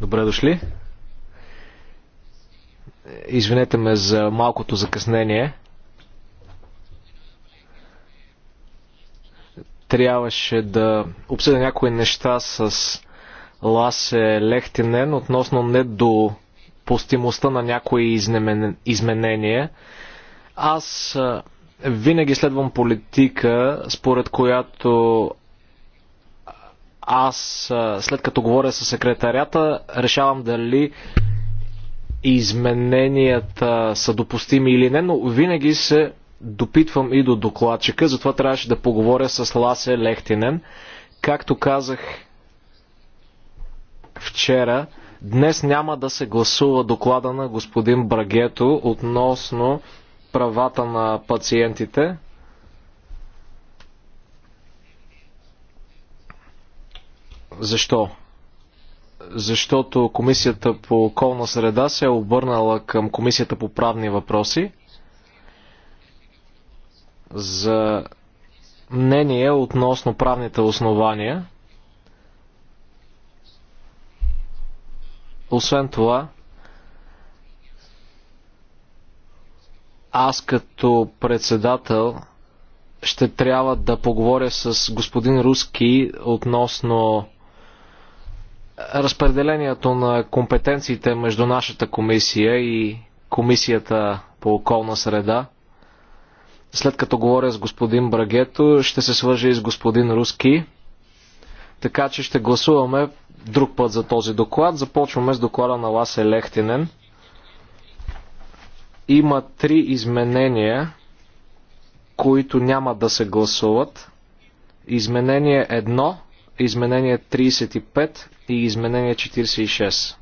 Добре дошли. Е, извинете ме за малкото закъснение. Трябваше да обсъдя някои неща с Ласе Лехтинен относно недопустимостта на някои изменения. Аз е, винаги следвам политика, според която аз, след като говоря с секретарята, решавам дали измененията са допустими или не, но винаги се допитвам и до докладчика, затова трябваше да поговоря с Ласе Лехтинен. Както казах вчера, днес няма да се гласува доклада на господин Брагето относно правата на пациентите. Защо? Защото Комисията по околна среда се е обърнала към Комисията по правни въпроси за мнение относно правните основания. Освен това, Аз като председател ще трябва да поговоря с господин Руски относно разпределението на компетенциите между нашата комисия и комисията по околна среда. След като говоря с господин Брагето, ще се свържа и с господин Руски. Така че ще гласуваме друг път за този доклад. Започваме с доклада на Ласе Лехтинен – има три изменения, които няма да се гласуват. Изменение 1, изменение 35 и изменение 46.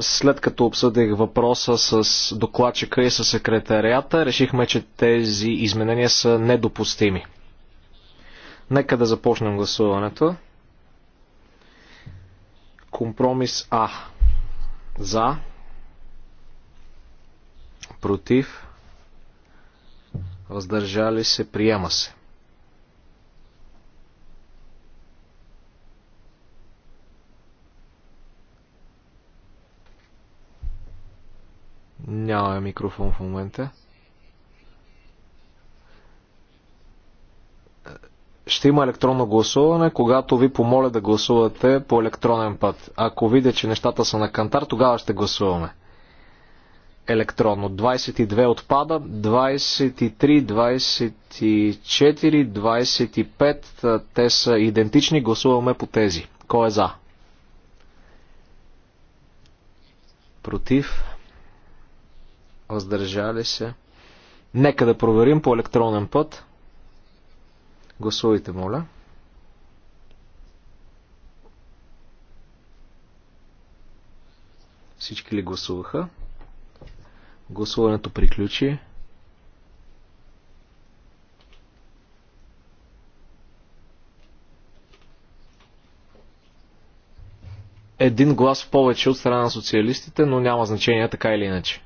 след като обсъдих въпроса с докладчика и с секретарията, решихме, че тези изменения са недопустими. Нека да започнем гласуването. Компромис А. За. Против. Въздържали се. Приема се. Няма микрофон в момента. ще има електронно гласуване, когато ви помоля да гласувате по електронен път. Ако видя, че нещата са на кантар, тогава ще гласуваме. Електронно. 22 отпада, 23, 24, 25, те са идентични, гласуваме по тези. Кой е за? Против? Въздържали се? Нека да проверим по електронен път. 22. Гласувайте, моля. Всички ли гласуваха? Гласуването приключи. Един глас повече от страна на социалистите, но няма значение така или иначе.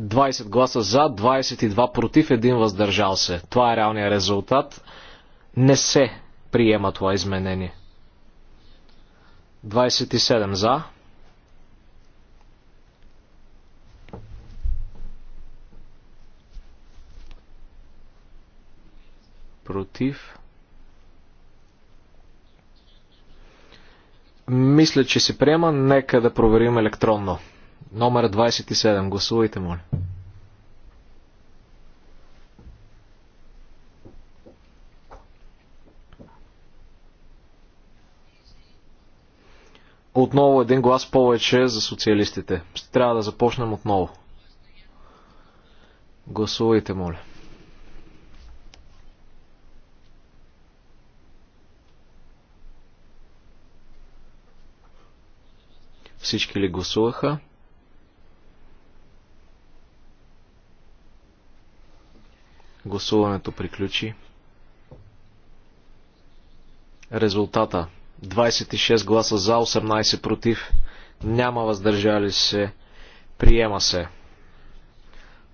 20 гласа за, 22 против, един въздържал се. Това е реалният резултат. Не се приема това изменение. 27 за. Против. Мисля, че се приема. Нека да проверим електронно. Номер 27. Гласувайте, моля. Отново един глас повече за социалистите. Ще трябва да започнем отново. Гласувайте, моля. Всички ли гласуваха? Гласуването приключи. Резултата 26 гласа за, 18 против, няма въздържали се, приема се.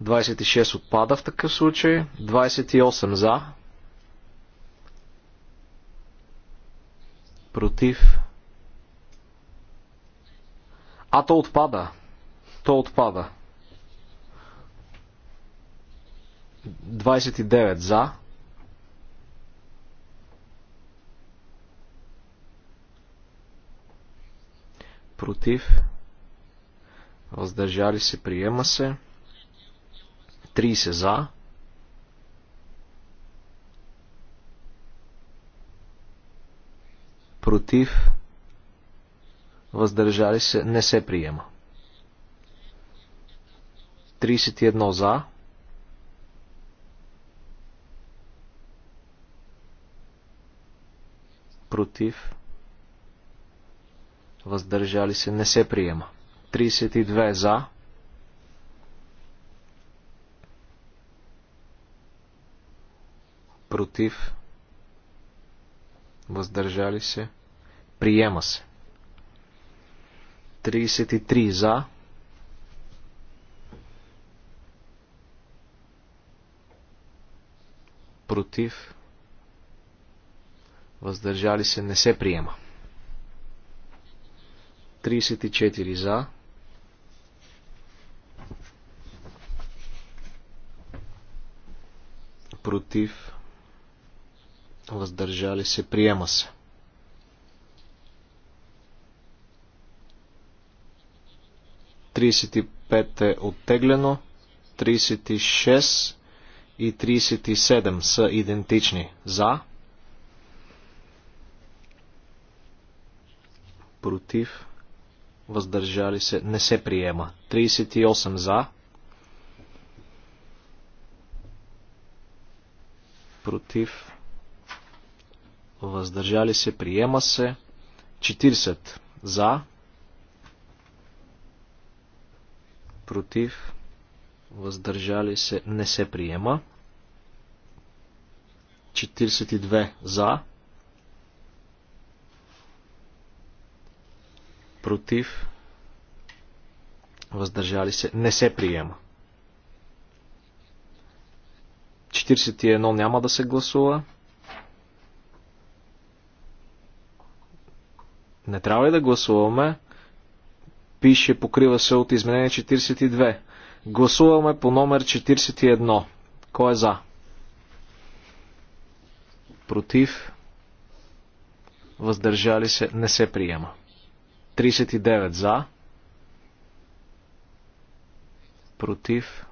26 отпада в такъв случай, 28 за, против. А то отпада. То отпада. 29 за. Против. Въздържали се, приема се. 30 за. Против. Въздържали се, не се приема. 31 за. против, въздържали се, не се приема. 32 за, против, въздържали се, приема се. 33 за, против, въздържали се, не се приема. 34 за, против, въздържали се, приема се. Тридесет и пет е оттеглено, 36 и 37 са идентични. За, против, въздържали се, не се приема. 38 за, против, въздържали се, приема се. 40 за, против, въздържали се, не се приема. 42 за, против, въздържали се, не се приема. 41 няма да се гласува. Не трябва ли да гласуваме? Пише, покрива се от изменение 42. Гласуваме по номер 41. Кой е за? Против? Въздържали се? Не се приема. 39 за, против,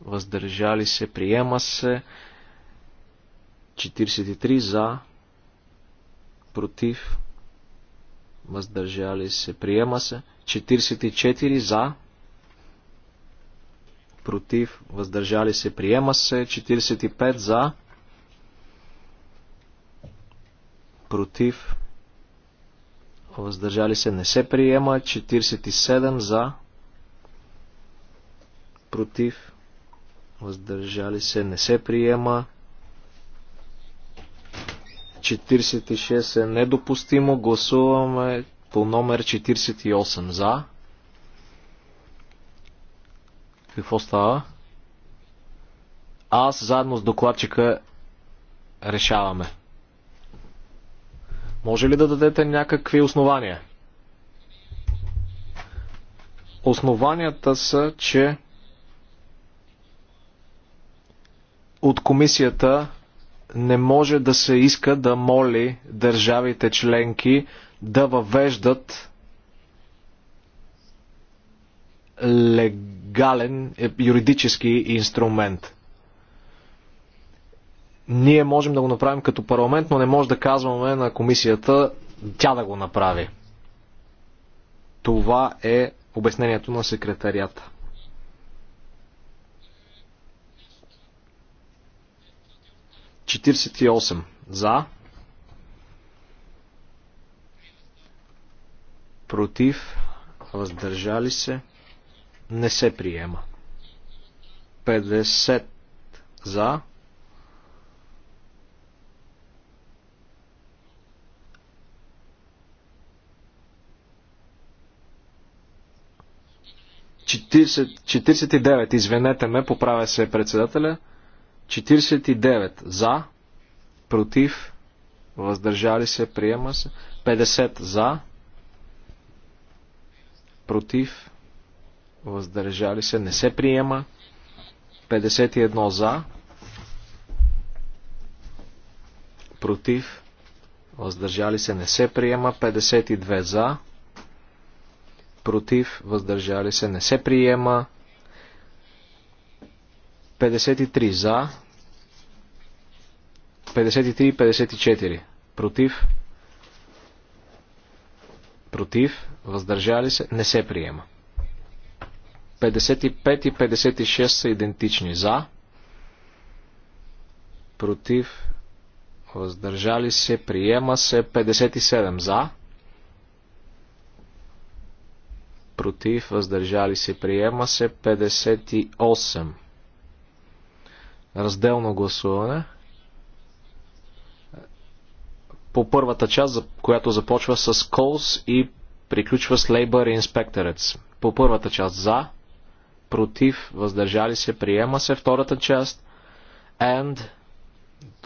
въздържали се, приема се, 43 за, против, въздържали се, приема се, 44 за, против, въздържали се, приема се, 45 за, против, въздържали се, не се приема. 47 за, против, въздържали се, не се приема. 46 е недопустимо. Гласуваме по номер 48 за. Какво става? Аз заедно с докладчика решаваме. Може ли да дадете някакви основания? Основанията са, че от комисията не може да се иска да моли държавите членки да въвеждат легален е, юридически инструмент. Ние можем да го направим като парламент, но не може да казваме на комисията тя да го направи. Това е обяснението на секретарията. Четиридесет и осем. За. Против. Въздържали се. Не се приема. 50 за. 40, 49, извинете ме, поправя се председателя. 49 за, против, въздържали се, приема се. 50 за, против, въздържали се, не се приема. 51 за, против, въздържали се, не се приема. 52 за, против, въздържали се, не се приема. 53 за, 53 и 54 против, против, въздържали се, не се приема. 55 и 56 са идентични за, против, въздържали се, приема се 57 за, против, въздържали се, приема се 58. Разделно гласуване. По първата част, която започва с колс и приключва с Labor Inspectorates. По първата част за, против, въздържали се, приема се. Втората част and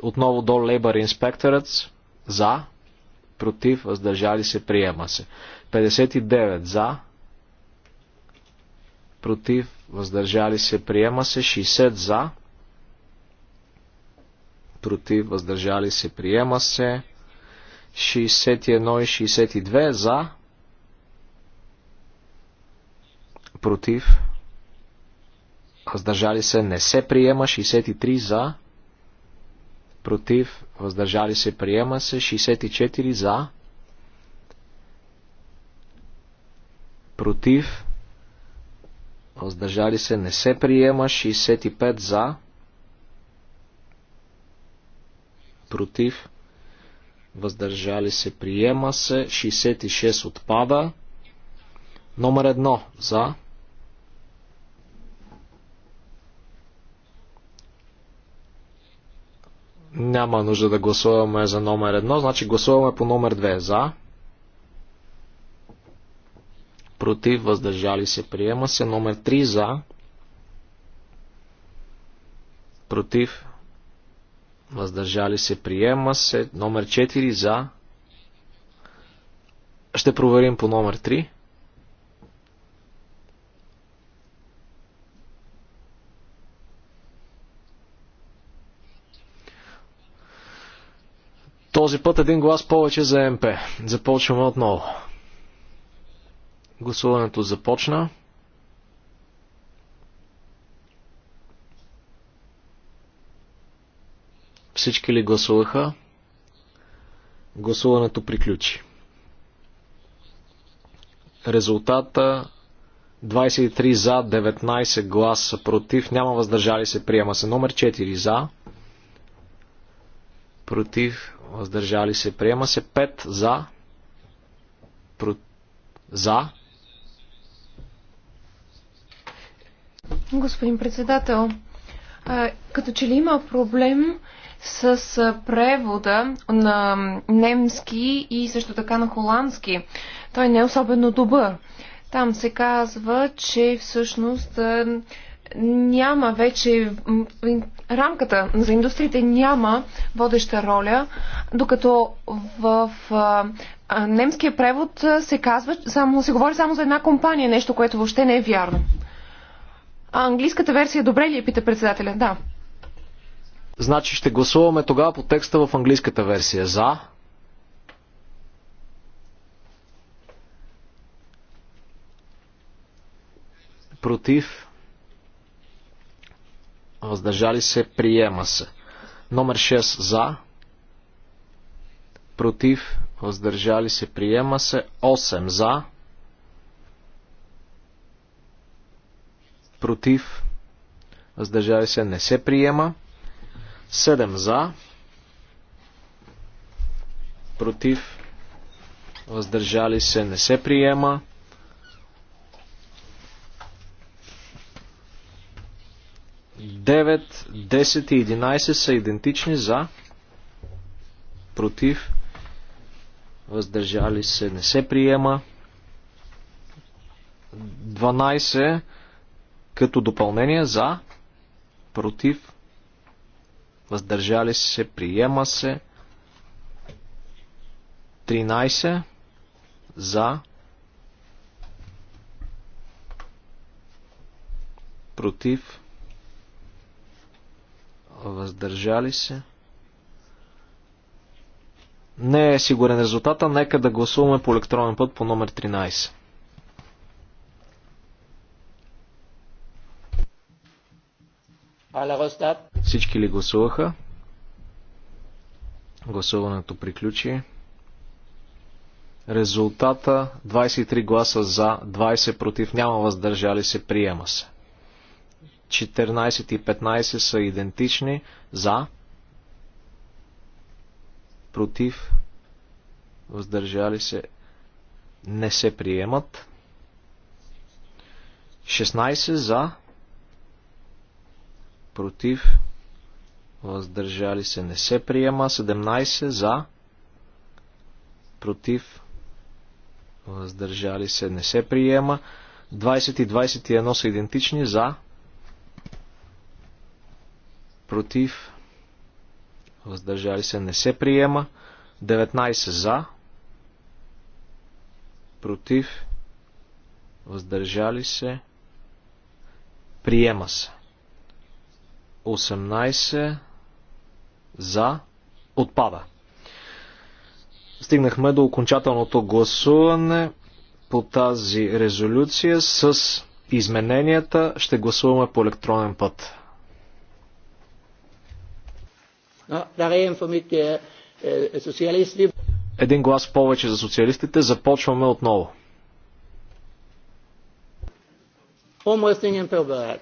отново до Labor Inspectorates за, против, въздържали се, приема се. 59 за, против, въздържали се, приема се 60 за, против, въздържали се, приема се 61 и 62 за, против, въздържали се, не се приема 63 за, против, въздържали се, приема се 64 за, против, въздържали се, не се приема, 65 за, против, въздържали се, приема се, 66 отпада, номер 1 за, няма нужда да гласуваме за номер 1, значи гласуваме по номер 2 за, против, въздържали се, приема се. Номер 3 за, против, въздържали се, приема се. Номер 4 за, ще проверим по номер 3. Този път един глас повече за МП. Започваме отново. Гласуването започна. Всички ли гласуваха? Гласуването приключи. Резултата 23 за, 19 гласа против, няма въздържали се, приема се. Номер 4 за, против, въздържали се, приема се. 5 за, про... за, Господин председател, като че ли има проблем с превода на немски и също така на холандски. Той не е особено добър. Там се казва, че всъщност няма вече рамката за индустриите няма водеща роля, докато в немския превод се казва, само, се говори само за една компания, нещо, което въобще не е вярно. А английската версия добре ли е, пита председателя? Да. Значи ще гласуваме тогава по текста в английската версия. За. Против. Въздържали се. Приема се. Номер 6. За. Против. Въздържали се. Приема се. 8. За против, въздържали се, не се приема. 7 за, против, въздържали се, не се приема. Девет, 10 и 11 са идентични за, против, въздържали се, не се приема. 12 като допълнение за, против, въздържали се, приема се. 13 за, против, въздържали се. Не е сигурен резултата, нека да гласуваме по електронен път по номер 13. Всички ли гласуваха? Гласуването приключи. Резултата 23 гласа за, 20 против, няма въздържали се, приема се. 14 и 15 са идентични за, против, въздържали се, не се приемат. 16 за, против, въздържали се, не се приема. 17 за, против, въздържали се, не се приема. 20 и 21 са идентични за, против, въздържали се, не се приема. 19 за, против, въздържали се, приема се. 18 за отпада. Стигнахме до окончателното гласуване по тази резолюция с измененията. Ще гласуваме по електронен път. Eh, eh, Един глас повече за социалистите. Започваме отново. Omröstningen пълбарат.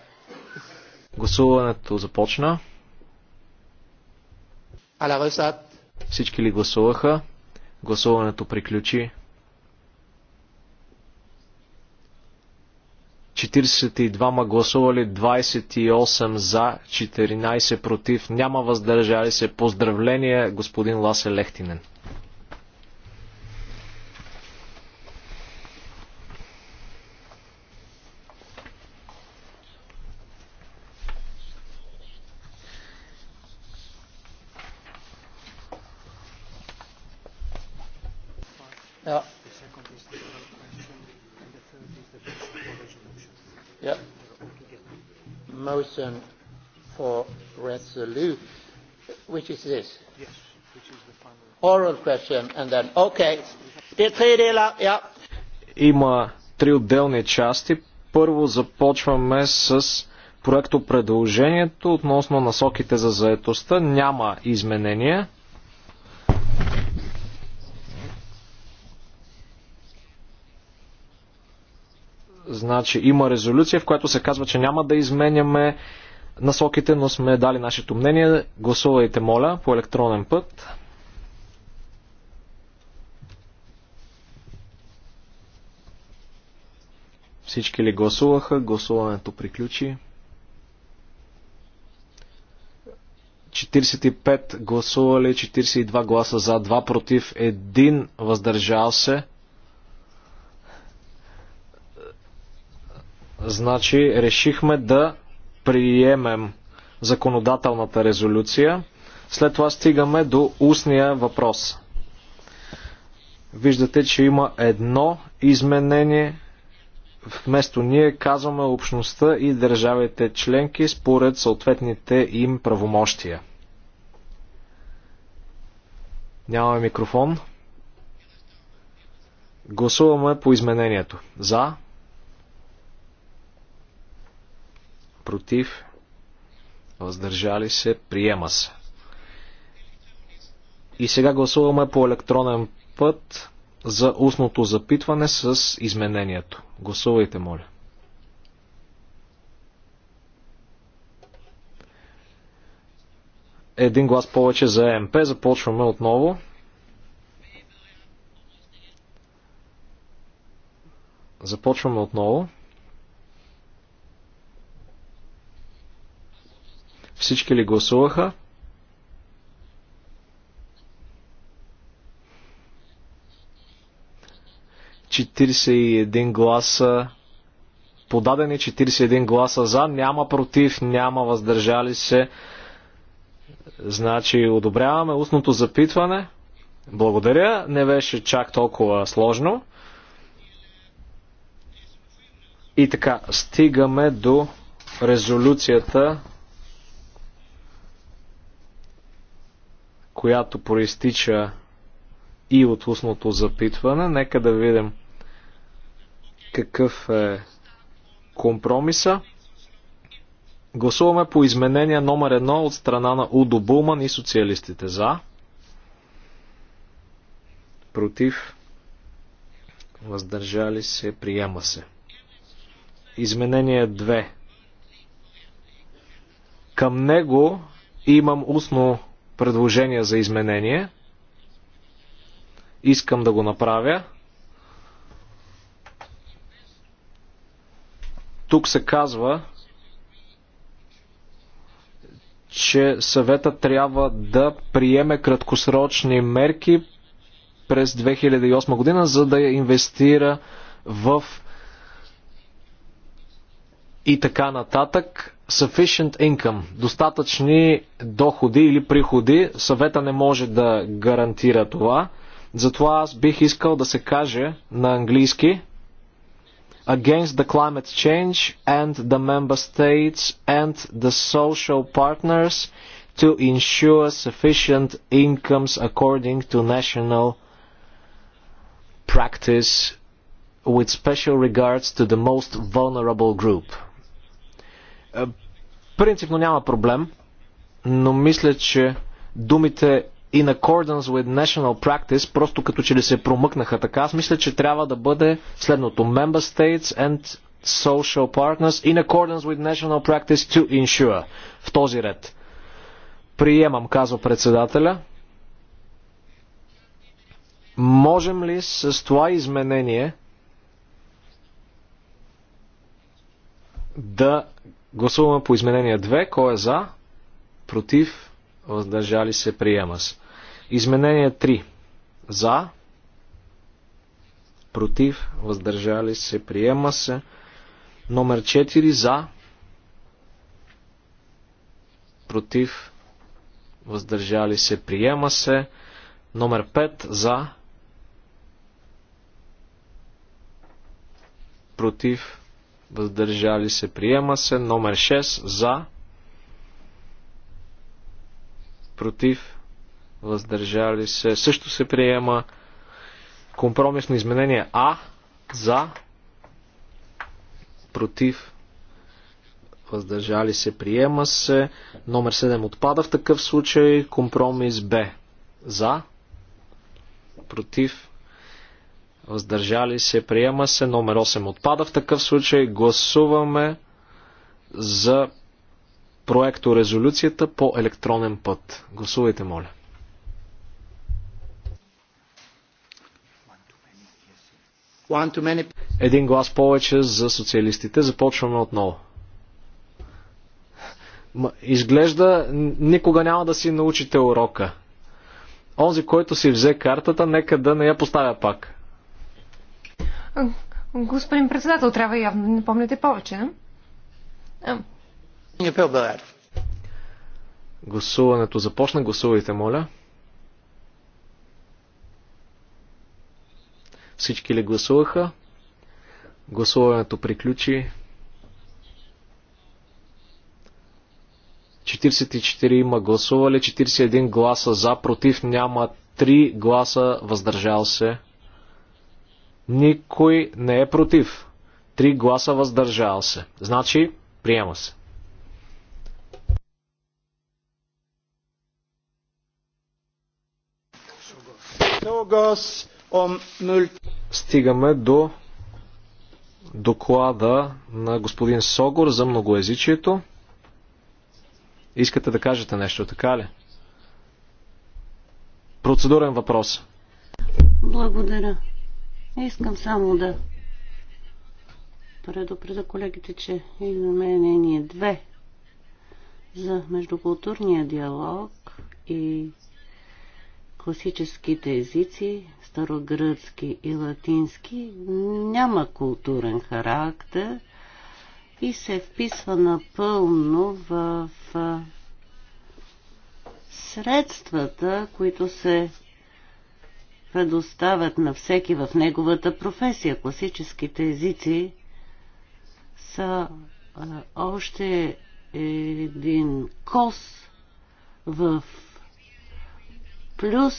Гласуването започна. Всички ли гласуваха? Гласуването приключи. 42 гласували, 28 за, 14 против, няма въздържали се. Поздравления, господин Ласе Лехтинен. is this? Oral question and then, okay. The three yeah. Има три отделни части. Първо започваме с проекто предложението относно насоките за заетостта. Няма изменения. Значи има резолюция, в която се казва, че няма да изменяме насоките, но сме дали нашето мнение. Гласувайте, моля, по електронен път. Всички ли гласуваха? Гласуването приключи. 45 гласували, 42 гласа за, 2 против, 1 въздържал се. Значи решихме да приемем законодателната резолюция. След това стигаме до устния въпрос. Виждате, че има едно изменение. Вместо ние казваме общността и държавите членки според съответните им правомощия. Нямаме микрофон. Гласуваме по изменението. За, против, въздържали се, приема се. И сега гласуваме по електронен път за устното запитване с изменението. Гласувайте, моля. Един глас повече за МП. Започваме отново. Започваме отново. Всички ли гласуваха? гласа подадени 41 гласа за, няма против, няма въздържали се. Значи одобряваме устното запитване. Благодаря, не беше чак толкова сложно. И така, стигаме до резолюцията която проистича и от устното запитване. Нека да видим какъв е компромиса. Гласуваме по изменение номер едно от страна на Удо Булман и социалистите. За. Против. Въздържали се. Приема се. Изменение 2. Към него имам устно предложения за изменение. Искам да го направя. Тук се казва, че съвета трябва да приеме краткосрочни мерки през 2008 година, за да инвестира в и така нататък sufficient income, достатъчни доходи или приходи, съвета не може да гарантира това. Затова аз бих искал да се каже на английски Against the climate change and the member states and the social partners to ensure sufficient incomes according to national practice with special regards to the most vulnerable group. Е, принципно няма проблем, но мисля, че думите in accordance with national practice просто като че ли се промъкнаха така. Аз мисля, че трябва да бъде следното. Member states and social partners in accordance with national practice to ensure. В този ред. Приемам, казва председателя. Можем ли с това изменение да Гласуваме по изменение 2. Кой е за? Против? Въздържали се? Приема се. Изменение 3. За? Против? Въздържали се? Приема се. Номер 4. За? Против? Въздържали се? Приема се. Номер 5. За? Против? въздържали се, приема се. Номер 6 за, против, въздържали се, също се приема. Компромисно изменение А за, против, въздържали се, приема се. Номер 7 отпада в такъв случай. Компромис Б за, против, въздържали се, приема се, номер 8 отпада в такъв случай, гласуваме за проекто резолюцията по електронен път. Гласувайте, моля. Един глас повече за социалистите. Започваме отново. Изглежда, никога няма да си научите урока. Онзи, който си взе картата, нека да не я поставя пак. Господин председател, трябва явно да не помните повече, не? Гласуването започна. Гласувайте, моля. Всички ли гласуваха? Гласуването приключи. 44 има гласували, 41 гласа за, против няма, 3 гласа въздържал се. Никой не е против. Три гласа въздържал се. Значи, приема се. Стигаме до доклада на господин Согор за многоязичието. Искате да кажете нещо, така ли? Процедурен въпрос. Благодаря. Искам само да предупреда колегите, че имаме мнение две за междукултурния диалог и класическите езици, старогръцки и латински, няма културен характер и се вписва напълно в средствата, които се предоставят на всеки в неговата професия. Класическите езици са още един кос в плюс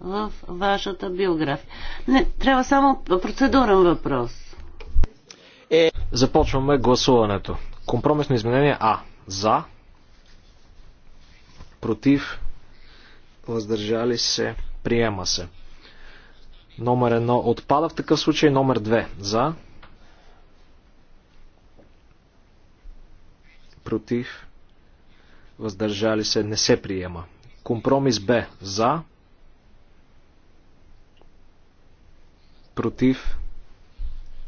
в вашата биография. Не, трябва само процедурен въпрос. Е. Започваме гласуването. Компромисно изменение А. За. Против. Въздържали се. Приема се. Номер 1 отпада в такъв случай. Номер 2 за. Против. Въздържали се. Не се приема. Компромис Б за. Против.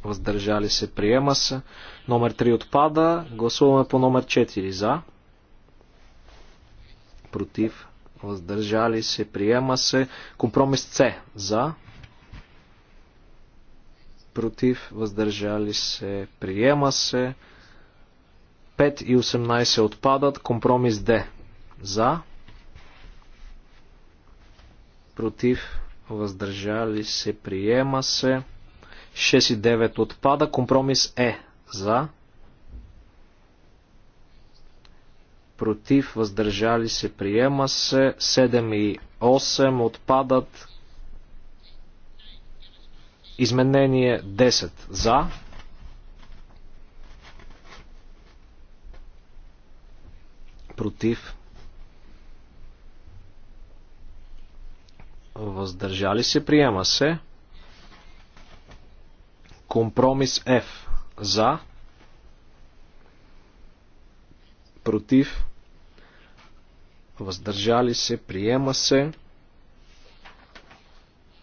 Въздържали се. Приема се. Номер 3 отпада. Гласуваме по номер 4 за. Против въздържали се, приема се. Компромис С за, против, въздържали се, приема се. 5 и 18 отпадат. Компромис Д. За. Против. Въздържали се. Приема се. 6 и 9 отпада. Компромис Е. За. Против. Въздържали се. Приема се. 7 и 8 отпадат. Изменение 10 за. Против. Въздържали се. Приема се. Компромис F. За. Против. Въздържали се. Приема се.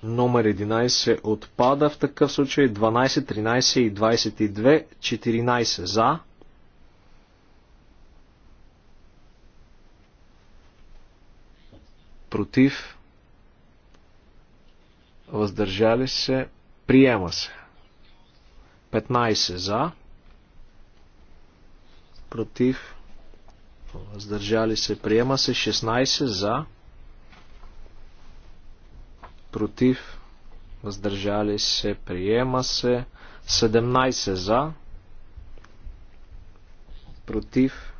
Номер 11 отпада в такъв случай. 12, 13 и 22, 14 за. Против. Въздържали се. Приема се. 15 за. Против. Въздържали се. Приема се. 16 за против, въздържали се, приема се. 17 за, против,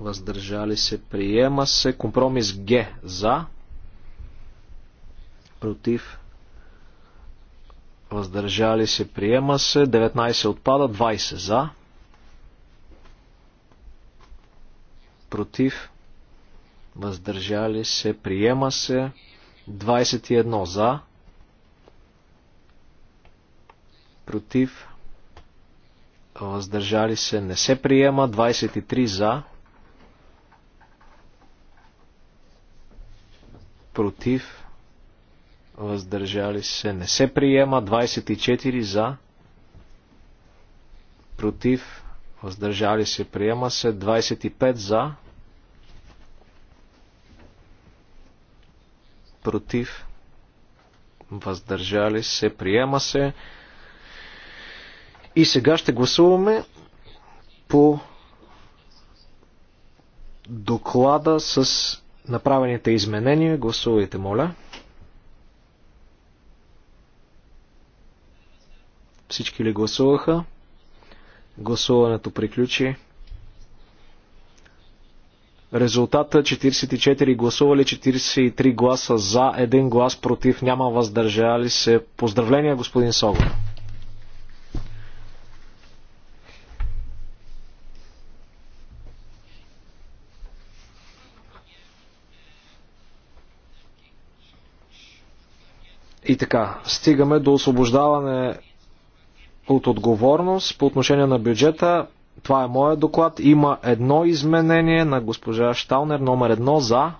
въздържали се, приема се. Компромис Г за, против, въздържали се, приема се. 19 отпада, 20 за, против, въздържали се, приема се. 21 за, против, въздържали се, не се приема, 23 за, против, въздържали се, не се приема, 24 за, против, въздържали се, приема се, 25 за, против, въздържали се, приема се. И сега ще гласуваме по доклада с направените изменения. Гласувайте, моля. Всички ли гласуваха? Гласуването приключи. Резултата 44 е гласували, 43 гласа за, 1 глас против, няма въздържали се. Поздравления, господин Согор. И така, стигаме до освобождаване от отговорност по отношение на бюджета. Това е моят доклад. Има едно изменение на госпожа Шталнер, номер едно за,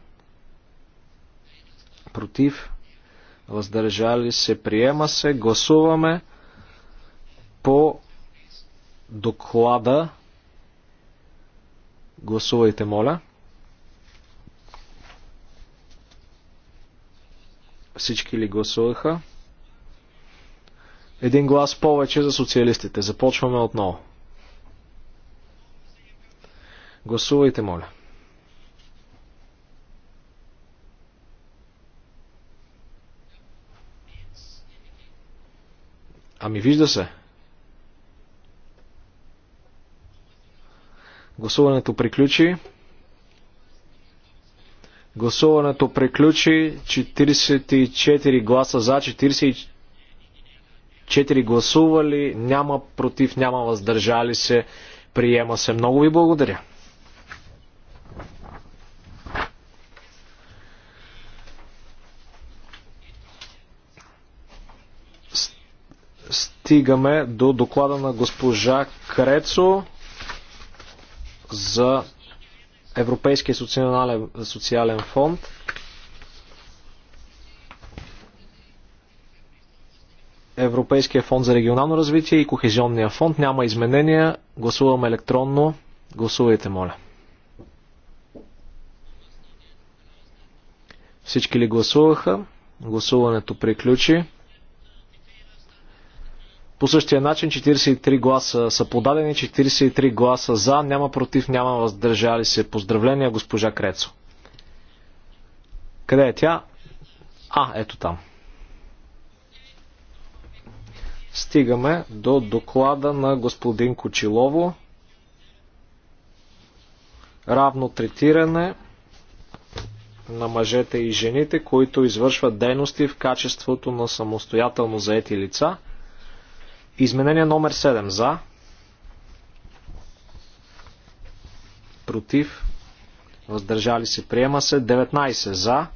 против, въздържали се, приема се, гласуваме по доклада. Гласувайте, моля. Всички ли гласуваха? Един глас повече за социалистите. Започваме отново. Гласувайте, моля. Ами вижда се. Гласуването приключи. Гласуването приключи 44 гласа за, 44 гласували, няма против, няма въздържали се. Приема се. Много ви благодаря. стигаме до доклада на госпожа Крецо за Европейския социален, социален фонд. Европейския фонд за регионално развитие и Кохезионния фонд. Няма изменения. Гласуваме електронно. Гласувайте, моля. Всички ли гласуваха? Гласуването приключи. По същия начин 43 гласа са подадени, 43 гласа за, няма против, няма въздържали се. Поздравления, госпожа Крецо. Къде е тя? А, ето там. Стигаме до доклада на господин Кочилово. Равно третиране на мъжете и жените, които извършват дейности в качеството на самостоятелно заети лица – Изменение номер 7. За. Против. Въздържали се. Приема се. 19. За.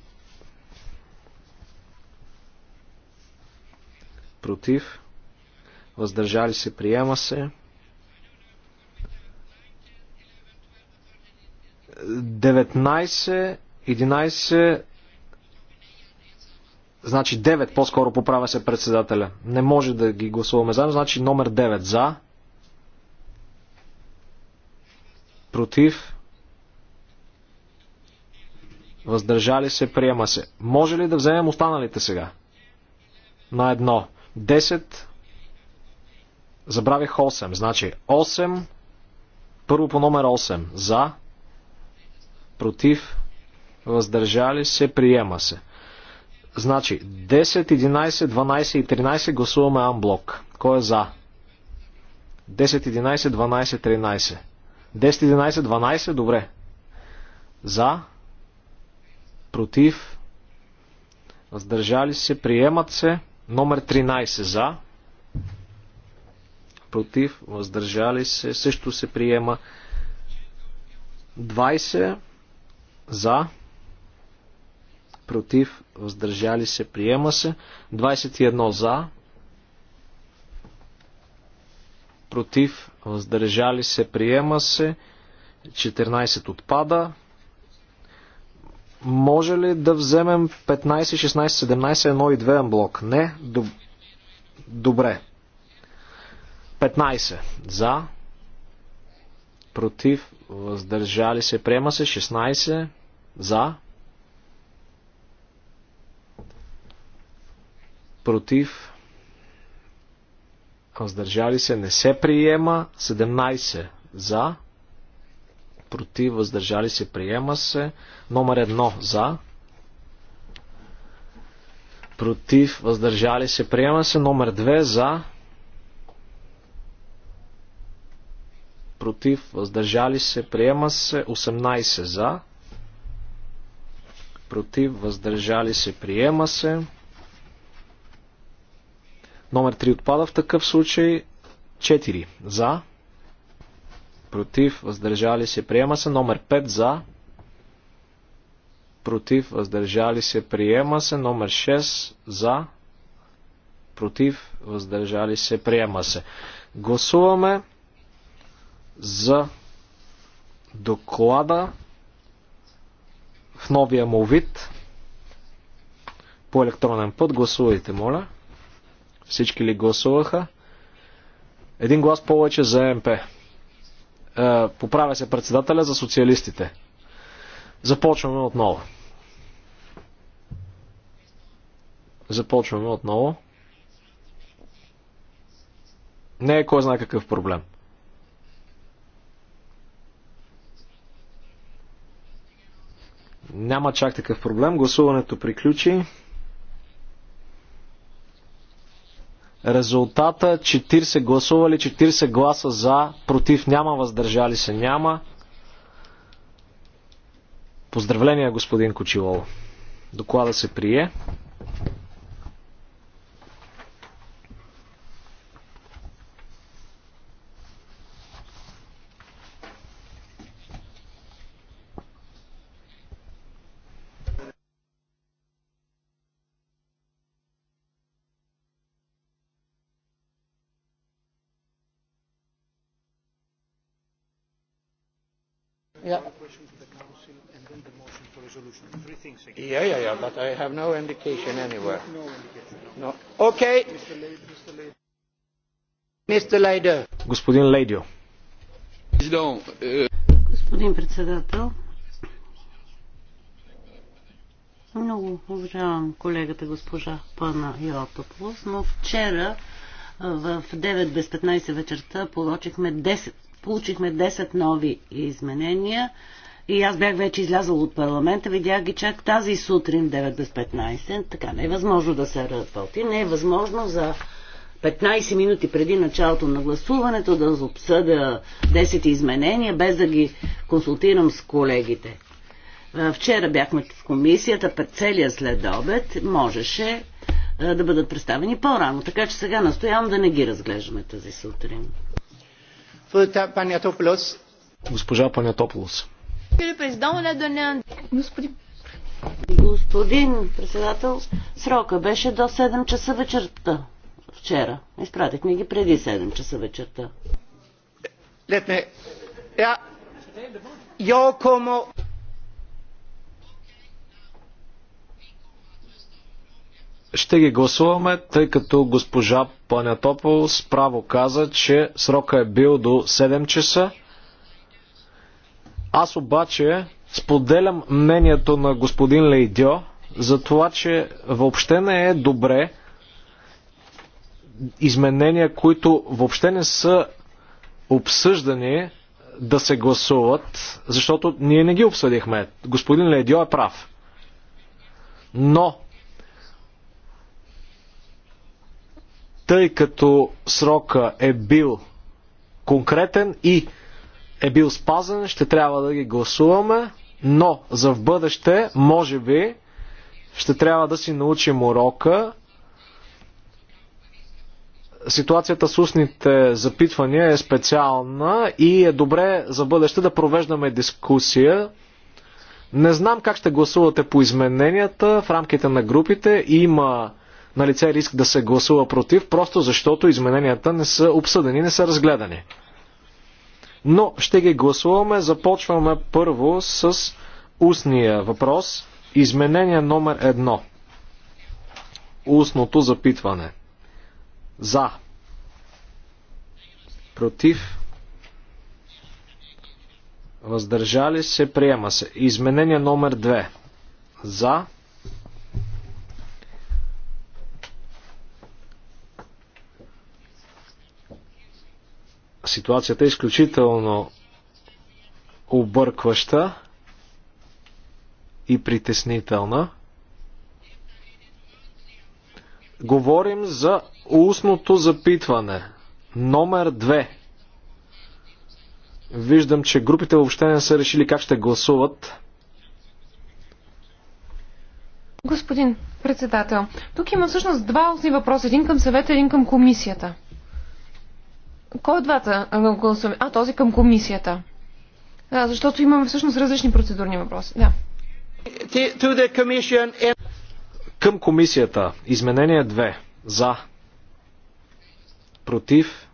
Против. Въздържали се. Приема се. 19, 11, Значи 9 по-скоро поправя се председателя. Не може да ги гласуваме заедно. Значи номер 9 за. Против. Въздържали се, приема се. Може ли да вземем останалите сега? На едно. 10. Забравих 8. Значи 8. Първо по номер 8. За. Против. Въздържали се, приема се. Значи 10, 11, 12 и 13 гласуваме анблок. Кой е за? 10, 11, 12, 13. 10, 11, 12, добре. За, против, въздържали се, приемат се. Номер 13 за, против, въздържали се, също се приема. 20 за, против, въздържали се, приема се. 21 за, против, въздържали се, приема се. 14 отпада. Може ли да вземем 15, 16, 17, 1 и 2 блок? Не. Добре. 15 за, против, въздържали се, приема се. 16 за, против, въздържали се, не се приема, 17 за, против, въздържали се, приема се, номер 1 за, против, въздържали се, приема се, номер 2 за, против, въздържали се, приема се, 18 за, против, въздържали се, приема се, Номер 3 отпада в такъв случай. 4 за. Против, въздържали се, приема се. Номер 5 за. Против, въздържали се, приема се. Номер 6 за. Против, въздържали се, приема се. Гласуваме за доклада в новия му вид по електронен път. Гласувайте, моля. Всички ли гласуваха? Един глас повече за МП. Е, поправя се председателя за социалистите. Започваме отново. Започваме отново. Не е кой знае какъв проблем. Няма чак такъв проблем. Гласуването приключи. Резултата 40 е гласували, 40 гласа за, против няма, въздържали се няма. Поздравления, господин Кочилово. Доклада се прие. Yeah, yeah, yeah, but I have no indication anywhere. No. Okay. Mr. Leider. Господин Лейдио. Господин председател, много уважавам колегата госпожа Пана Йотоплос, но вчера в 9 без 15 вечерта получихме 10, получихме 10 нови изменения. И аз бях вече излязъл от парламента, видях ги чак тази сутрин 9 без 15. Така не е възможно да се работи. Не е възможно за 15 минути преди началото на гласуването да обсъда 10 изменения, без да ги консултирам с колегите. Вчера бяхме в комисията, пред целия след обед можеше да бъдат представени по-рано, така че сега настоявам да не ги разглеждаме тази сутрин. Госпожа Панятополос. Господин Господин председател, срока беше до 7 часа вечерта вчера. Изпратихме ги преди 7 часа вечерта. Летне. Я... Йо комо... Ще ги гласуваме, тъй като госпожа Панятопол справо каза, че срока е бил до 7 часа. Аз обаче споделям мнението на господин Лейдьо за това, че въобще не е добре изменения, които въобще не са обсъждани да се гласуват, защото ние не ги обсъдихме. Господин Ледио е прав. Но, тъй като срока е бил конкретен и е бил спазен, ще трябва да ги гласуваме, но за в бъдеще, може би, ще трябва да си научим урока. Ситуацията с устните запитвания е специална и е добре за бъдеще да провеждаме дискусия. Не знам как ще гласувате по измененията в рамките на групите. Има на лице риск да се гласува против, просто защото измененията не са обсъдени, не са разгледани. Но ще ги гласуваме. Започваме първо с устния въпрос. Изменение номер едно. Устното запитване. За. Против. Въздържали се. Приема се. Изменение номер две. За. Ситуацията е изключително объркваща и притеснителна. Говорим за устното запитване. Номер 2. Виждам, че групите въобще не са решили как ще гласуват. Господин председател, тук има всъщност два устни въпроса. Един към съвета, един към комисията. Кой от двата гласове? А, този към комисията. Да, защото имаме всъщност различни процедурни въпроси. Да. Към комисията. Изменение 2. За. Против.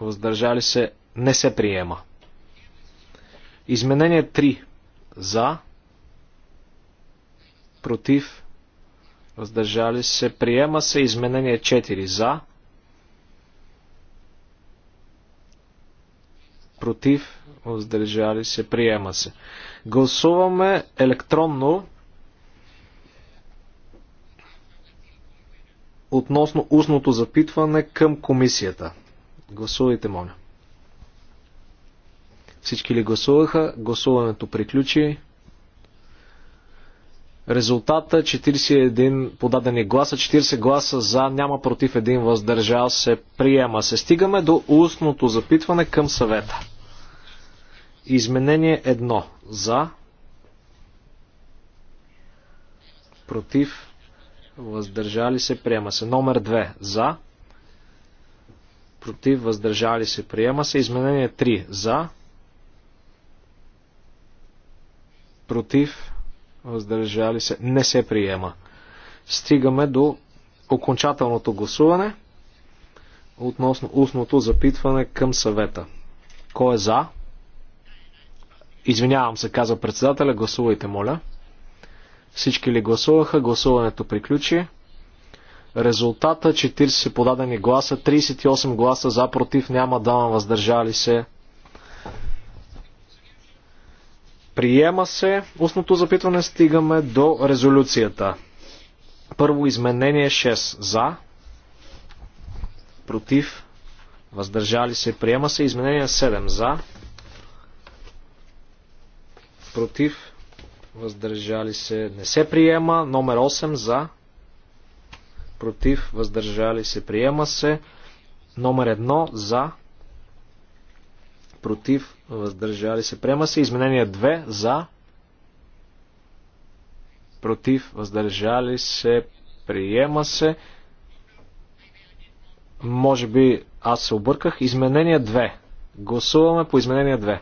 Въздържали се. Не се приема. Изменение 3. За. Против. Въздържали се. Приема се. Изменение 4. За против, въздържали се, приема се. Гласуваме електронно относно устното запитване към комисията. Гласувайте, моля. Всички ли гласуваха? Гласуването приключи. Резултата 41 е подадени гласа, 40 гласа за, няма против един въздържал се, приема се. Стигаме до устното запитване към съвета. Изменение 1 за, против, въздържали се, приема се. Номер 2 за, против, въздържали се, приема се. Изменение 3 за, против, въздържали се, не се приема. Стигаме до окончателното гласуване относно устното запитване към съвета. Кой е за? Извинявам се, каза председателя, гласувайте, моля. Всички ли гласуваха? Гласуването приключи. Резултата 40 подадени гласа, 38 гласа за, против няма, дама въздържали се Приема се устното запитване, стигаме до резолюцията. Първо изменение 6 за, против, въздържали се, приема се. Изменение 7 за, против, въздържали се, не се приема. Номер 8 за, против, въздържали се, приема се. Номер 1 за, против, против, въздържали се. Приема се изменение 2 за, против, въздържали се, приема се. Може би аз се обърках. Изменение 2. Гласуваме по изменение 2.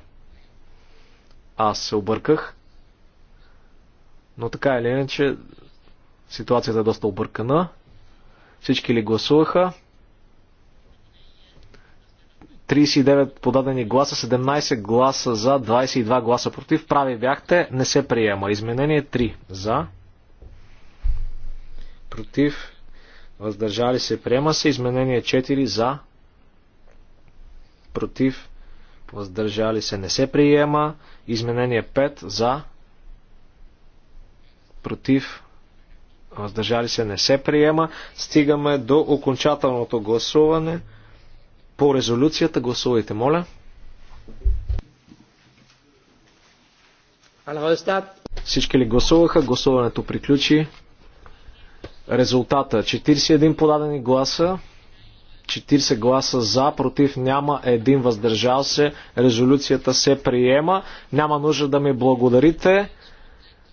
Аз се обърках. Но така или иначе, ситуацията е доста объркана. Всички ли гласуваха? 39 подадени гласа, 17 гласа за, 22 гласа против. Прави бяхте, не се приема. Изменение 3 за, против, въздържали се, приема се. Изменение 4 за, против, въздържали се, не се приема. Изменение 5 за, против, въздържали се, не се приема. Стигаме до окончателното гласуване. По резолюцията гласувайте, моля. Всички ли гласуваха? Гласуването приключи. Резултата 41 подадени гласа, 40 гласа за, против няма, един въздържал се. Резолюцията се приема. Няма нужда да ми благодарите.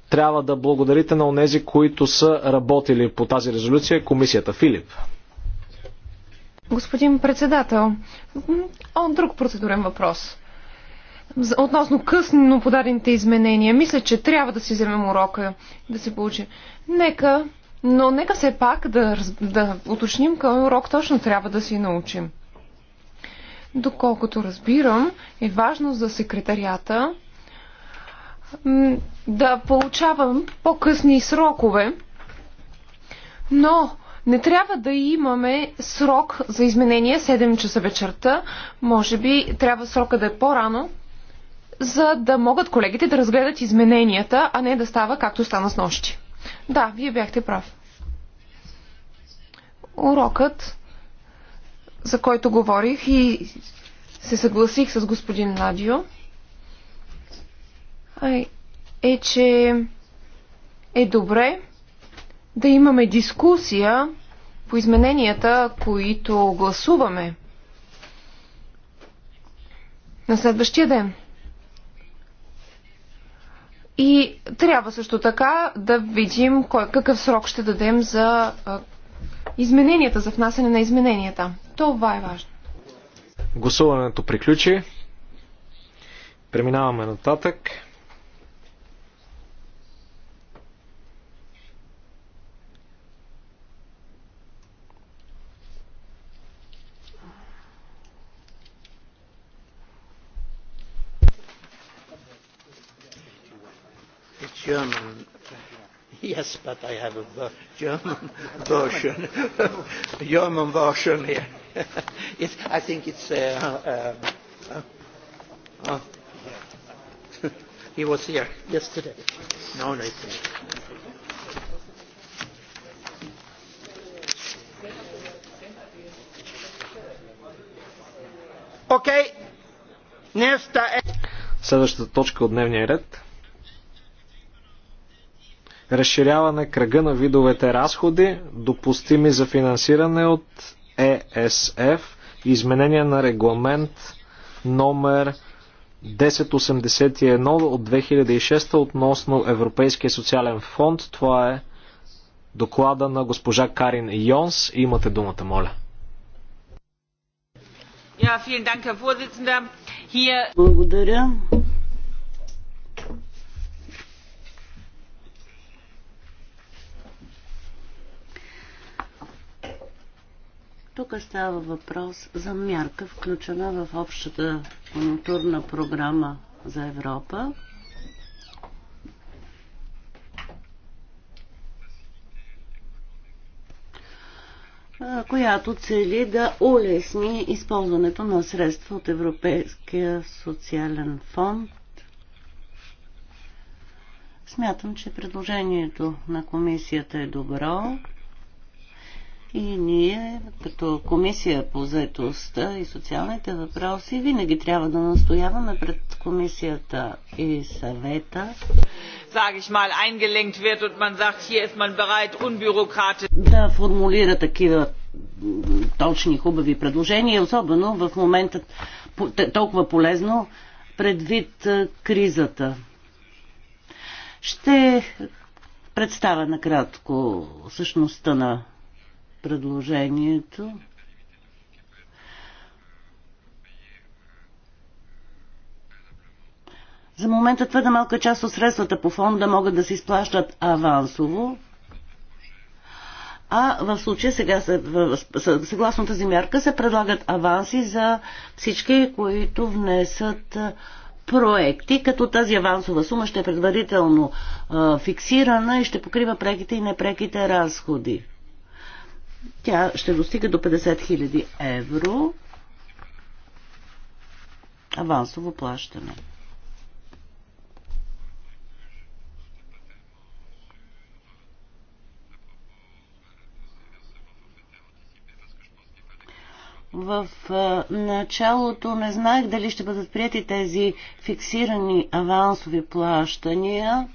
Трябва да благодарите на онези, които са работили по тази резолюция. Комисията Филип. Господин председател, о, друг процедурен въпрос. Относно късно подадените изменения, мисля, че трябва да си вземем урока да се получи. Нека, но нека все пак да, да уточним кой урок точно трябва да си научим. Доколкото разбирам, е важно за секретарията да получавам по-късни срокове, но не трябва да имаме срок за изменение 7 часа вечерта. Може би трябва срока да е по-рано, за да могат колегите да разгледат измененията, а не да става както стана с нощи. Да, вие бяхте прав. Урокът, за който говорих и се съгласих с господин Надио, е, е че е добре да имаме дискусия по измененията, които гласуваме на следващия ден. И трябва също така да видим кой, какъв срок ще дадем за а, измененията, за внасяне на измененията. Това е важно. Гласуването приключи. Преминаваме нататък. German. Yes, but I have a German version. German version here. it, I think it's. Uh, uh, uh, uh, he was here yesterday. No, no. Окей. Okay. Следващата точка от дневния ред разширяване кръга на видовете разходи, допустими за финансиране от ЕСФ, изменение на регламент номер 1081 от 2006 относно Европейския социален фонд. Това е доклада на госпожа Карин Йонс. Имате думата, моля. Благодаря. Тук става въпрос за мярка, включена в общата конъюнктурна програма за Европа. която цели да улесни използването на средства от Европейския социален фонд. Смятам, че предложението на комисията е добро. И ние, като комисия по заетостта и социалните въпроси, винаги трябва да настояваме пред комисията и съвета. Sage ich mal, eingelenkt wird und man sagt, hier ist man bereit, unbürokratisch. Да формулира такива точни, хубави предложения, особено в момента толкова полезно предвид кризата. Ще представя накратко същността на предложението. За момента твърде малка част от средствата по фонда могат да се изплащат авансово, а в случая сега, съгласно тази мярка, се предлагат аванси за всички, които внесат проекти, като тази авансова сума ще е предварително фиксирана и ще покрива преките и непреките разходи. Тя ще достига до 50 000 евро авансово плащане. В началото не знаех дали ще бъдат прияти тези фиксирани авансови плащания.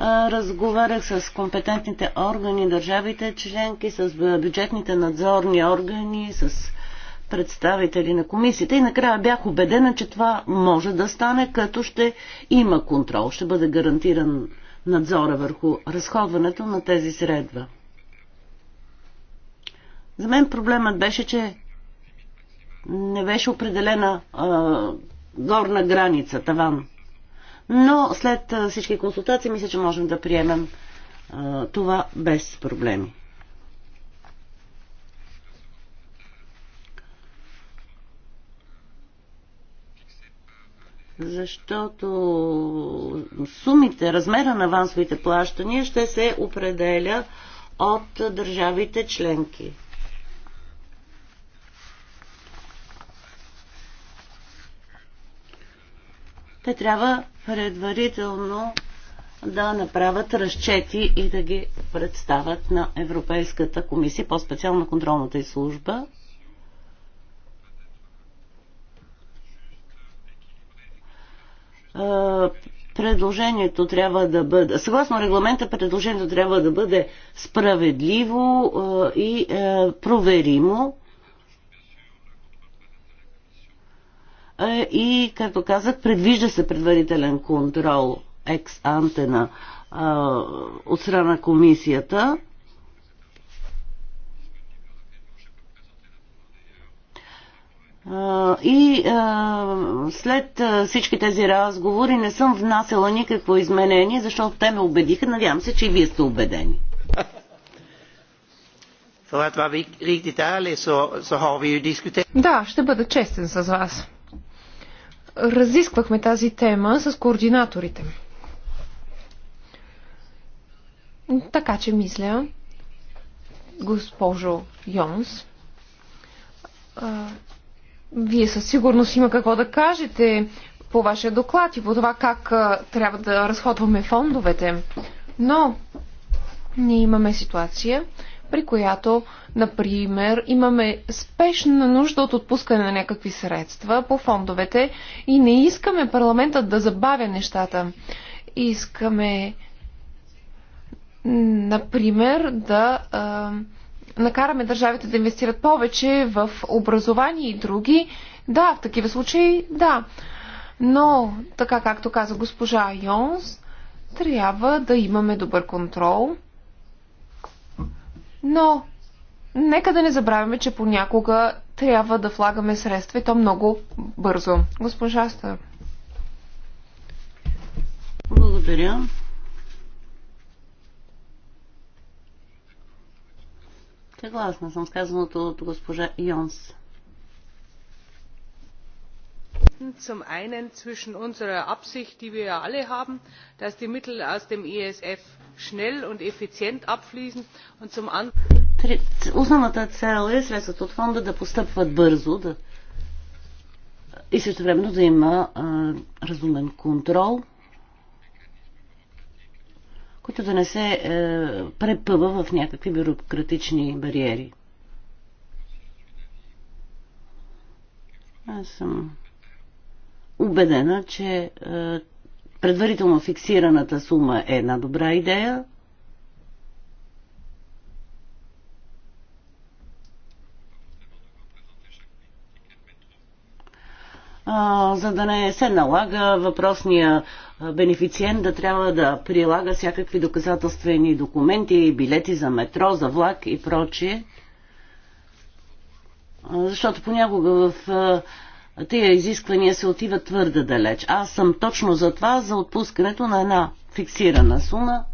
Разговарях с компетентните органи, държавите членки, с бюджетните надзорни органи, с представители на комисията и накрая бях убедена, че това може да стане, като ще има контрол, ще бъде гарантиран надзора върху разходването на тези средства. За мен проблемът беше, че не беше определена а, горна граница, таван но след всички консултации мисля, че можем да приемем това без проблеми. защото сумите, размера на авансовите плащания ще се определя от държавите членки. те трябва предварително да направят разчети и да ги представят на Европейската комисия, по-специално контролната и служба. Предложението трябва да бъде, съгласно регламента, предложението трябва да бъде справедливо и е, проверимо и, както казах, предвижда се предварителен контрол екс-антена от страна на комисията. И след всички тези разговори не съм внасяла никакво изменение, защото те ме убедиха. Надявам се, че и вие сте убедени. Да, ще бъда честен с вас разисквахме тази тема с координаторите. Така че мисля, госпожо Йонс, а, вие със сигурност има какво да кажете по вашия доклад и по това как а, трябва да разходваме фондовете. Но ние имаме ситуация, при която, например, имаме спешна нужда от отпускане на някакви средства по фондовете и не искаме парламентът да забавя нещата. Искаме, например, да а, накараме държавите да инвестират повече в образование и други. Да, в такива случаи, да. Но, така както каза госпожа Йонс, трябва да имаме добър контрол – но нека да не забравяме, че понякога трябва да влагаме средства и то много бързо. Госпожа Стър. Благодаря. Съгласна съм с казаното от госпожа Йонс finden zum einen zwischen unserer absicht die wir ja alle haben dass die mittel aus dem esf schnell und effizient abfließen und zum anderen Основната който да не се е, препъва в някакви бюрократични бариери. Аз съм убедена, че е, предварително фиксираната сума е една добра идея. за да не се налага въпросния е, бенефициент да трябва да прилага всякакви доказателствени документи, билети за метро, за влак и прочие. Защото понякога в е, тия изисквания се отиват твърде далеч. Аз съм точно за това, за отпускането на една фиксирана сума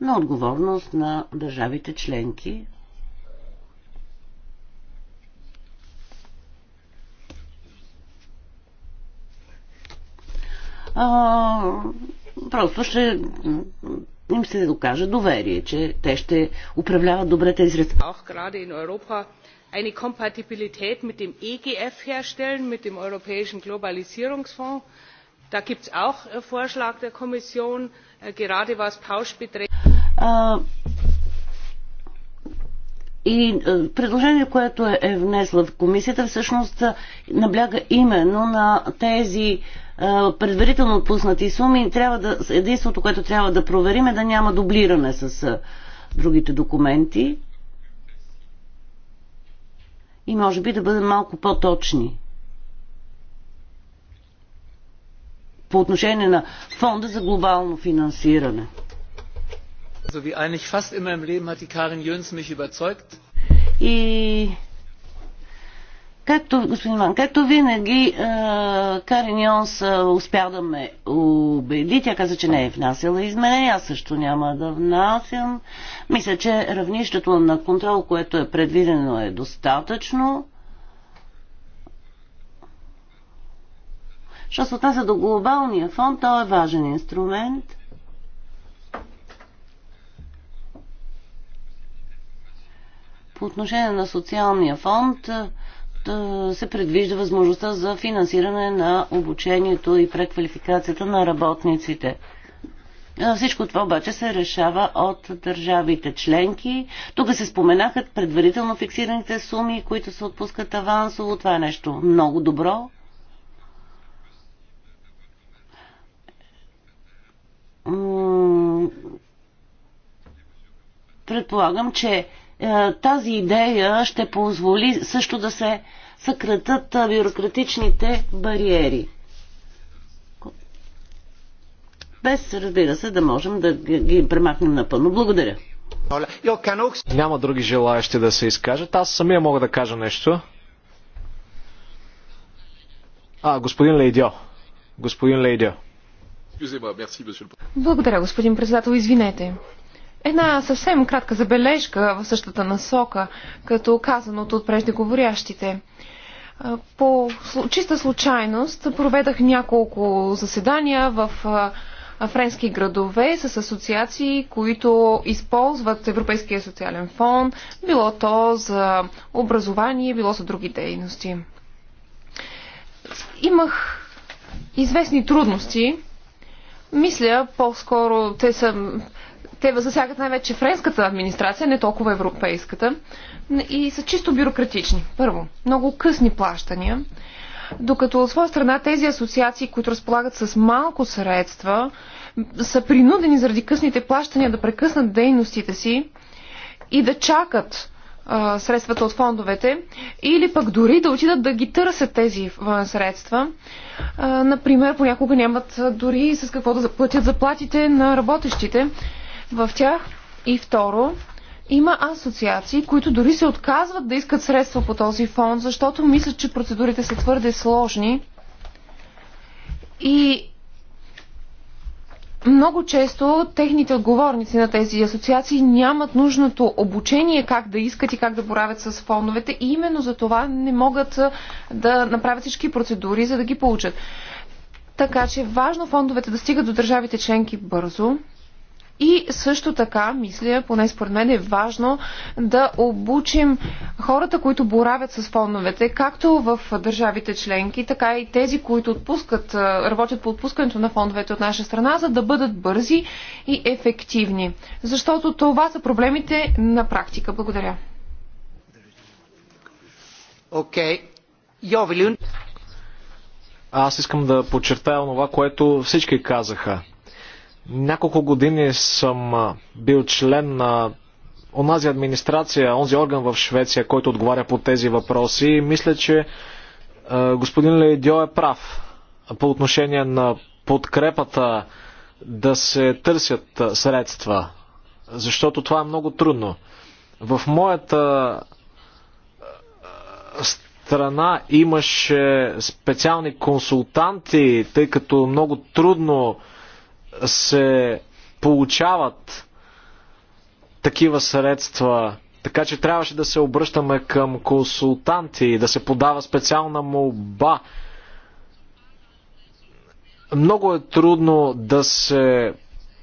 на отговорност на държавите членки. А, просто ще им се докаже доверие, че те ще управляват добре тези средства. eine Kompatibilität mit dem EGF herstellen, mit dem Europäischen Globalisierungsfonds. Da gibt es auch einen Vorschlag der Kommission, gerade was Pausch betrifft. И предложение, което е внесла в комисията, всъщност набляга именно на тези предварително отпуснати суми, трябва да, единството, което трябва да проверим е да няма дублиране с другите документи. И може би да бъдем малко по-точни. По отношение на фонда за глобално финансиране. So wie eigentlich fast immer im Leben hat die Karin Jöns mich überzeugt. И Както, господин Ман, както винаги, е, Карин Йонс е, успя да ме убеди. Тя каза, че не е внасяла изменения. Аз също няма да внасям. Мисля, че равнището на контрол, което е предвидено, е достатъчно. Що се отнася до глобалния фонд, той е важен инструмент. По отношение на социалния фонд, се предвижда възможността за финансиране на обучението и преквалификацията на работниците. Всичко това обаче се решава от държавите членки. Тук се споменаха предварително фиксираните суми, които се отпускат авансово. Това е нещо много добро. Предполагам, че е, тази идея ще позволи също да се съкратат е, бюрократичните бариери. Без, разбира се, да можем да ги премахнем напълно. Благодаря. Няма други желаящи да се изкажат. Аз самия мога да кажа нещо. А, господин Лейдио. Господин Лейдио. Благодаря, господин председател. Извинете. Една съвсем кратка забележка в същата насока, като казаното от преждеговорящите. По чиста случайност проведах няколко заседания в френски градове с асоциации, които използват Европейския социален фонд, било то за образование, било за други дейности. Имах известни трудности. Мисля, по-скоро те са те засягат най-вече френската администрация, не толкова европейската, и са чисто бюрократични. Първо, много късни плащания, докато от своя страна тези асоциации, които разполагат с малко средства, са принудени заради късните плащания да прекъснат дейностите си и да чакат а, средствата от фондовете или пък дори да отидат да ги търсят тези средства. А, например, понякога нямат дори с какво да платят заплатите на работещите, в тях. И второ, има асоциации, които дори се отказват да искат средства по този фонд, защото мислят, че процедурите са твърде сложни. И много често техните отговорници на тези асоциации нямат нужното обучение как да искат и как да боравят с фондовете и именно за това не могат да направят всички процедури, за да ги получат. Така че важно фондовете да стигат до държавите членки бързо, и също така, мисля, поне според мен е важно да обучим хората, които боравят с фондовете, както в държавите членки, така и тези, които отпускат, работят по отпускането на фондовете от наша страна, за да бъдат бързи и ефективни. Защото това са проблемите на практика. Благодаря. Окей. Okay. Йовелин. Аз искам да подчертая това, което всички казаха. Няколко години съм бил член на онази администрация, онзи орган в Швеция, който отговаря по тези въпроси и мисля, че господин Лейдио е прав по отношение на подкрепата да се търсят средства, защото това е много трудно. В моята страна имаше специални консултанти, тъй като много трудно се получават такива средства, така че трябваше да се обръщаме към консултанти, да се подава специална молба. Много е трудно да се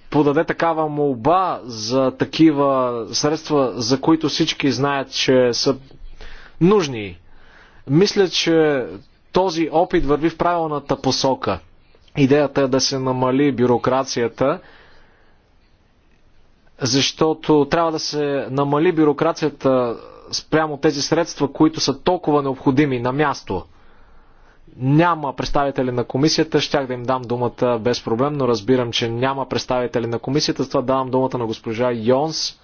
подаде такава молба за такива средства, за които всички знаят, че са нужни. Мисля, че този опит върви в правилната посока. Идеята е да се намали бюрокрацията, защото трябва да се намали бюрокрацията спрямо тези средства, които са толкова необходими на място. Няма представители на комисията, щях да им дам думата без проблем, но разбирам, че няма представители на комисията, с това давам думата на госпожа Йонс.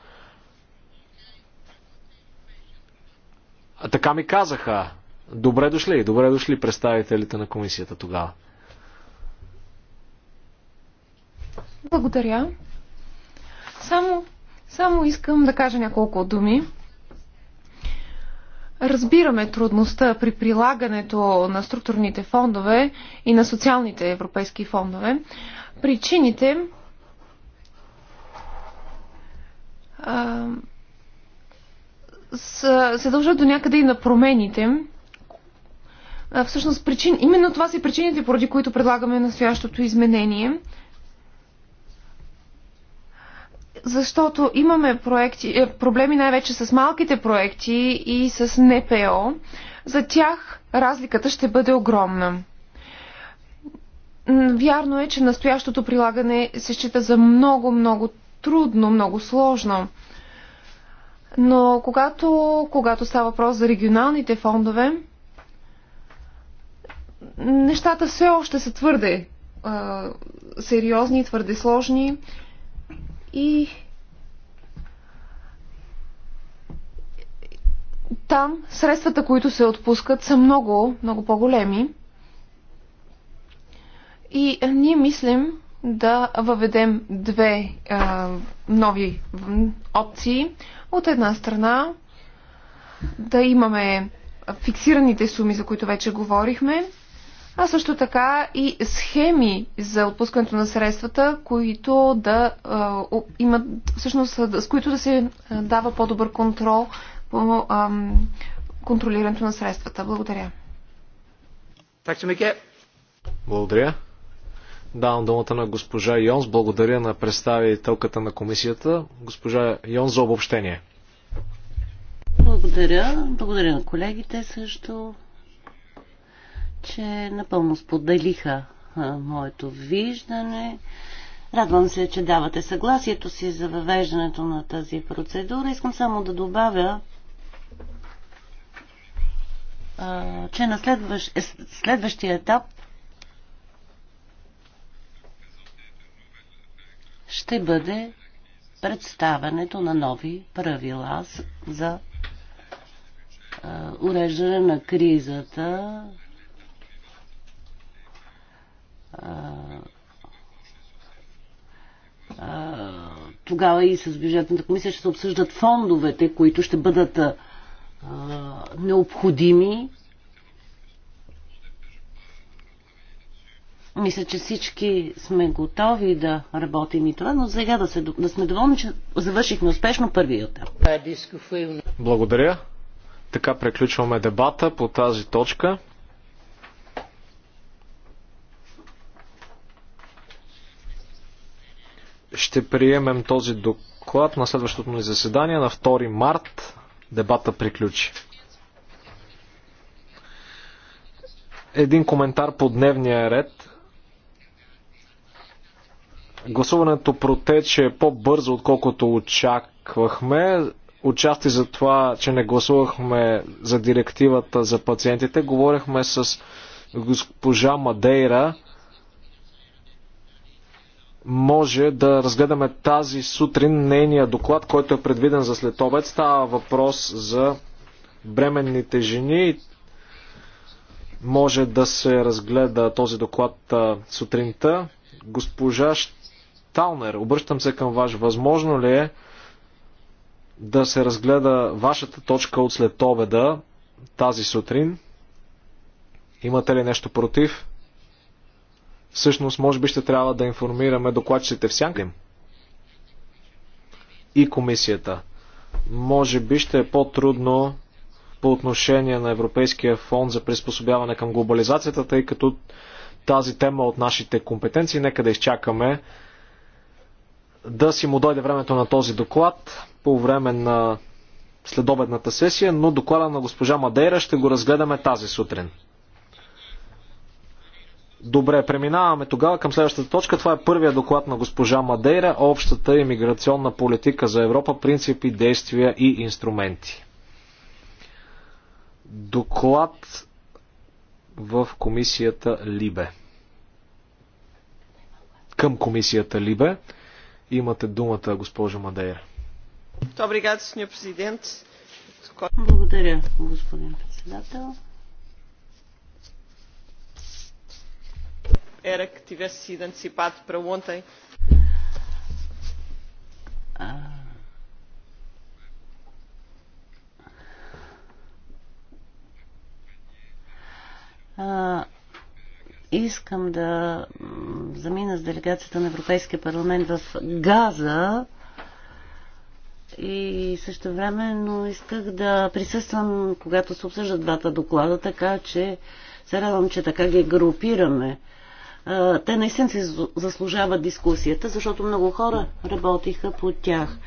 А така ми казаха. Добре дошли, добре дошли представителите на комисията тогава. Благодаря. Само, само искам да кажа няколко думи. Разбираме трудността при прилагането на структурните фондове и на социалните европейски фондове. Причините а, се дължат до някъде и на промените. А, всъщност, причин, именно това са и причините, поради които предлагаме настоящото изменение защото имаме проекти, е, проблеми най-вече с малките проекти и с НПО. За тях разликата ще бъде огромна. Вярно е, че настоящото прилагане се счита за много, много трудно, много сложно. Но когато, когато става въпрос за регионалните фондове, нещата все още са твърде е, сериозни, твърде сложни и там средствата, които се отпускат, са много, много по-големи. И ние мислим да въведем две а, нови опции. От една страна да имаме фиксираните суми, за които вече говорихме, а също така и схеми за отпускането на средствата, които да а, имат, всъщност, с които да се дава по-добър контрол по ам, контролирането на средствата. Благодаря. Благодаря. Давам думата на госпожа Йонс. Благодаря на представителката на комисията. Госпожа Йонс за обобщение. Благодаря. Благодаря на колегите също че напълно споделиха а, моето виждане. Радвам се, че давате съгласието си за въвеждането на тази процедура. Искам само да добавя, а, че на следващ, е, следващия етап ще бъде представянето на нови правила за уреждане на кризата тогава и с бюджетната комисия ще се обсъждат фондовете, които ще бъдат а, необходими. Мисля, че всички сме готови да работим и това, но сега да, се, да сме доволни, че завършихме успешно първия етап. Благодаря. Така приключваме дебата по тази точка. Ще приемем този доклад на следващото ни заседание на 2 март. Дебата приключи. Един коментар по дневния ред. Гласуването протече по-бързо, отколкото очаквахме. Участи за това, че не гласувахме за директивата за пациентите, говорихме с госпожа Мадейра може да разгледаме тази сутрин нейния доклад, който е предвиден за след обед. Става въпрос за бременните жени. Може да се разгледа този доклад сутринта. Госпожа Шталнер, обръщам се към вас. Възможно ли е да се разгледа вашата точка от след обеда тази сутрин? Имате ли нещо против? Всъщност, може би ще трябва да информираме докладчите в сянка и комисията. Може би ще е по-трудно по отношение на Европейския фонд за приспособяване към глобализацията, тъй като тази тема е от нашите компетенции. Нека да изчакаме да си му дойде времето на този доклад по време на следобедната сесия, но доклада на госпожа Мадейра ще го разгледаме тази сутрин. Добре, преминаваме тогава към следващата точка. Това е първия доклад на госпожа Мадейра. Общата иммиграционна политика за Европа, принципи, действия и инструменти. Доклад в комисията Либе. Към комисията Либе. Имате думата, госпожо Мадейра. Благодаря, господин председател. era que tivesse sido antecipado para ontem. искам да замина с делегацията на Европейския парламент в Газа и също време, но исках да присъствам, когато се обсъждат двата доклада, така че се радвам, че така ги групираме те наистина си заслужават дискусията, защото много хора работиха по тях.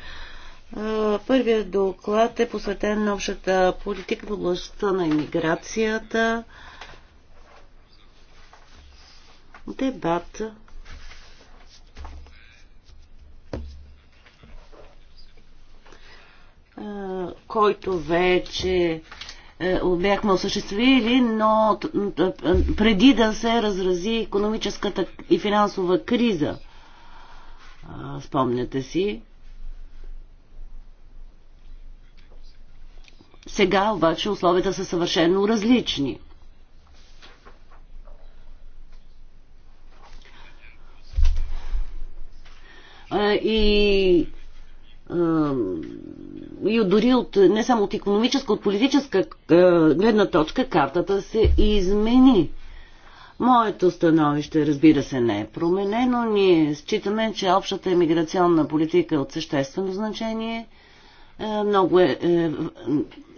Първият доклад е посветен на общата политика в областта на иммиграцията. Дебат. който вече е, бяхме осъществили, но преди да се разрази економическата и финансова криза. Спомняте си. Сега обаче условията са съвършено различни. И и дори от, не само от економическа, от политическа е, гледна точка картата се измени. Моето становище, разбира се, не е променено. Ние считаме, че общата емиграционна политика е от съществено значение. Е, много е, е,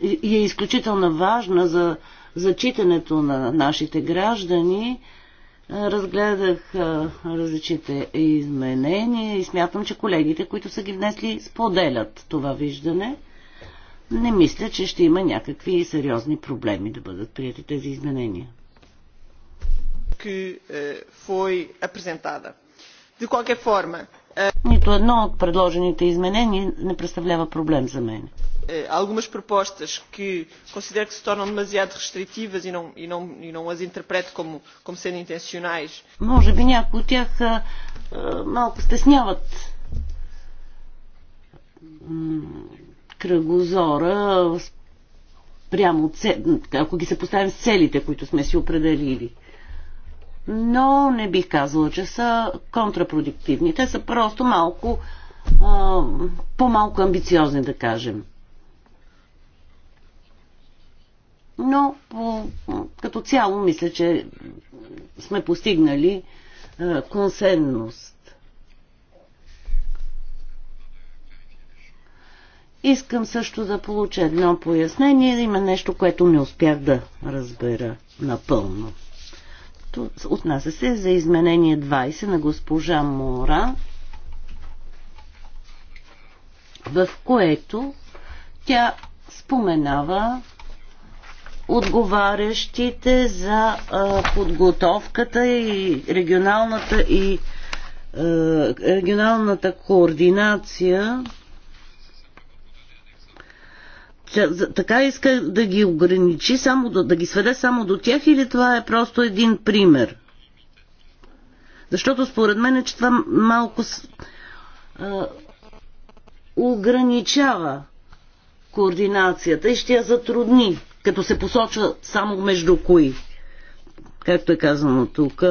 е, е изключително важна за зачитането на нашите граждани, Разгледах различните изменения и смятам, че колегите, които са ги внесли, споделят това виждане. Не мисля, че ще има някакви сериозни проблеми да бъдат прияти тези изменения. Е, е, Нито едно от предложените изменения не представлява проблем за мен. Eh, algumas propostas que considero que se tornam demasiado restritivas e não, e não, e não as interpreto como, como sendo intencionais. Може би някои от тях малко стесняват кръгозора прямо, ако ги се поставим с целите, които сме си определили. Но не бих казала, че са контрапродуктивни. Те са просто малко по-малко амбициозни, да кажем. но по, като цяло мисля, че сме постигнали е, консенност. Искам също да получа едно пояснение. Има нещо, което не успях да разбера напълно. Отнася се за изменение 20 на госпожа Мора, в което тя споменава отговарящите за а, подготовката и регионалната и а, регионалната координация. Така иска да ги ограничи, само да, да ги сведе само до тях или това е просто един пример? Защото според мен е, че това малко а, ограничава координацията и ще я затрудни като се посочва само между кои. Както е казано тук.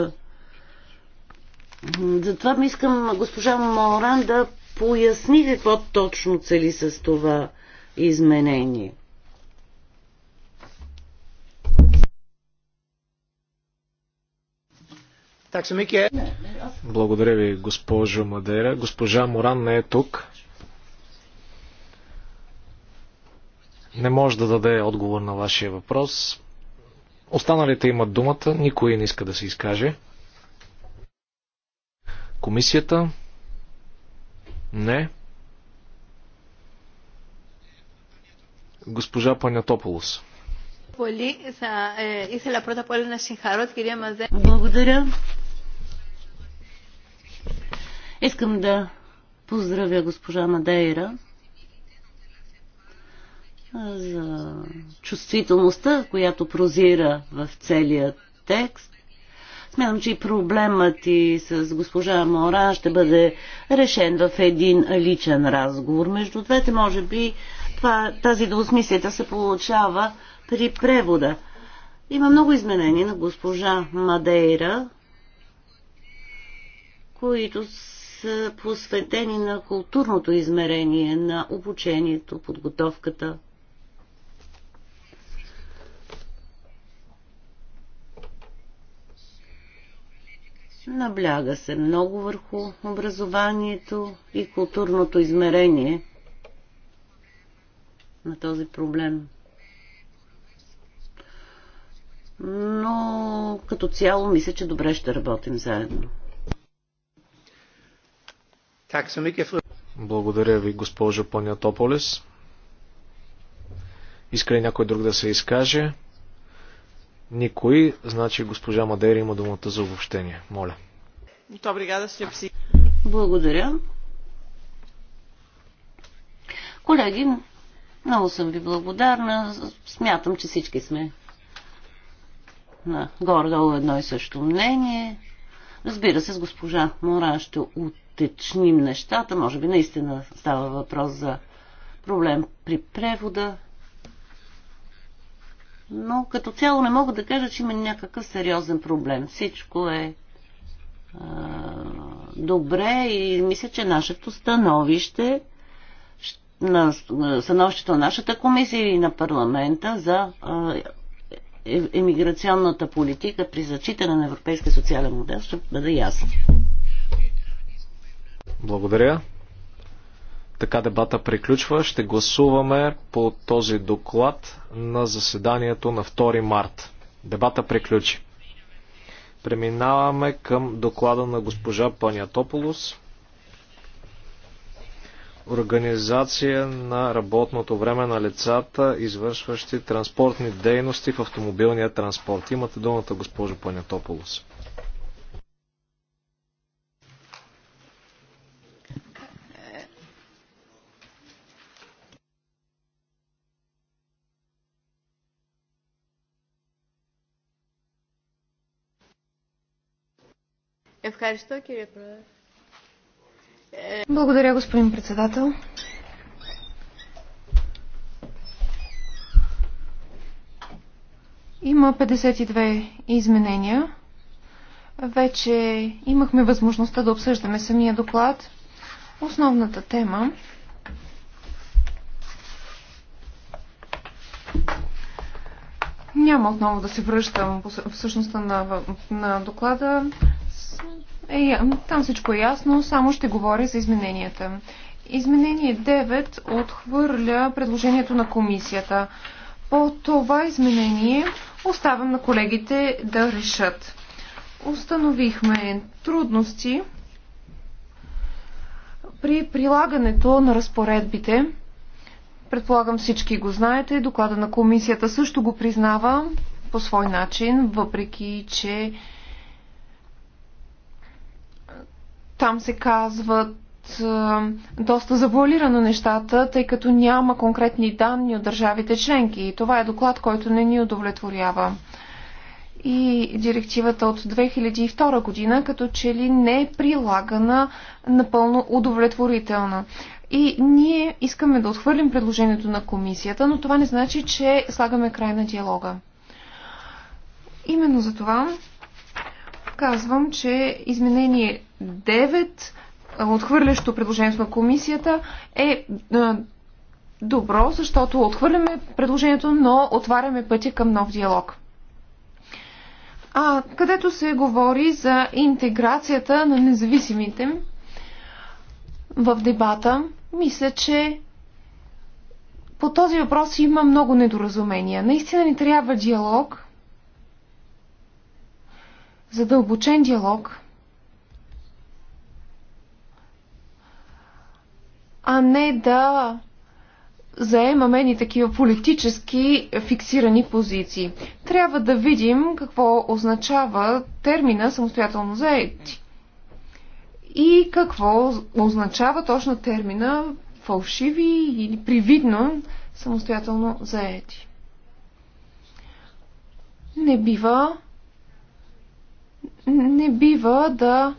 Затова ми искам госпожа Моран да поясни какво точно цели с това изменение. Е. Благодаря ви, госпожо Мадера. Госпожа Моран не е тук. не може да даде отговор на вашия въпрос. Останалите имат думата, никой не иска да се изкаже. Комисията? Не. Госпожа Панятополос. Е, Благодаря. Искам да поздравя госпожа Мадейра за чувствителността, която прозира в целия текст. Смятам, че и проблемът и с госпожа Мора ще бъде решен в един личен разговор. Между двете, може би, това, тази двусмислията се получава при превода. Има много изменения на госпожа Мадейра, които са посветени на културното измерение на обучението, подготовката Набляга се много върху образованието и културното измерение на този проблем. Но като цяло мисля, че добре ще работим заедно. Благодаря ви, госпожо Панятополис. Иска ли някой друг да се изкаже? Никой. Значи госпожа Мадери има думата за обобщение. Моля. Благодаря. Колеги, много съм ви благодарна. Смятам, че всички сме на горе-долу едно и също мнение. Разбира се, с госпожа Моран ще уточним нещата. Може би наистина става въпрос за проблем при превода но като цяло не мога да кажа, че има някакъв сериозен проблем. Всичко е добре и мисля, че нашето становище на становището на нашата комисия и на парламента за е, емиграционната политика при зачитане на европейския социален модел ще бъде ясно. Благодаря. Така дебата приключва. Ще гласуваме по този доклад на заседанието на 2 март. Дебата приключи. Преминаваме към доклада на госпожа Паниатополос. Организация на работното време на лицата, извършващи транспортни дейности в автомобилния транспорт. Имате думата, госпожо Паниатополос. Е е, Благодаря, господин председател. Има 52 изменения. Вече имахме възможността да обсъждаме самия доклад. Основната тема Няма отново да се връщам в същността на, на доклада е, там всичко е ясно, само ще говоря за измененията. Изменение 9 отхвърля предложението на комисията. По това изменение оставам на колегите да решат. Установихме трудности при прилагането на разпоредбите. Предполагам всички го знаете. Доклада на комисията също го признава по свой начин, въпреки че Там се казват доста завуалирано нещата, тъй като няма конкретни данни от държавите членки. И това е доклад, който не ни удовлетворява. И директивата от 2002 година, като че ли не е прилагана напълно удовлетворително. И ние искаме да отхвърлим предложението на комисията, но това не значи, че слагаме край на диалога. Именно за това казвам, че изменение 9, отхвърлящо предложението на комисията, е добро, защото отхвърляме предложението, но отваряме пътя към нов диалог. А, където се говори за интеграцията на независимите в дебата, мисля, че по този въпрос има много недоразумения. Наистина ни трябва диалог, задълбочен диалог – а не да заемаме ни такива политически фиксирани позиции. Трябва да видим какво означава термина самостоятелно заети и какво означава точно термина фалшиви или привидно самостоятелно заети. Не бива не бива да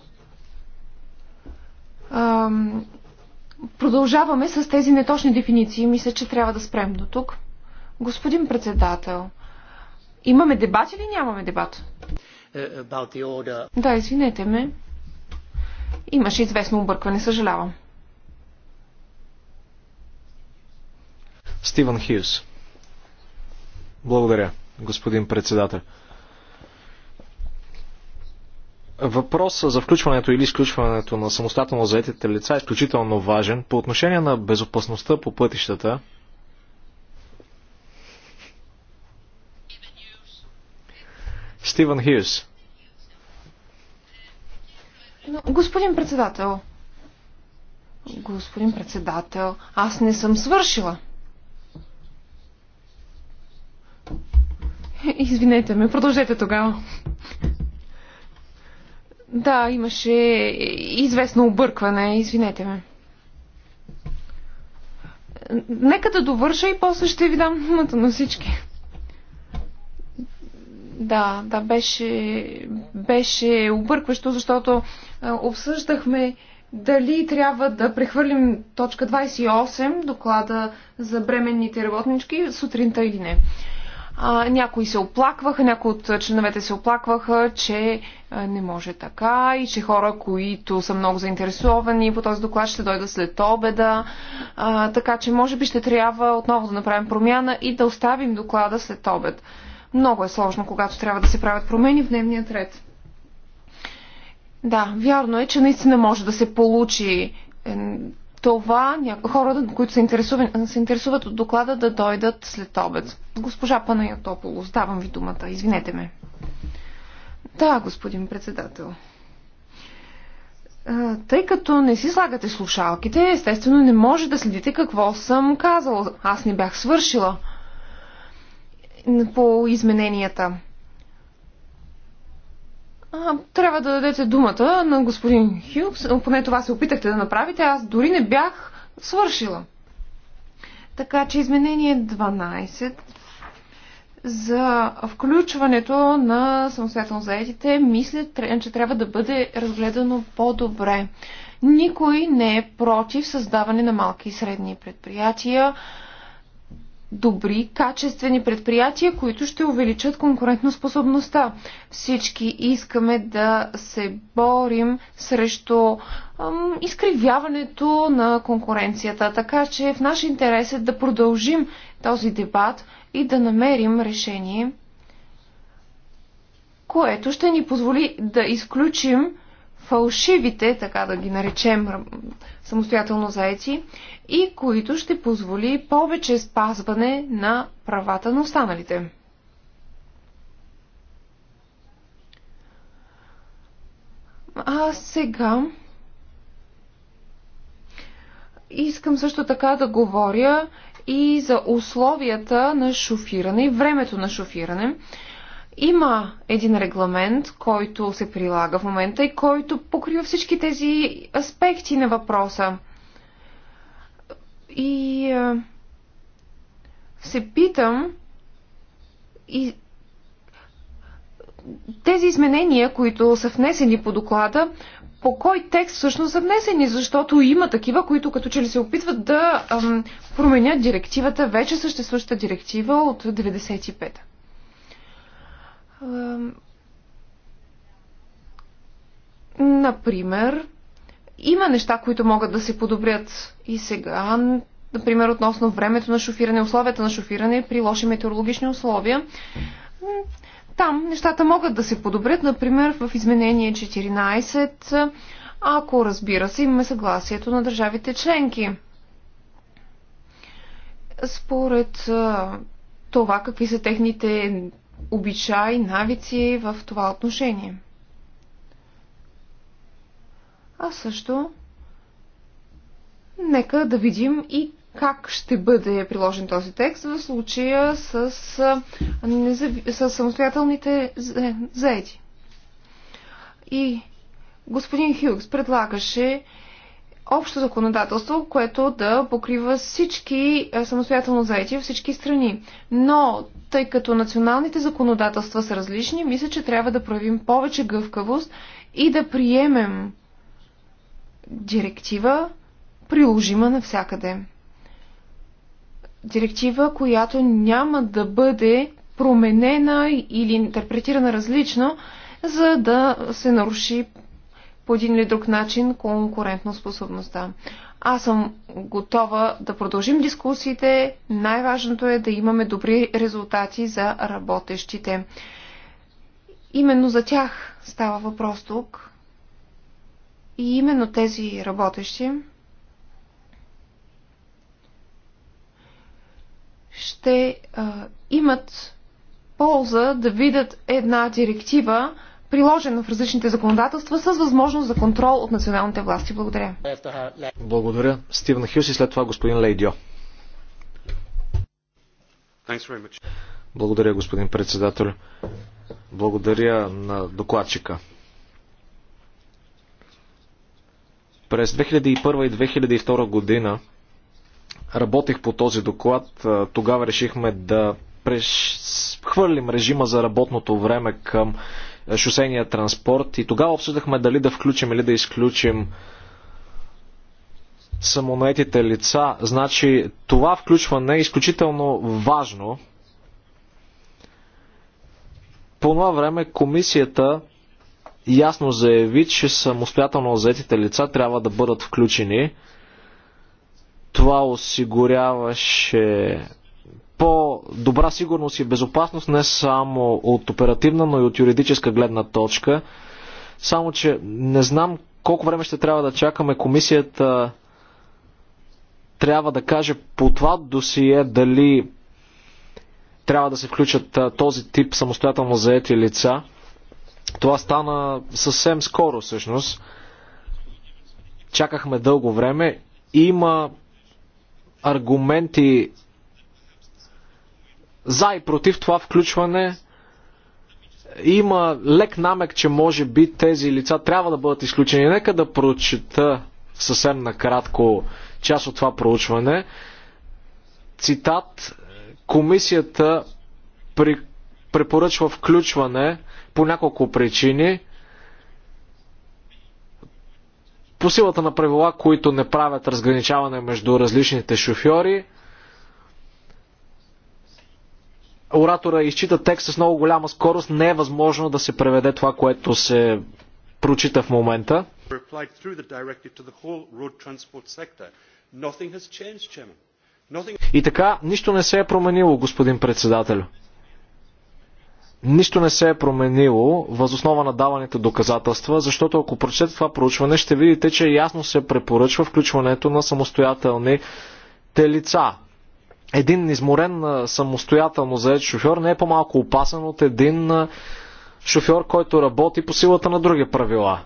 ам, продължаваме с тези неточни дефиниции. Мисля, че трябва да спрем до тук. Господин председател, имаме дебат или нямаме дебат? Е, е, да, извинете ме. Имаше известно объркване, съжалявам. Стивън Хюс. Благодаря, господин председател. Въпросът за включването или изключването на самостоятелно заетите лица е изключително важен. По отношение на безопасността по пътищата, Стивен Хюс. Господин председател, господин председател, аз не съм свършила. Извинете ме, продължете тогава. Да, имаше известно объркване, извинете ме. Нека да довърша и после ще ви дам думата на всички. Да, да, беше, беше объркващо, защото е, обсъждахме дали трябва да прехвърлим точка 28, доклада за бременните работнички, сутринта или не. А, някои се оплакваха, някои от членовете се оплакваха, че а, не може така и че хора, които са много заинтересовани по този доклад, ще дойдат след обеда. А, така че, може би, ще трябва отново да направим промяна и да оставим доклада след обед. Много е сложно, когато трябва да се правят промени в дневния ред. Да, вярно е, че наистина може да се получи това хората, които се интересуват, се интересуват от доклада, да дойдат след обед. Госпожа Панаятополос, давам ви думата. Извинете ме. Да, господин председател. Тъй като не си слагате слушалките, естествено не може да следите какво съм казала. Аз не бях свършила по измененията. А, трябва да дадете думата на господин Хюкс. Поне това се опитахте да направите. Аз дори не бях свършила. Така че изменение 12 за включването на самостоятелно заедите, мисля, че трябва да бъде разгледано по-добре. Никой не е против създаване на малки и средни предприятия добри, качествени предприятия, които ще увеличат конкурентоспособността. Всички искаме да се борим срещу ам, изкривяването на конкуренцията, така че в наш интерес е да продължим този дебат и да намерим решение, което ще ни позволи да изключим фалшивите, така да ги наречем, самостоятелно заети и които ще позволи повече спазване на правата на останалите. А сега искам също така да говоря и за условията на шофиране и времето на шофиране. Има един регламент, който се прилага в момента и който покрива всички тези аспекти на въпроса. И а, се питам и тези изменения, които са внесени по доклада, по кой текст всъщност са внесени, защото има такива, които като че ли се опитват да ам, променят директивата, вече съществуваща директива от 95-та. Например, има неща, които могат да се подобрят и сега, например, относно времето на шофиране, условията на шофиране при лоши метеорологични условия. Там нещата могат да се подобрят, например, в изменение 14, ако, разбира се, имаме съгласието на държавите членки. Според това, какви са техните обичаи, навици в това отношение а също нека да видим и как ще бъде приложен този текст в случая с, с самостоятелните заети. И господин Хюкс предлагаше общо законодателство, което да покрива всички самостоятелно заети във всички страни. Но, тъй като националните законодателства са различни, мисля, че трябва да проявим повече гъвкавост и да приемем директива, приложима навсякъде. Директива, която няма да бъде променена или интерпретирана различно, за да се наруши по един или друг начин конкурентно способността. Аз съм готова да продължим дискусиите. Най-важното е да имаме добри резултати за работещите. Именно за тях става въпрос тук и именно тези работещи ще а, имат полза да видят една директива, приложена в различните законодателства, с възможност за контрол от националните власти. Благодаря. Благодаря. Стивен Хюс и след това господин Лейдио. Благодаря, господин председател. Благодаря на докладчика. През 2001 и 2002 година работех по този доклад. Тогава решихме да хвърлим режима за работното време към шосейния транспорт и тогава обсъдахме дали да включим или да изключим самонаетите лица. Значи това включване е изключително важно. По това време комисията ясно заяви, че самостоятелно заетите лица трябва да бъдат включени. Това осигуряваше по-добра сигурност и безопасност не само от оперативна, но и от юридическа гледна точка. Само, че не знам колко време ще трябва да чакаме комисията трябва да каже по това досие дали трябва да се включат този тип самостоятелно заети лица – това стана съвсем скоро всъщност. Чакахме дълго време. Има аргументи за и против това включване. Има лек намек, че може би тези лица трябва да бъдат изключени. Нека да прочета съвсем накратко част от това проучване. Цитат Комисията при, препоръчва включване по няколко причини. По силата на правила, които не правят разграничаване между различните шофьори, оратора изчита текста с много голяма скорост, не е възможно да се преведе това, което се прочита в момента. И така, нищо не се е променило, господин председател нищо не се е променило възоснова на даваните доказателства, защото ако прочете това проучване, ще видите, че ясно се препоръчва включването на самостоятелни те лица. Един изморен самостоятелно заед шофьор не е по-малко опасен от един шофьор, който работи по силата на други правила.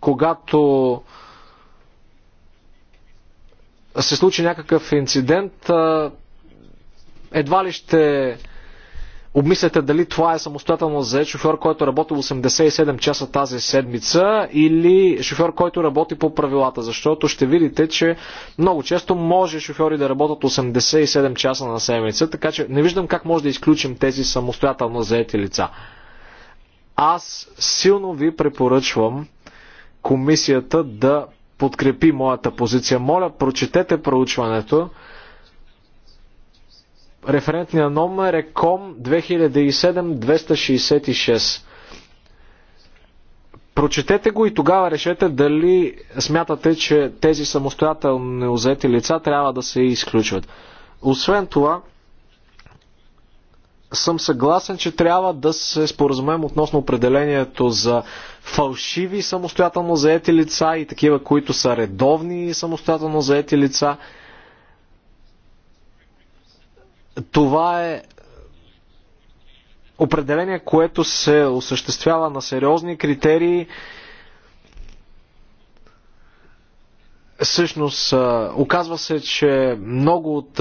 Когато се случи някакъв инцидент, едва ли ще обмисляте дали това е самостоятелно за шофьор, който работи 87 часа тази седмица или шофьор, който работи по правилата, защото ще видите, че много често може шофьори да работят 87 часа на седмица, така че не виждам как може да изключим тези самостоятелно заети лица. Аз силно ви препоръчвам комисията да подкрепи моята позиция. Моля, прочетете проучването. Референтния номер е COM 2007-266. Прочетете го и тогава решете дали смятате, че тези самостоятелно взети лица трябва да се изключват. Освен това, съм съгласен, че трябва да се споразумем относно определението за фалшиви самостоятелно заети лица и такива, които са редовни самостоятелно заети лица – това е определение, което се осъществява на сериозни критерии. Всъщност, оказва се, че много от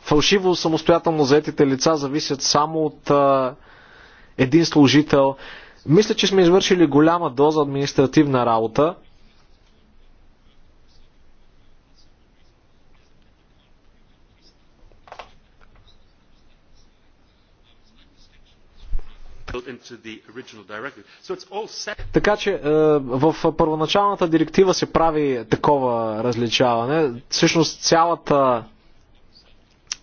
фалшиво самостоятелно заетите лица зависят само от един служител. Мисля, че сме извършили голяма доза административна работа. Така че е, в първоначалната директива се прави такова различаване. Всъщност цялата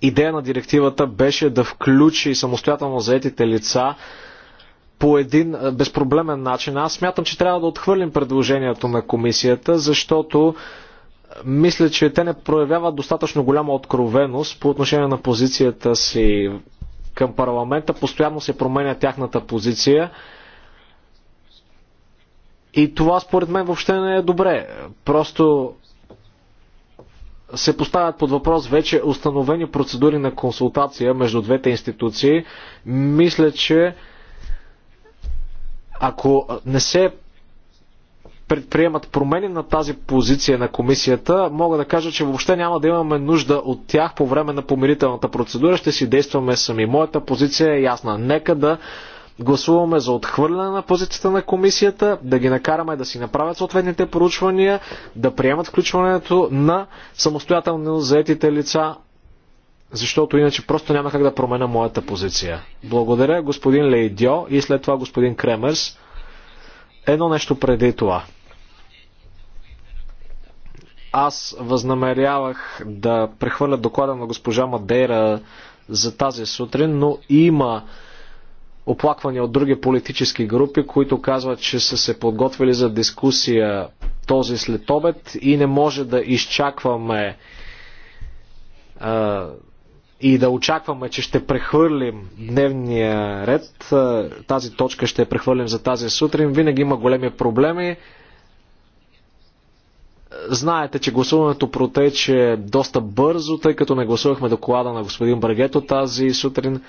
идея на директивата беше да включи самостоятелно заетите лица по един е, безпроблемен начин. Аз смятам, че трябва да отхвърлим предложението на комисията, защото е, мисля, че те не проявяват достатъчно голяма откровеност по отношение на позицията си към парламента, постоянно се променя тяхната позиция. И това според мен въобще не е добре. Просто се поставят под въпрос вече установени процедури на консултация между двете институции. Мисля, че ако не се предприемат промени на тази позиция на комисията, мога да кажа, че въобще няма да имаме нужда от тях по време на помирителната процедура. Ще си действаме сами. Моята позиция е ясна. Нека да гласуваме за отхвърляне на позицията на комисията, да ги накараме да си направят съответните проучвания, да приемат включването на самостоятелно заетите лица, защото иначе просто няма как да променя моята позиция. Благодаря господин Лейдьо и след това господин Кремерс. Едно нещо преди това. Аз възнамерявах да прехвърля доклада на госпожа Мадейра за тази сутрин, но има оплаквания от други политически групи, които казват, че са се подготвили за дискусия този след обед и не може да изчакваме и да очакваме, че ще прехвърлим дневния ред. Тази точка ще прехвърлим за тази сутрин. Винаги има големи проблеми. Знаете, че гласуването протече доста бързо, тъй като не гласувахме доклада на господин Брагето тази сутрин.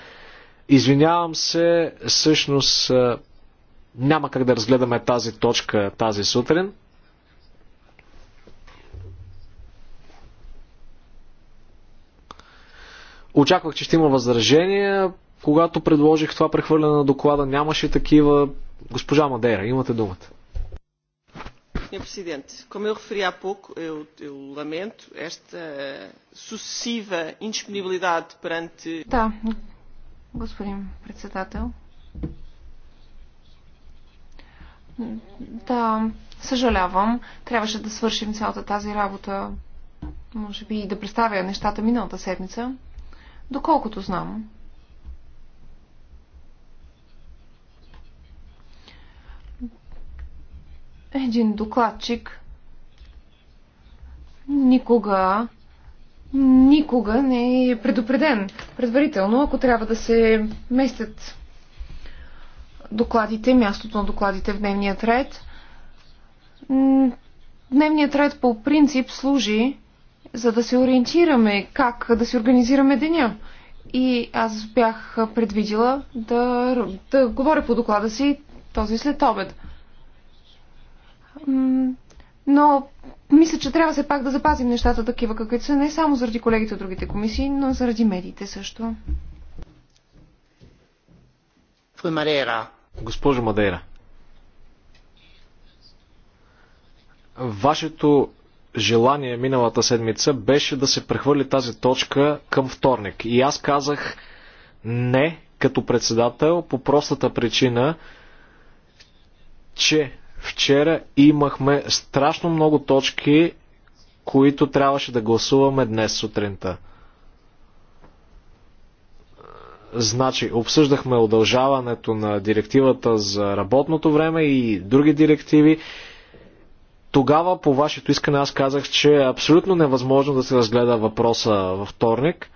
Извинявам се, всъщност е, няма как да разгледаме тази точка тази сутрин. Очаквах, че ще има възражения. Когато предложих това прехвърляне на доклада, нямаше такива. Госпожа Мадера, имате думата senhor Presidente. Como eu referi há pouco, eu, eu lamento esta sucessiva indisponibilidade perante. Да, господин председател. Да, съжалявам. Трябваше да свършим цялата тази работа. Може би и да представя нещата миналата седмица. Доколкото знам, един докладчик никога никога не е предупреден предварително, ако трябва да се местят докладите, мястото на докладите в дневният ред. Дневният ред по принцип служи за да се ориентираме как да се организираме деня. И аз бях предвидила да, да говоря по доклада си този след обед. Но мисля, че трябва все пак да запазим нещата такива, каквито са, не само заради колегите от другите комисии, но заради медиите също. Госпожо Мадейра, вашето желание миналата седмица беше да се прехвърли тази точка към вторник. И аз казах не като председател по простата причина, че Вчера имахме страшно много точки, които трябваше да гласуваме днес сутринта. Значи, обсъждахме удължаването на директивата за работното време и други директиви. Тогава, по вашето искане, аз казах, че е абсолютно невъзможно да се разгледа въпроса във вторник.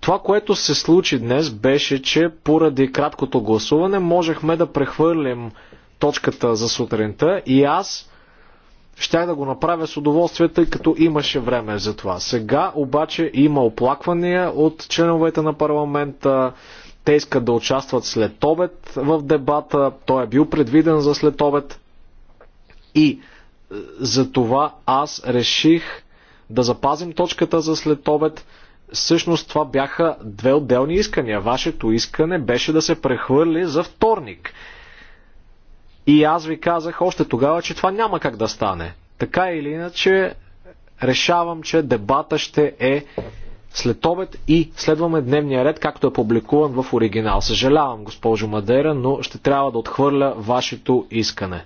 Това, което се случи днес, беше, че поради краткото гласуване можехме да прехвърлим точката за сутринта и аз щях да го направя с удоволствие, тъй като имаше време за това. Сега обаче има оплаквания от членовете на парламента, те искат да участват след обед в дебата, той е бил предвиден за след обед и е, за това аз реших да запазим точката за след обед. Всъщност това бяха две отделни искания. Вашето искане беше да се прехвърли за вторник. И аз ви казах още тогава, че това няма как да стане. Така или иначе, решавам, че дебата ще е след обед и следваме дневния ред, както е публикуван в оригинал. Съжалявам, госпожо Мадера, но ще трябва да отхвърля вашето искане.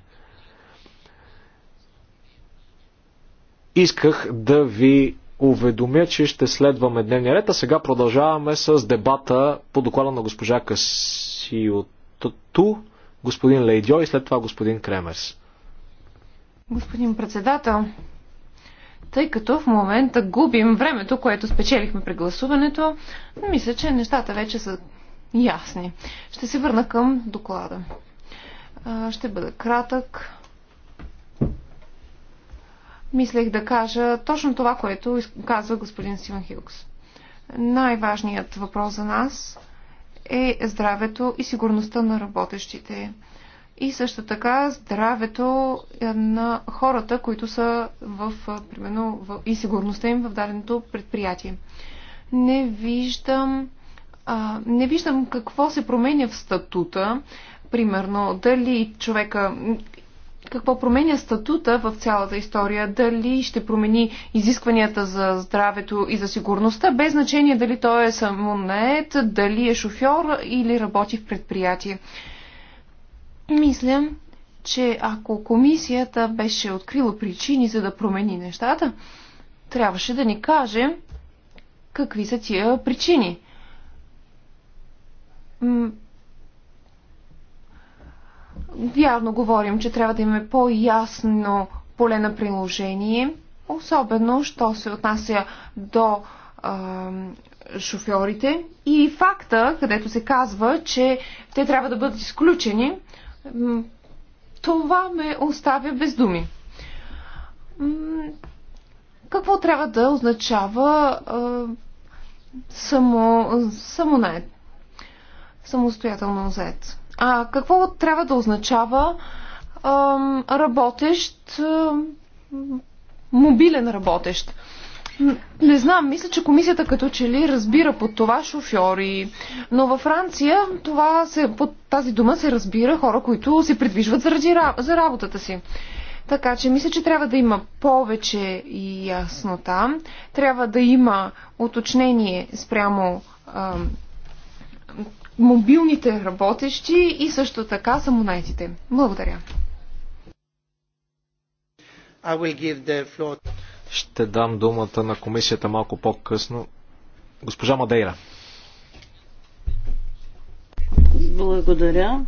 Исках да ви уведомя, че ще следваме дневния ред, а сега продължаваме с дебата по доклада на госпожа Касиотото господин Лейдьо и след това господин Кремерс. Господин председател, тъй като в момента губим времето, което спечелихме при гласуването, мисля, че нещата вече са ясни. Ще се върна към доклада. Ще бъда кратък. Мислех да кажа точно това, което казва господин Симон Хилкс. Най-важният въпрос за нас е здравето и сигурността на работещите. И също така здравето е, на хората, които са в, е, примерно, в, и сигурността им в даденото предприятие. Не виждам, а, не виждам какво се променя в статута. Примерно, дали човека, какво променя статута в цялата история, дали ще промени изискванията за здравето и за сигурността, без значение дали той е самонает, дали е шофьор или работи в предприятие. Мисля, че ако комисията беше открила причини за да промени нещата, трябваше да ни каже какви са тия причини Вярно говорим, че трябва да имаме по-ясно поле на приложение, особено, що се отнася до а, шофьорите и факта, където се казва, че те трябва да бъдат изключени, това ме оставя без думи. Какво трябва да означава а, само, не, Самостоятелно заед? А какво трябва да означава ам, работещ, ам, мобилен работещ? Не знам, мисля, че комисията като че ли разбира под това шофьори, но във Франция това се, под тази дума се разбира хора, които се придвижват заради, за работата си. Така че мисля, че трябва да има повече яснота, трябва да има уточнение спрямо мобилните работещи и също така самонайтите. Благодаря. Ще дам думата на комисията малко по-късно. Госпожа Мадейра. Благодаря.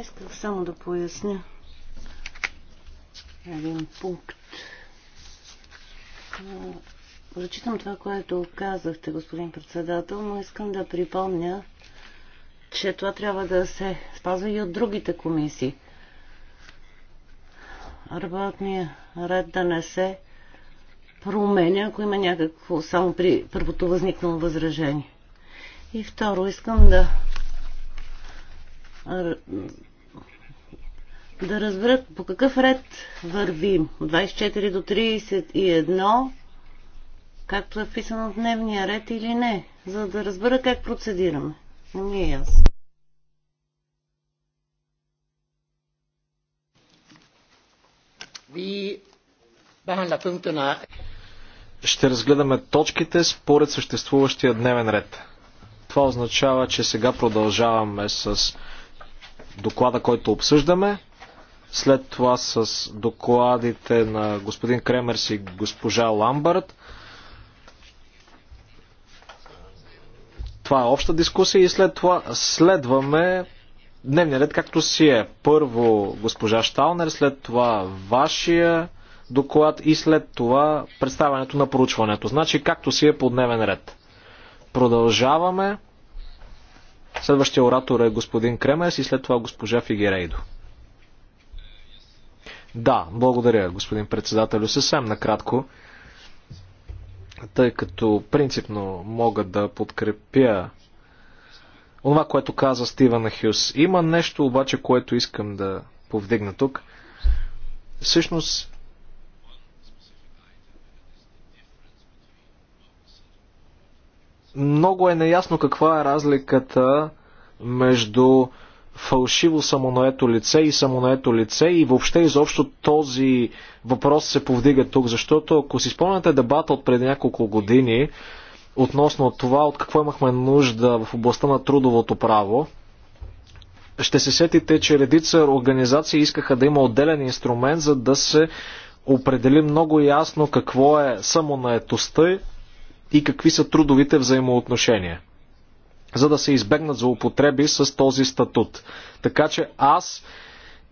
Исках само да поясня един пункт. Зачитам това, което казахте, господин председател, но искам да припомня, че това трябва да се спазва и от другите комисии. Работния ред да не се променя, ако има някакво, само при първото възникнало възражение. И второ, искам да да разберат по какъв ред вървим. 24 до 31, както е вписано в дневния ред или не, за да разбера как процедираме. Не ми е ясно. Ще разгледаме точките според съществуващия дневен ред. Това означава, че сега продължаваме с доклада, който обсъждаме след това с докладите на господин Кремерс и госпожа Ламбард. Това е обща дискусия и след това следваме дневния ред, както си е. Първо госпожа Шталнер, след това вашия доклад и след това представянето на проучването. Значи както си е по дневен ред. Продължаваме. Следващия оратор е господин Кремерс и след това госпожа Фигерейдо. Да, благодаря, господин председател, Съвсем накратко, тъй като принципно мога да подкрепя това, което каза Стивън Хюс. Има нещо обаче, което искам да повдигна тук. Всъщност, много е неясно каква е разликата между фалшиво самонаето лице и самонаето лице и въобще изобщо този въпрос се повдига тук, защото ако си спомняте дебата от преди няколко години относно това от какво имахме нужда в областта на трудовото право, ще се сетите, че редица организации искаха да има отделен инструмент, за да се определи много ясно какво е самонаетостта и какви са трудовите взаимоотношения за да се избегнат злоупотреби с този статут. Така че аз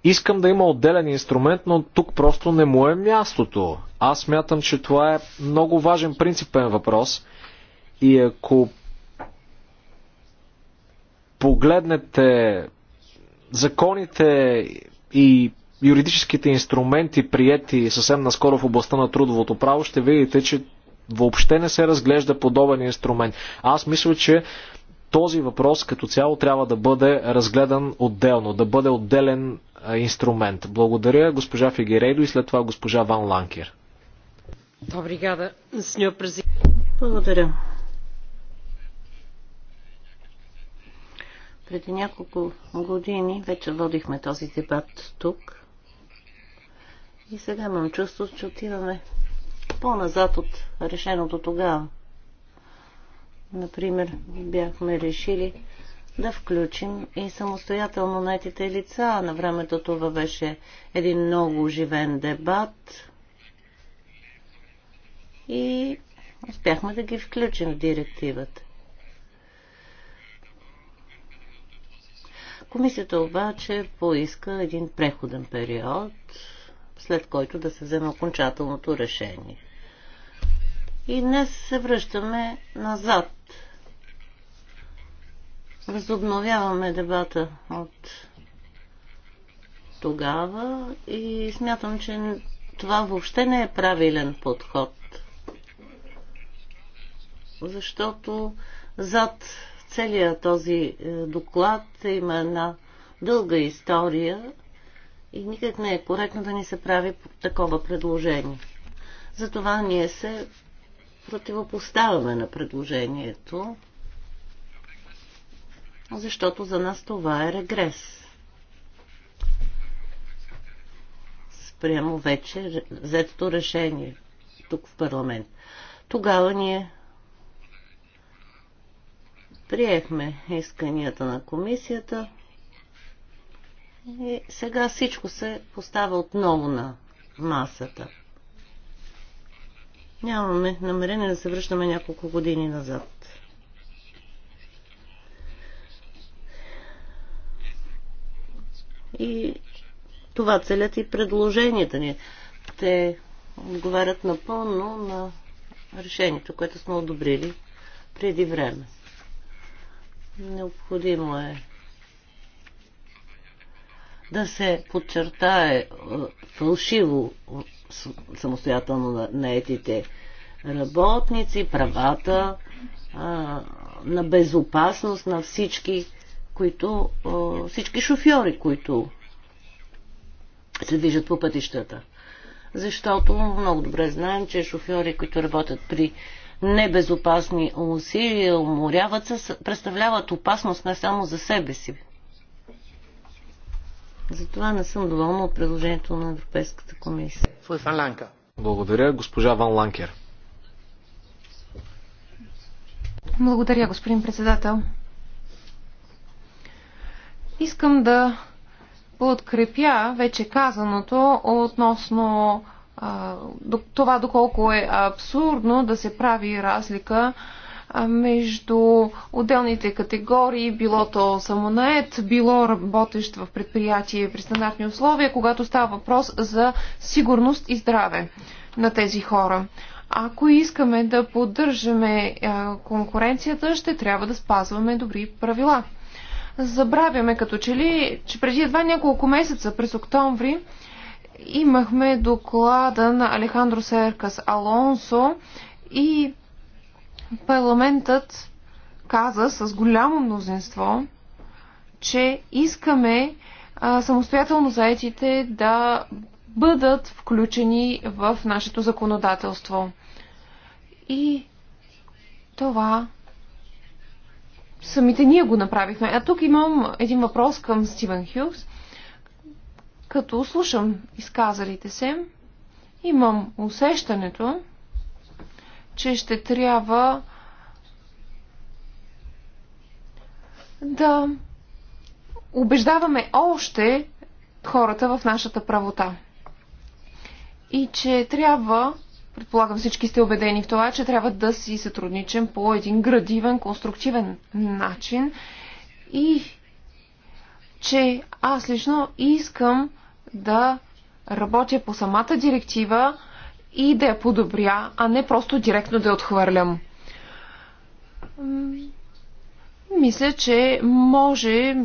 искам да има отделен инструмент, но тук просто не му е мястото. Аз мятам, че това е много важен принципен въпрос и ако погледнете законите и юридическите инструменти, прияти съвсем наскоро в областта на трудовото право, ще видите, че въобще не се разглежда подобен инструмент. Аз мисля, че този въпрос като цяло трябва да бъде разгледан отделно, да бъде отделен инструмент. Благодаря госпожа Фигерейдо и след това госпожа Ван Ланкер. Благодаря. Преди няколко години вече водихме този дебат тук. И сега имам чувство, че отиваме по-назад от решеното тогава. Например, бяхме решили да включим и самостоятелно наетите лица. На времето това беше един много живен дебат и успяхме да ги включим в директивата. Комисията обаче поиска един преходен период, след който да се вземе окончателното решение. И днес се връщаме назад. Възобновяваме дебата от тогава и смятам, че това въобще не е правилен подход. Защото зад целия този е, доклад има една дълга история и никак не е коректно да ни се прави такова предложение. Затова ние се противопоставяме на предложението, защото за нас това е регрес. Спрямо вече взетото решение тук в парламент. Тогава ние приехме исканията на комисията и сега всичко се поставя отново на масата. Нямаме намерение да се връщаме няколко години назад. И това целят и предложенията ни. Те отговарят напълно на решението, което сме одобрили преди време. Необходимо е да се подчертае е, фалшиво самостоятелно на наетите работници, правата а, на безопасност на всички, които, а, всички шофьори, които се движат по пътищата. Защото много добре знаем, че шофьори, които работят при небезопасни усилия, уморяват се, представляват опасност не само за себе си, затова не съм доволна от предложението на Европейската комисия. Благодаря, госпожа Ван Ланкер. Благодаря, господин председател. Искам да подкрепя вече казаното относно а, това доколко е абсурдно да се прави разлика между отделните категории, било то самонает, било работещ в предприятие при стандартни условия, когато става въпрос за сигурност и здраве на тези хора. Ако искаме да поддържаме конкуренцията, ще трябва да спазваме добри правила. Забравяме като че ли, че преди едва няколко месеца, през октомври, имахме доклада на Алехандро Серкас Алонсо и парламентът каза с голямо мнозинство, че искаме а, самостоятелно заетите да бъдат включени в нашето законодателство. И това самите ние го направихме. А тук имам един въпрос към Стивен Хюкс. Като слушам изказалите се, имам усещането, че ще трябва да убеждаваме още хората в нашата правота. И че трябва, предполагам всички сте убедени в това, че трябва да си сътрудничим по един градивен, конструктивен начин и че аз лично искам да работя по самата директива, и да я подобря, а не просто директно да я отхвърлям. Мисля, че може,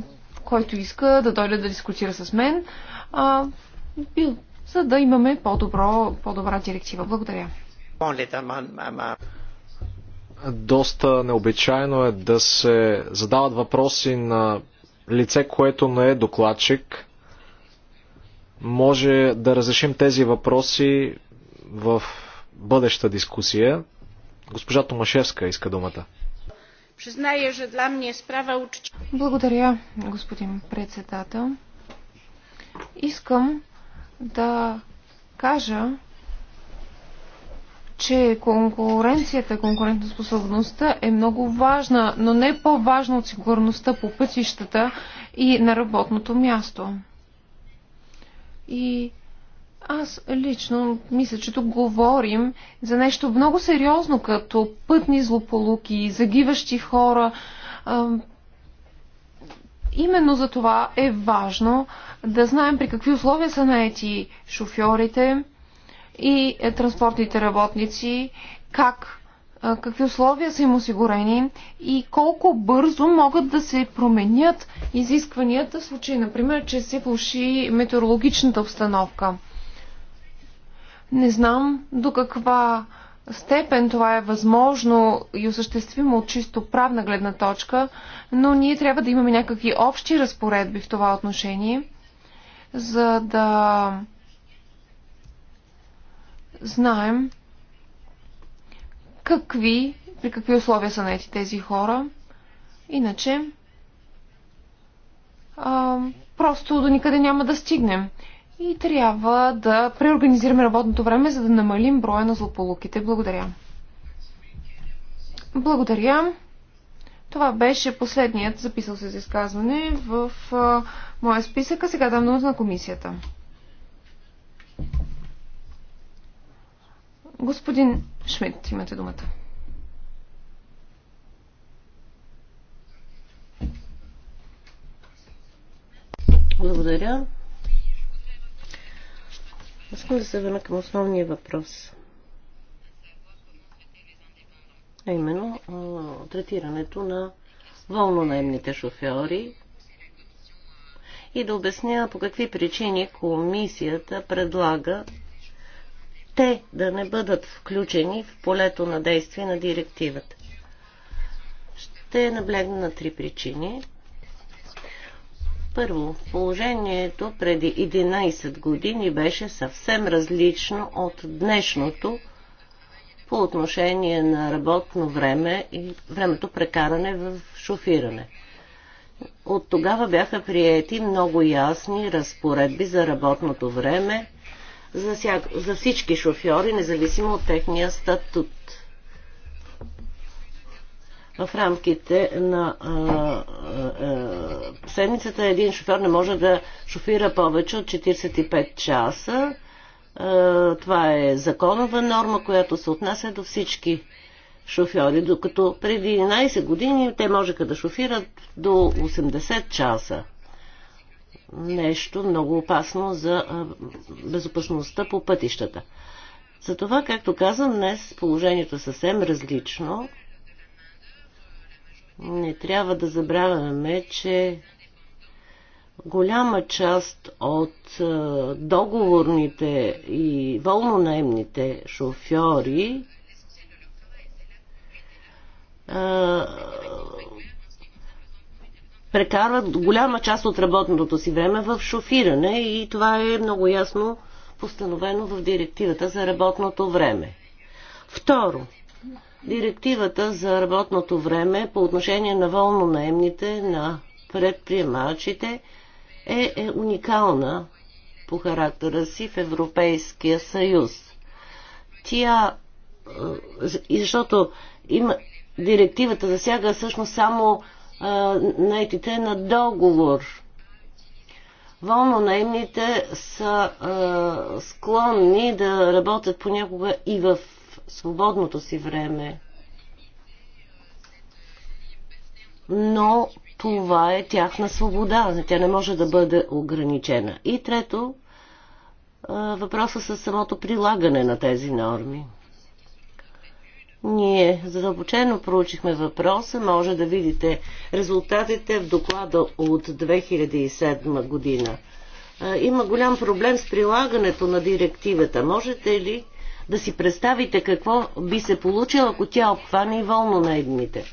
който иска да дойде да дискутира с мен, а, за да имаме по-добро, по-добра директива. Благодаря. Доста необичайно е да се задават въпроси на лице, което не е докладчик. Може да разрешим тези въпроси в бъдеща дискусия. Госпожа Томашевска иска думата. Призная, че для мен е справа Благодаря, господин председател. Искам да кажа, че конкуренцията, конкурентоспособността е много важна, но не по-важна от сигурността по пътищата и на работното място. И аз лично мисля, че тук говорим за нещо много сериозно, като пътни злополуки, загиващи хора. Именно за това е важно да знаем при какви условия са наети шофьорите и е, транспортните работници, как, е, какви условия са им осигурени и колко бързо могат да се променят изискванията в случай, например, че се влуши метеорологичната обстановка. Не знам до каква степен това е възможно и осъществимо от чисто правна гледна точка, но ние трябва да имаме някакви общи разпоредби в това отношение, за да знаем какви, при какви условия са наети тези хора. Иначе а, просто до никъде няма да стигнем и трябва да преорганизираме работното време, за да намалим броя на злополуките. Благодаря. Благодаря. Това беше последният записал се за изказване в а, моя списък, а сега дам думата на комисията. Господин Шмидт, имате думата. Благодаря. Искам да се върна към основния въпрос. А именно третирането на вълнонаемните шофьори и да обясня по какви причини комисията предлага те да не бъдат включени в полето на действие на директивата. Ще наблегна на три причини – първо, положението преди 11 години беше съвсем различно от днешното по отношение на работно време и времето прекаране в шофиране. От тогава бяха приети много ясни разпоредби за работното време за, всички шофьори, независимо от техния статут в рамките на а, а, седмицата един шофьор не може да шофира повече от 45 часа. А, това е законова норма, която се отнася до всички шофьори, докато преди 11 години те можеха да шофират до 80 часа. Нещо много опасно за безопасността по пътищата. Затова, както казвам, днес положението е съвсем различно не трябва да забравяме, че голяма част от е, договорните и волнонаемните шофьори е, прекарват голяма част от работното си време в шофиране и това е много ясно постановено в директивата за работното време. Второ, директивата за работното време по отношение на волнонаемните, на предприемачите е, е уникална по характера си в Европейския съюз. Тя, е, защото има, директивата засяга всъщност само а, е, наетите на договор. Волнонаемните са а, е, склонни да работят понякога и в свободното си време. Но това е тяхна свобода. Тя не може да бъде ограничена. И трето, въпроса с самото прилагане на тези норми. Ние задълбочено проучихме въпроса, може да видите резултатите в доклада от 2007 година. Има голям проблем с прилагането на директивата. Можете ли да си представите какво би се получило, ако тя обхване и волно едните.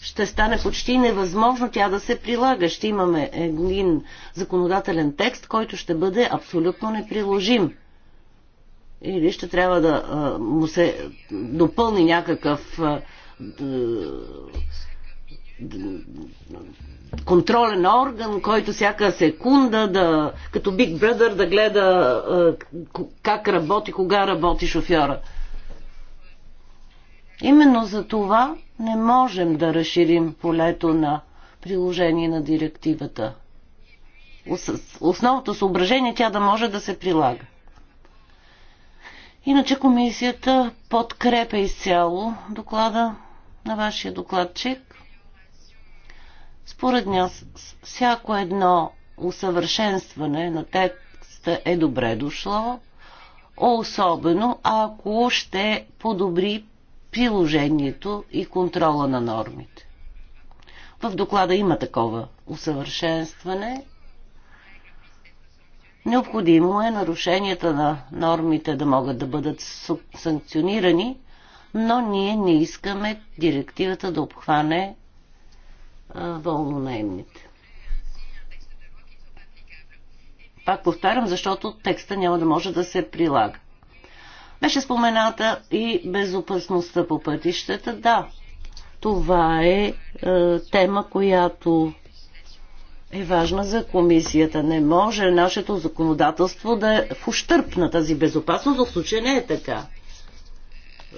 Ще стане почти невъзможно тя да се прилага. Ще имаме един законодателен текст, който ще бъде абсолютно неприложим. Или ще трябва да а, му се допълни някакъв а, контролен орган, който всяка секунда да, като Big Brother да гледа как работи, кога работи шофьора. Именно за това не можем да разширим полето на приложение на директивата. Основното съображение е тя да може да се прилага. Иначе комисията подкрепя изцяло доклада на вашия докладчик. Според нас, всяко едно усъвършенстване на текста е добре дошло, особено ако ще подобри приложението и контрола на нормите. В доклада има такова усъвършенстване. Необходимо е нарушенията на нормите да могат да бъдат санкционирани, но ние не искаме директивата да обхване волнонаемните. Пак повтарям, защото текста няма да може да се прилага. Беше спомената и безопасността по пътищата. Да, това е, е тема, която е важна за комисията. Не може нашето законодателство да е в ущърп на тази безопасност, в случай не е така.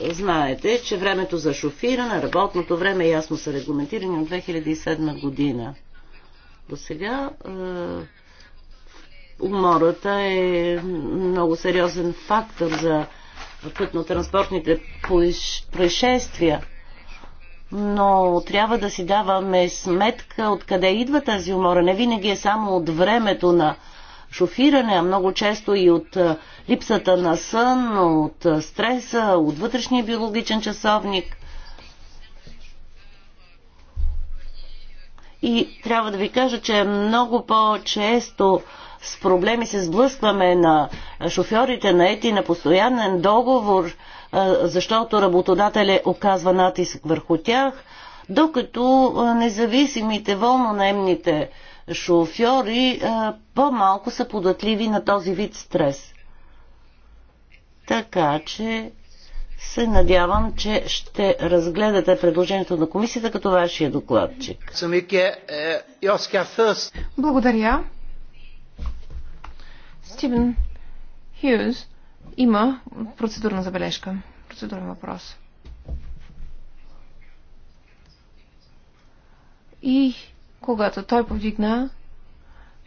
Знаете, че времето за шофиране, работното време ясно са регламентирани от 2007 година. До сега е, умората е много сериозен фактор за пътно-транспортните происшествия. Но трябва да си даваме сметка откъде идва тази умора. Не винаги е само от времето на шофиране, а много често и от липсата на сън, от стреса, от вътрешния биологичен часовник. И трябва да ви кажа, че много по-често с проблеми се сблъскваме на шофьорите на ети на постоянен договор, защото работодателя оказва натиск върху тях, докато независимите волнонаемните шофьори по-малко са податливи на този вид стрес. Така че се надявам, че ще разгледате предложението на комисията като вашия докладчик. Благодаря. Стивен Хюз има процедурна забележка. Процедурен въпрос. И когато той повдигна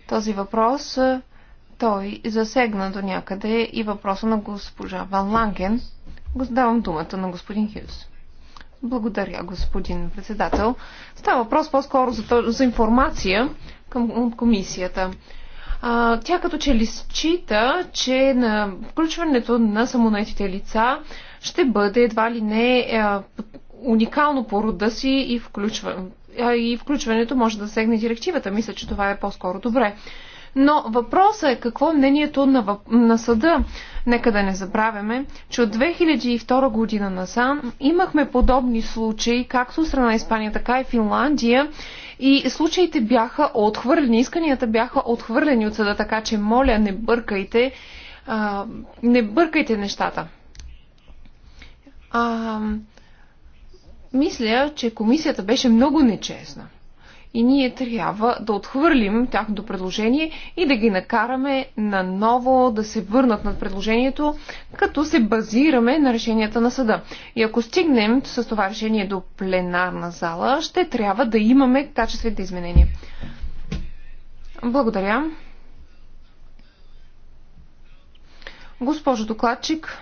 този въпрос, той засегна до някъде и въпроса на госпожа Ван Ланген. Давам думата на господин Хюс. Благодаря, господин председател. Става въпрос по-скоро за, за информация към комисията. А, тя като че ли счита, че на включването на самонетите лица ще бъде едва ли не а, уникално по рода си и включва, и включването може да сегне директивата. Мисля, че това е по-скоро добре. Но въпросът е какво е мнението на, въп... на съда. Нека да не забравяме, че от 2002 година насам имахме подобни случаи, както страна Испания, така и Финландия. И случаите бяха отхвърлени, исканията бяха отхвърлени от съда, така че моля, не бъркайте, а, не бъркайте нещата. А, мисля, че комисията беше много нечестна и ние трябва да отхвърлим тяхното предложение и да ги накараме наново да се върнат над предложението, като се базираме на решенията на съда. И ако стигнем с това решение до пленарна зала, ще трябва да имаме качествените изменения. Благодаря. Госпожо докладчик,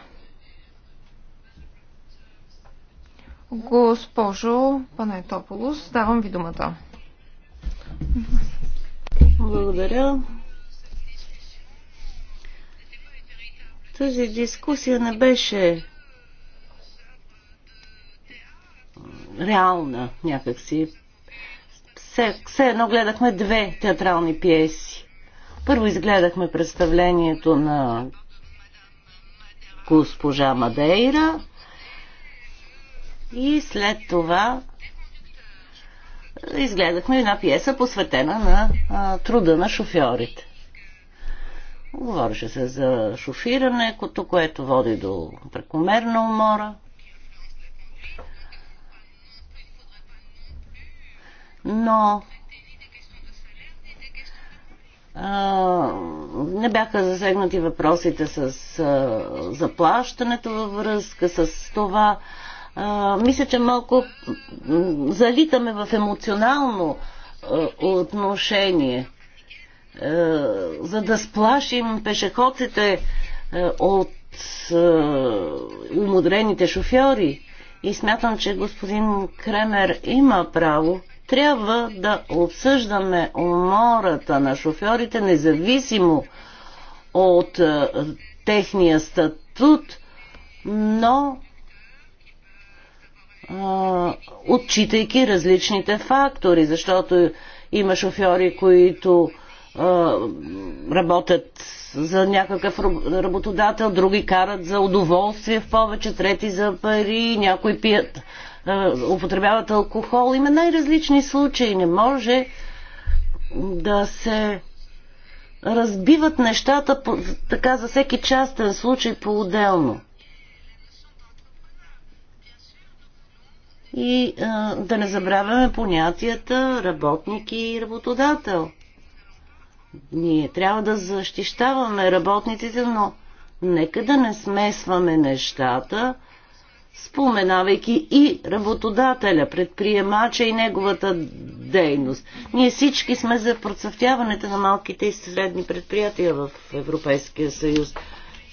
Госпожо Панайтополос, давам ви думата. Благодаря. Тази дискусия не беше реална някакси. Все, все едно гледахме две театрални пиеси. Първо изгледахме представлението на госпожа Мадейра, и след това изгледахме една пиеса, посветена на а, труда на шофьорите. Говореше се за шофирането, което води до прекомерна умора. Но а, не бяха засегнати въпросите с а, заплащането във връзка с това, а, а, мисля, че малко залитаме в емоционално а, отношение, а, за да сплашим пешеходците а, от а, умудрените шофьори. И смятам, че господин Кремер има право. Трябва да обсъждаме умората на шофьорите, независимо от а, техния статут, но отчитайки различните фактори, защото има шофьори, които работят за някакъв работодател, други карат за удоволствие в повече, трети за пари, някои пият, употребяват алкохол. Има най-различни случаи. Не може да се разбиват нещата така за всеки частен случай по-отделно. и а, да не забравяме понятията работник и работодател. Ние трябва да защищаваме работниците, но нека да не смесваме нещата, споменавайки и работодателя, предприемача и неговата дейност. Ние всички сме за процъфтяването на малките и средни предприятия в Европейския съюз.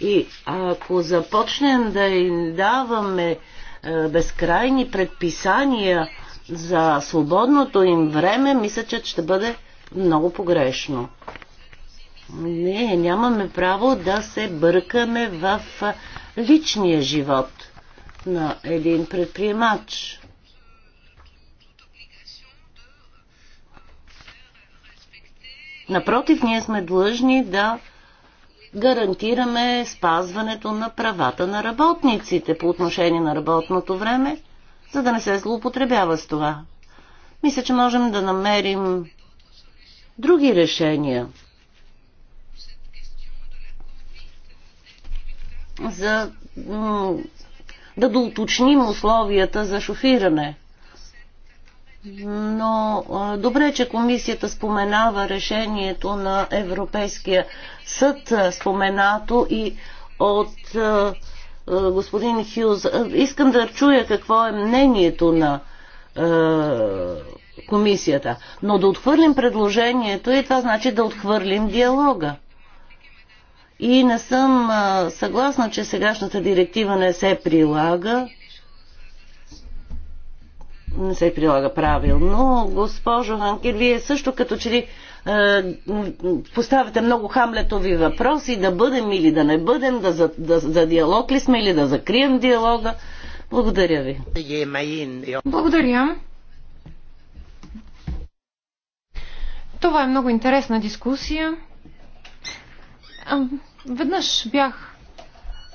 И ако започнем да им даваме е, безкрайни предписания за свободното им време, мисля, че ще бъде много погрешно. Не, нямаме право да се бъркаме в личния живот на един предприемач. Напротив, ние сме длъжни да гарантираме спазването на правата на работниците по отношение на работното време, за да не се злоупотребява с това. Мисля, че можем да намерим други решения за да доуточним условията за шофиране но добре, че комисията споменава решението на Европейския съд, споменато и от господин Хюз. Искам да чуя какво е мнението на комисията. Но да отхвърлим предложението и това значи да отхвърлим диалога. И не съм съгласна, че сегашната директива не се прилага не се прилага правилно. Госпожо Ханкер, вие също като че ли е, поставяте много хамлетови въпроси, да бъдем или да не бъдем, да за, да, за диалог ли сме или да закрием диалога. Благодаря ви. Благодаря. Това е много интересна дискусия. Веднъж бях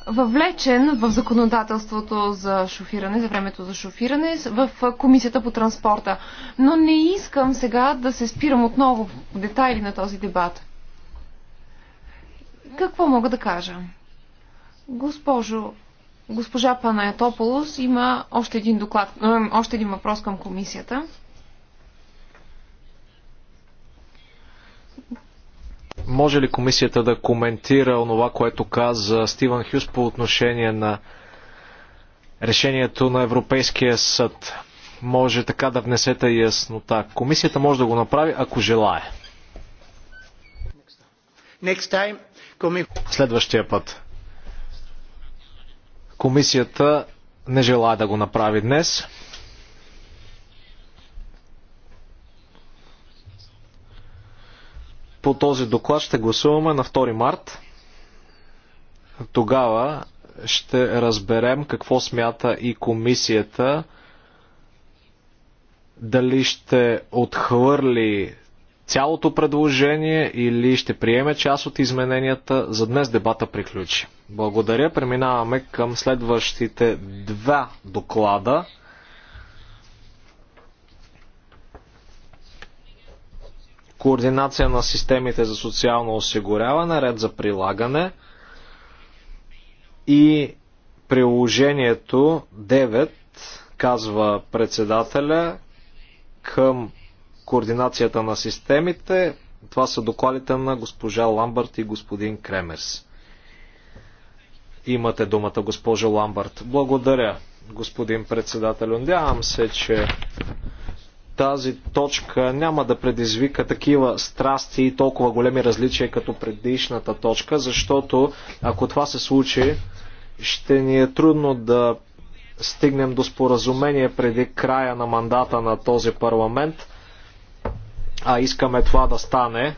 въвлечен в законодателството за шофиране, за времето за шофиране в Комисията по транспорта. Но не искам сега да се спирам отново в детайли на този дебат. Какво мога да кажа? Госпожо, госпожа Панаятополос има още един доклад, още един въпрос към комисията. Може ли комисията да коментира онова, което каза Стивън Хюс по отношение на решението на Европейския съд? Може така да внесете яснота. Комисията може да го направи, ако желае. Следващия път. Комисията не желая да го направи днес. По този доклад ще гласуваме на 2 март. Тогава ще разберем какво смята и комисията дали ще отхвърли цялото предложение или ще приеме част от измененията. За днес дебата приключи. Благодаря. Преминаваме към следващите два доклада. координация на системите за социално осигуряване, ред за прилагане и приложението 9 казва председателя към координацията на системите. Това са докладите на госпожа Ламбърт и господин Кремерс. Имате думата, госпожо Ламбърт. Благодаря, господин председател. Надявам се, че тази точка няма да предизвика такива страсти и толкова големи различия като предишната точка, защото ако това се случи, ще ни е трудно да стигнем до споразумение преди края на мандата на този парламент, а искаме това да стане.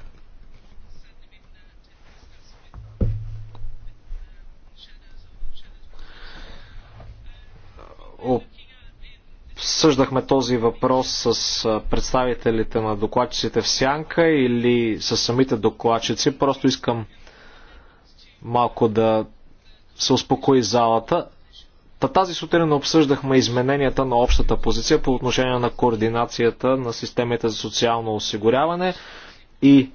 Оп обсъждахме този въпрос с представителите на докладчиците в Сянка или с самите докладчици. Просто искам малко да се успокои залата. Та тази сутрин обсъждахме измененията на общата позиция по отношение на координацията на системите за социално осигуряване и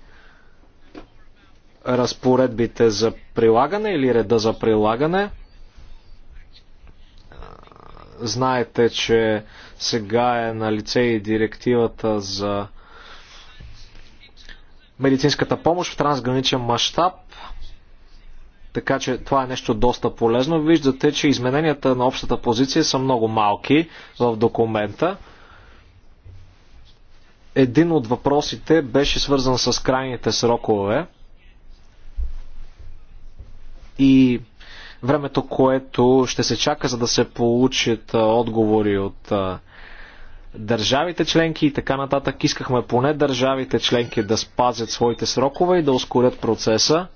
разпоредбите за прилагане или реда за прилагане – Знаете, че сега е на лице и директивата за медицинската помощ в трансграничен мащаб. Така че това е нещо доста полезно. Виждате, че измененията на общата позиция са много малки в документа. Един от въпросите беше свързан с крайните срокове. И времето, което ще се чака, за да се получат отговори от държавите членки и така нататък. Искахме поне държавите членки да спазят своите срокове и да ускорят процеса.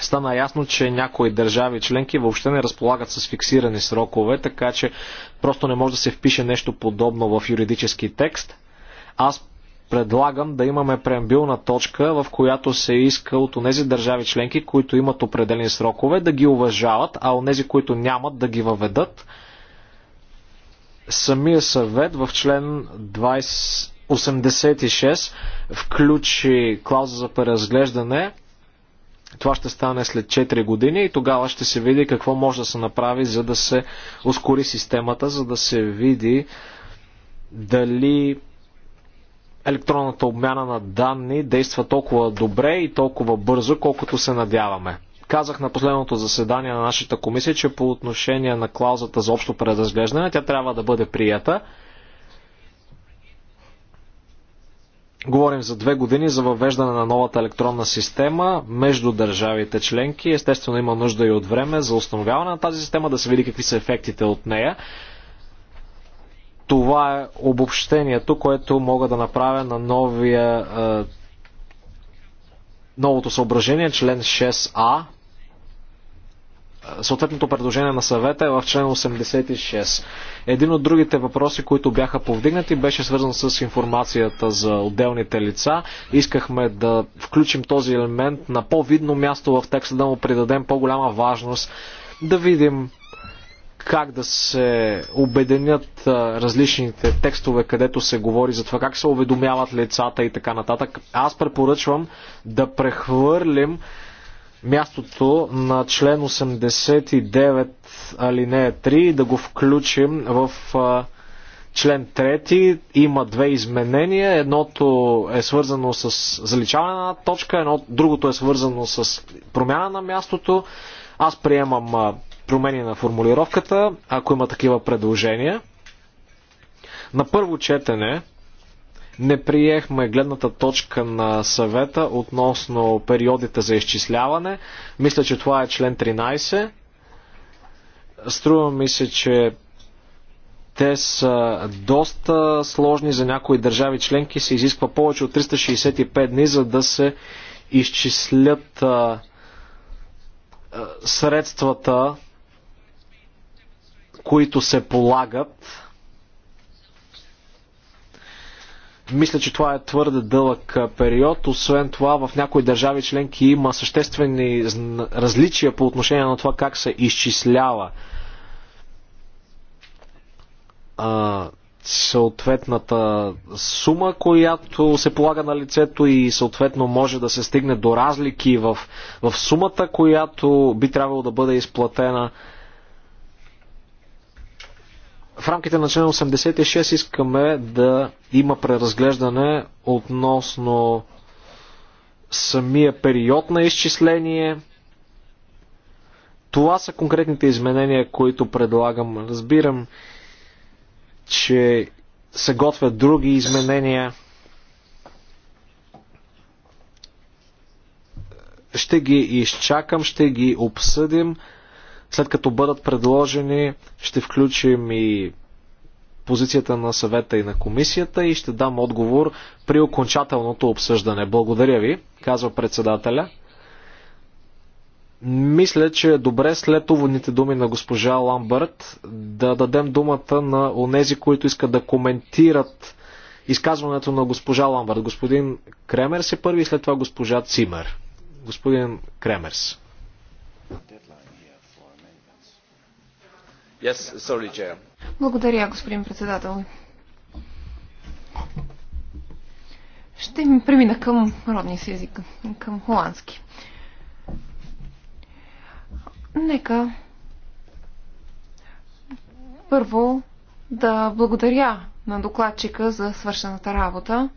Стана ясно, че някои държави членки въобще не разполагат с фиксирани срокове, така че просто не може да се впише нещо подобно в юридически текст. Аз предлагам да имаме преамбилна точка, в която се иска от тези държави членки, които имат определени срокове, да ги уважават, а от тези, които нямат, да ги въведат. Самия съвет в член 20... 86 включи клауза за преразглеждане. Това ще стане след 4 години и тогава ще се види какво може да се направи, за да се ускори системата, за да се види дали електронната обмяна на данни действа толкова добре и толкова бързо, колкото се надяваме. Казах на последното заседание на нашата комисия, че по отношение на клаузата за общо преразглеждане, тя трябва да бъде прията. Говорим за две години за въвеждане на новата електронна система между държавите членки. Естествено има нужда и от време за установяване на тази система, да се види какви са ефектите от нея. Това е обобщението, което мога да направя на новия, е, новото съображение, член 6а. Е, съответното предложение на съвета е в член 86. Един от другите въпроси, които бяха повдигнати, беше свързан с информацията за отделните лица. Искахме да включим този елемент на по-видно място в текста, да му придадем по-голяма важност, да видим как да се обеденят различните текстове, където се говори за това как се уведомяват лицата и така нататък. Аз препоръчвам да прехвърлим мястото на член 89 алинея 3 да го включим в член 3 има две изменения. Едното е свързано с заличаване на точка, едно, другото е свързано с промяна на мястото. Аз приемам промени на формулировката, ако има такива предложения. На първо четене не приехме гледната точка на съвета относно периодите за изчисляване. Мисля, че това е член 13. Струва ми се, че те са доста сложни за някои държави членки. Се изисква повече от 365 дни, за да се изчислят средствата които се полагат. Мисля, че това е твърде дълъг период. Освен това, в някои държави членки има съществени различия по отношение на това как се изчислява а, съответната сума, която се полага на лицето и съответно може да се стигне до разлики в, в сумата, която би трябвало да бъде изплатена в рамките на член 86 искаме да има преразглеждане относно самия период на изчисление. Това са конкретните изменения, които предлагам. Разбирам, че се готвят други изменения. Ще ги изчакам, ще ги обсъдим. След като бъдат предложени, ще включим и позицията на съвета и на комисията и ще дам отговор при окончателното обсъждане. Благодаря ви, казва председателя. Мисля, че е добре след уводните думи на госпожа Ламбърт да дадем думата на онези, които искат да коментират изказването на госпожа Ламбърт. Господин Кремерс е първи, след това госпожа Цимер. Господин Кремерс. Благодаря, господин председател. Ще ми премина към родния си език, към холандски. Нека първо да благодаря на докладчика за свършената работа.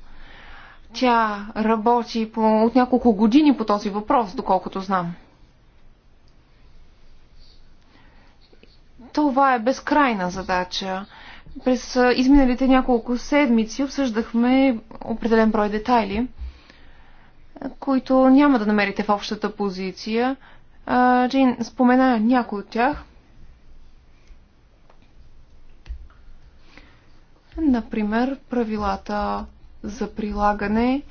Тя работи по, от няколко години по този въпрос, доколкото знам. Това е безкрайна задача. През изминалите няколко седмици обсъждахме определен брой детайли, които няма да намерите в общата позиция. Джин спомена някои от тях. Например, правилата за прилагане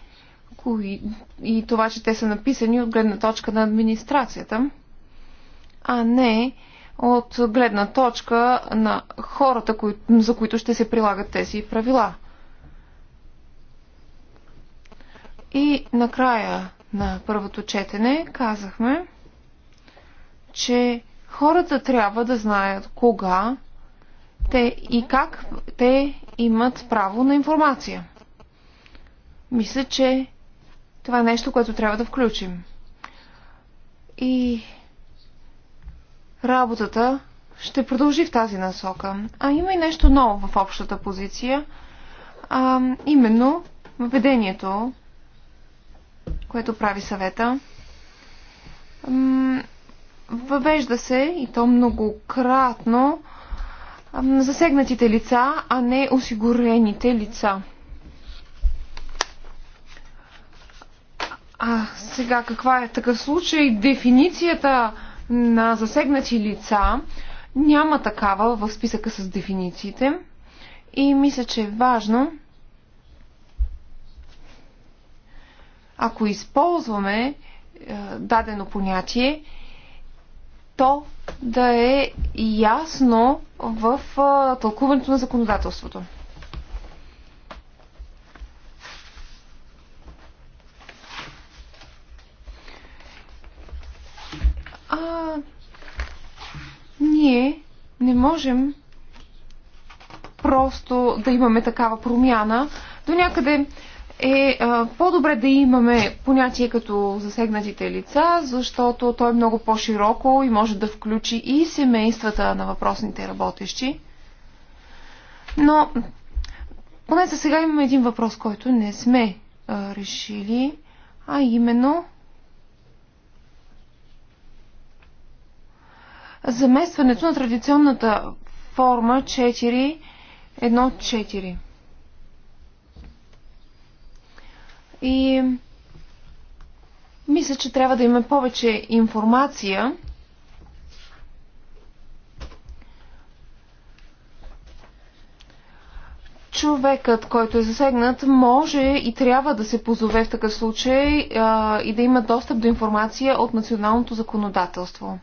кои... и това, че те са написани от гледна точка на администрацията, а не от гледна точка на хората, за които ще се прилагат тези правила. И накрая на първото четене казахме, че хората трябва да знаят кога те и как те имат право на информация. Мисля, че това е нещо, което трябва да включим. И работата ще продължи в тази насока. А има и нещо ново в общата позиция, а, именно въведението, което прави съвета. Въвежда се, и то многократно, засегнатите лица, а не осигурените лица. А сега каква е такъв случай? Дефиницията на засегнати лица няма такава в списъка с дефинициите и мисля, че е важно ако използваме е, дадено понятие, то да е ясно в е, тълкуването на законодателството. А ние не можем просто да имаме такава промяна. До някъде е по-добре да имаме понятие като засегнатите лица, защото то е много по-широко и може да включи и семействата на въпросните работещи. Но поне за сега имаме един въпрос, който не сме а, решили, а именно заместването на традиционната форма 4, 4. И мисля, че трябва да има повече информация човекът, който е засегнат, може и трябва да се позове в такъв случай а, и да има достъп до информация от националното законодателство.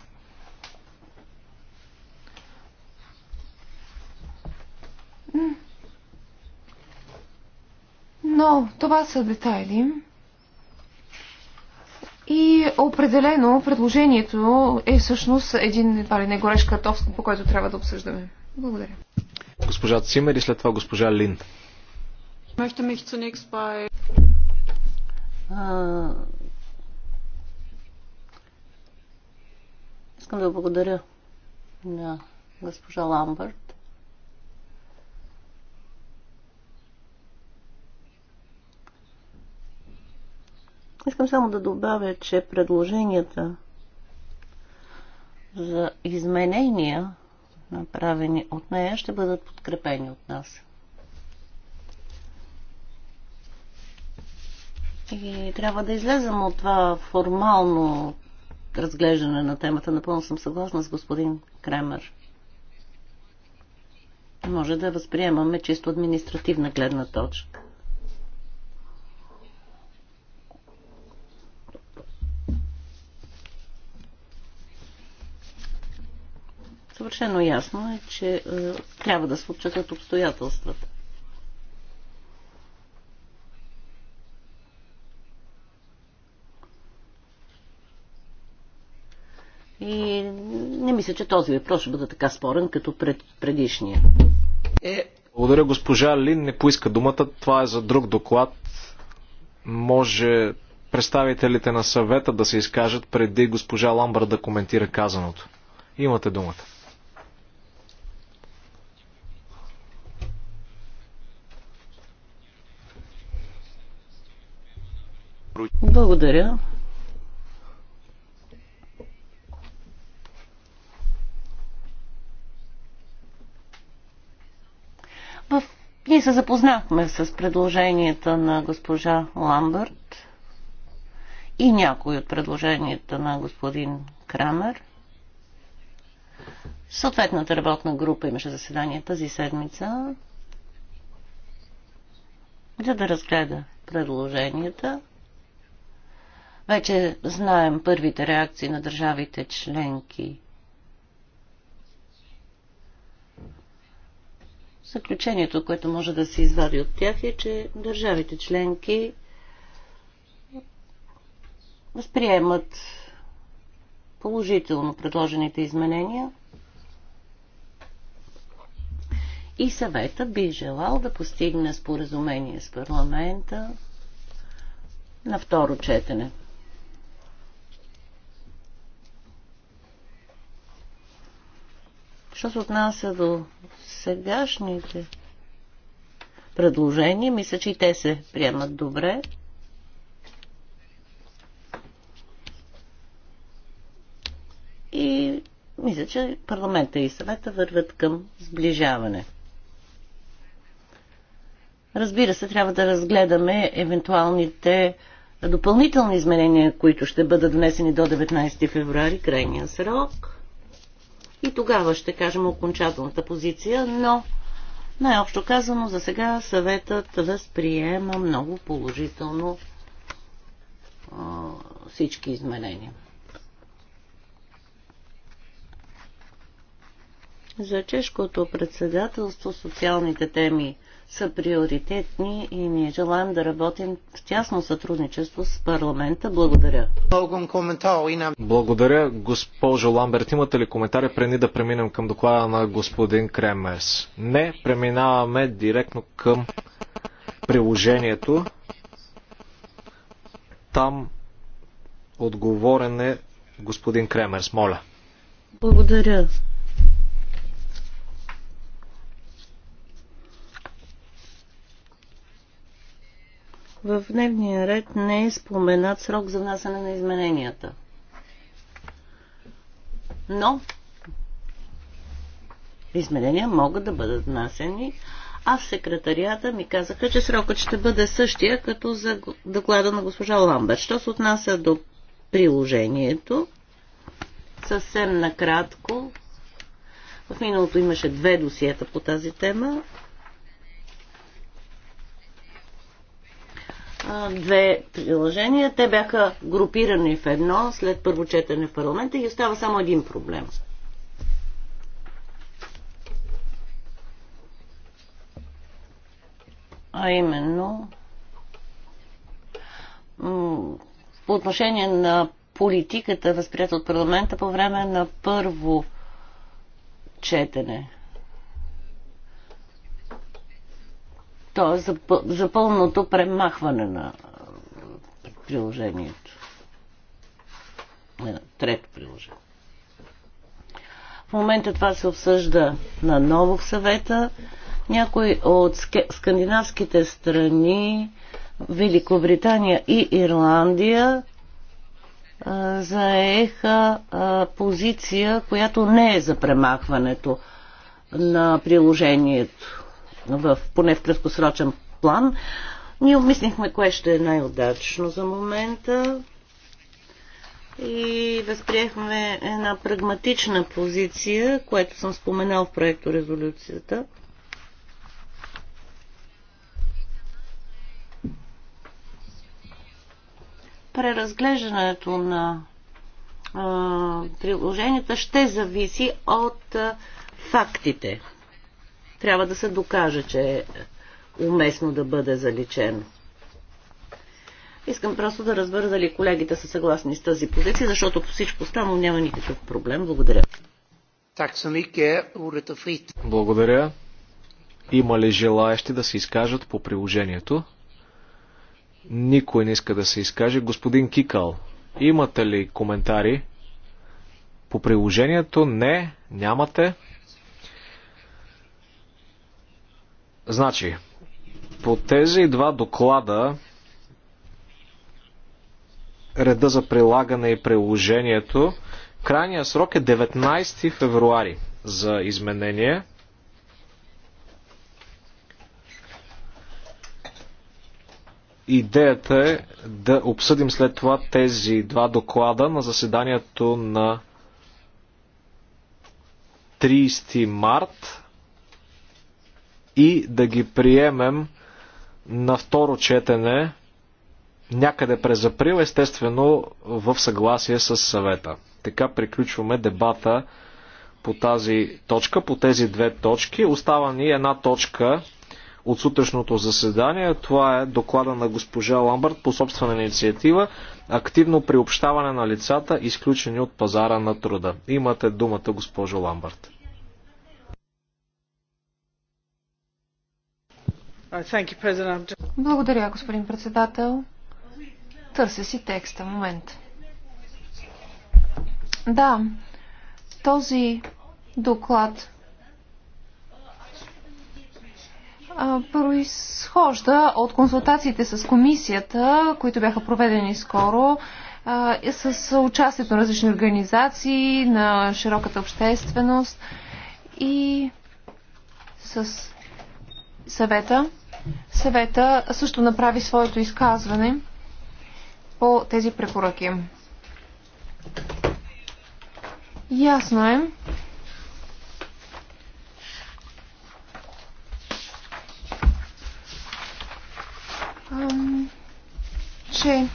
Но това са детайли. И определено предложението е всъщност един едва ли не горещ картоф, по който трябва да обсъждаме. Благодаря. Госпожа Цимер и след това госпожа Лин. А... Искам да благодаря на госпожа Ламбърт Искам само да добавя, че предложенията за изменения, направени от нея, ще бъдат подкрепени от нас. И трябва да излезем от това формално разглеждане на темата. Напълно съм съгласна с господин Кремер. Може да възприемаме чисто административна гледна точка. Съвършено ясно е, че е, трябва да се отчетат обстоятелствата. И не мисля, че този въпрос ще бъде така спорен, като пред, предишния. Е... Благодаря, госпожа Лин не поиска думата. Това е за друг доклад. Може представителите на съвета да се изкажат преди госпожа Ламбър да коментира казаното. Имате думата. Благодаря. В... Ние се запознахме с предложенията на госпожа Ламбърт и някои от предложенията на господин Крамер. Съответната работна група имаше заседание тази седмица, за да разгледа предложенията. Вече знаем първите реакции на държавите членки. Заключението, което може да се извади от тях е, че държавите членки възприемат положително предложените изменения и съвета би желал да постигне споразумение с парламента на второ четене. Що се отнася до сегашните предложения, мисля, че и те се приемат добре. И мисля, че парламента и съвета върват към сближаване. Разбира се, трябва да разгледаме евентуалните допълнителни изменения, които ще бъдат внесени до 19 февруари, крайния срок и тогава ще кажем окончателната позиция, но най-общо казано за сега съветът възприема много положително а, всички изменения. За чешкото председателство социалните теми са приоритетни и ние желаем да работим в тясно сътрудничество с парламента. Благодаря. Благодаря, госпожо Ламберт. Имате ли коментари преди да преминем към доклада на господин Кремерс? Не, преминаваме директно към приложението. Там отговорен е господин Кремерс. Моля. Благодаря, В дневния ред не е споменат срок за внасяне на измененията. Но изменения могат да бъдат внасени, а в секретарията ми казаха, че срокът ще бъде същия, като за доклада на госпожа Ламбер. Що се отнася до приложението, съвсем накратко, в миналото имаше две досиета по тази тема. две приложения. Те бяха групирани в едно след първо четене в парламента и остава само един проблем. А именно по отношение на политиката, възприята от парламента по време на първо четене. То е за, за пълното премахване на приложението. Трето приложение. В момента това се обсъжда на ново в съвета. Някои от скандинавските страни, Великобритания и Ирландия, заеха позиция, която не е за премахването на приложението в, поне в краткосрочен план. Ние обмислихме кое ще е най-удачно за момента и възприехме една прагматична позиция, което съм споменал в проекто резолюцията. Преразглеждането на а, приложенията ще зависи от а, фактите трябва да се докаже, че е уместно да бъде заличено. Искам просто да разбера дали колегите са съгласни с тази позиция, защото по всичко останало няма никакъв проблем. Благодаря. Благодаря. Има ли желаящи да се изкажат по приложението? Никой не иска да се изкаже. Господин Кикал, имате ли коментари по приложението? Не, нямате. Значи, по тези два доклада реда за прилагане и приложението, крайният срок е 19 февруари за изменение. Идеята е да обсъдим след това тези два доклада на заседанието на 30 март и да ги приемем на второ четене някъде през април, естествено в съгласие с съвета. Така приключваме дебата по тази точка, по тези две точки. Остава ни една точка от сутрешното заседание. Това е доклада на госпожа Ламбърт по собствена инициатива Активно приобщаване на лицата, изключени от пазара на труда. Имате думата, госпожо Ламбърт. Uh, Благодаря, господин председател. Търся си текста. Момент. Да, този доклад произхожда от консултациите с комисията, които бяха проведени скоро, с участието на различни организации, на широката общественост и с съвета съвета също направи своето изказване по тези препоръки. Ясно е, че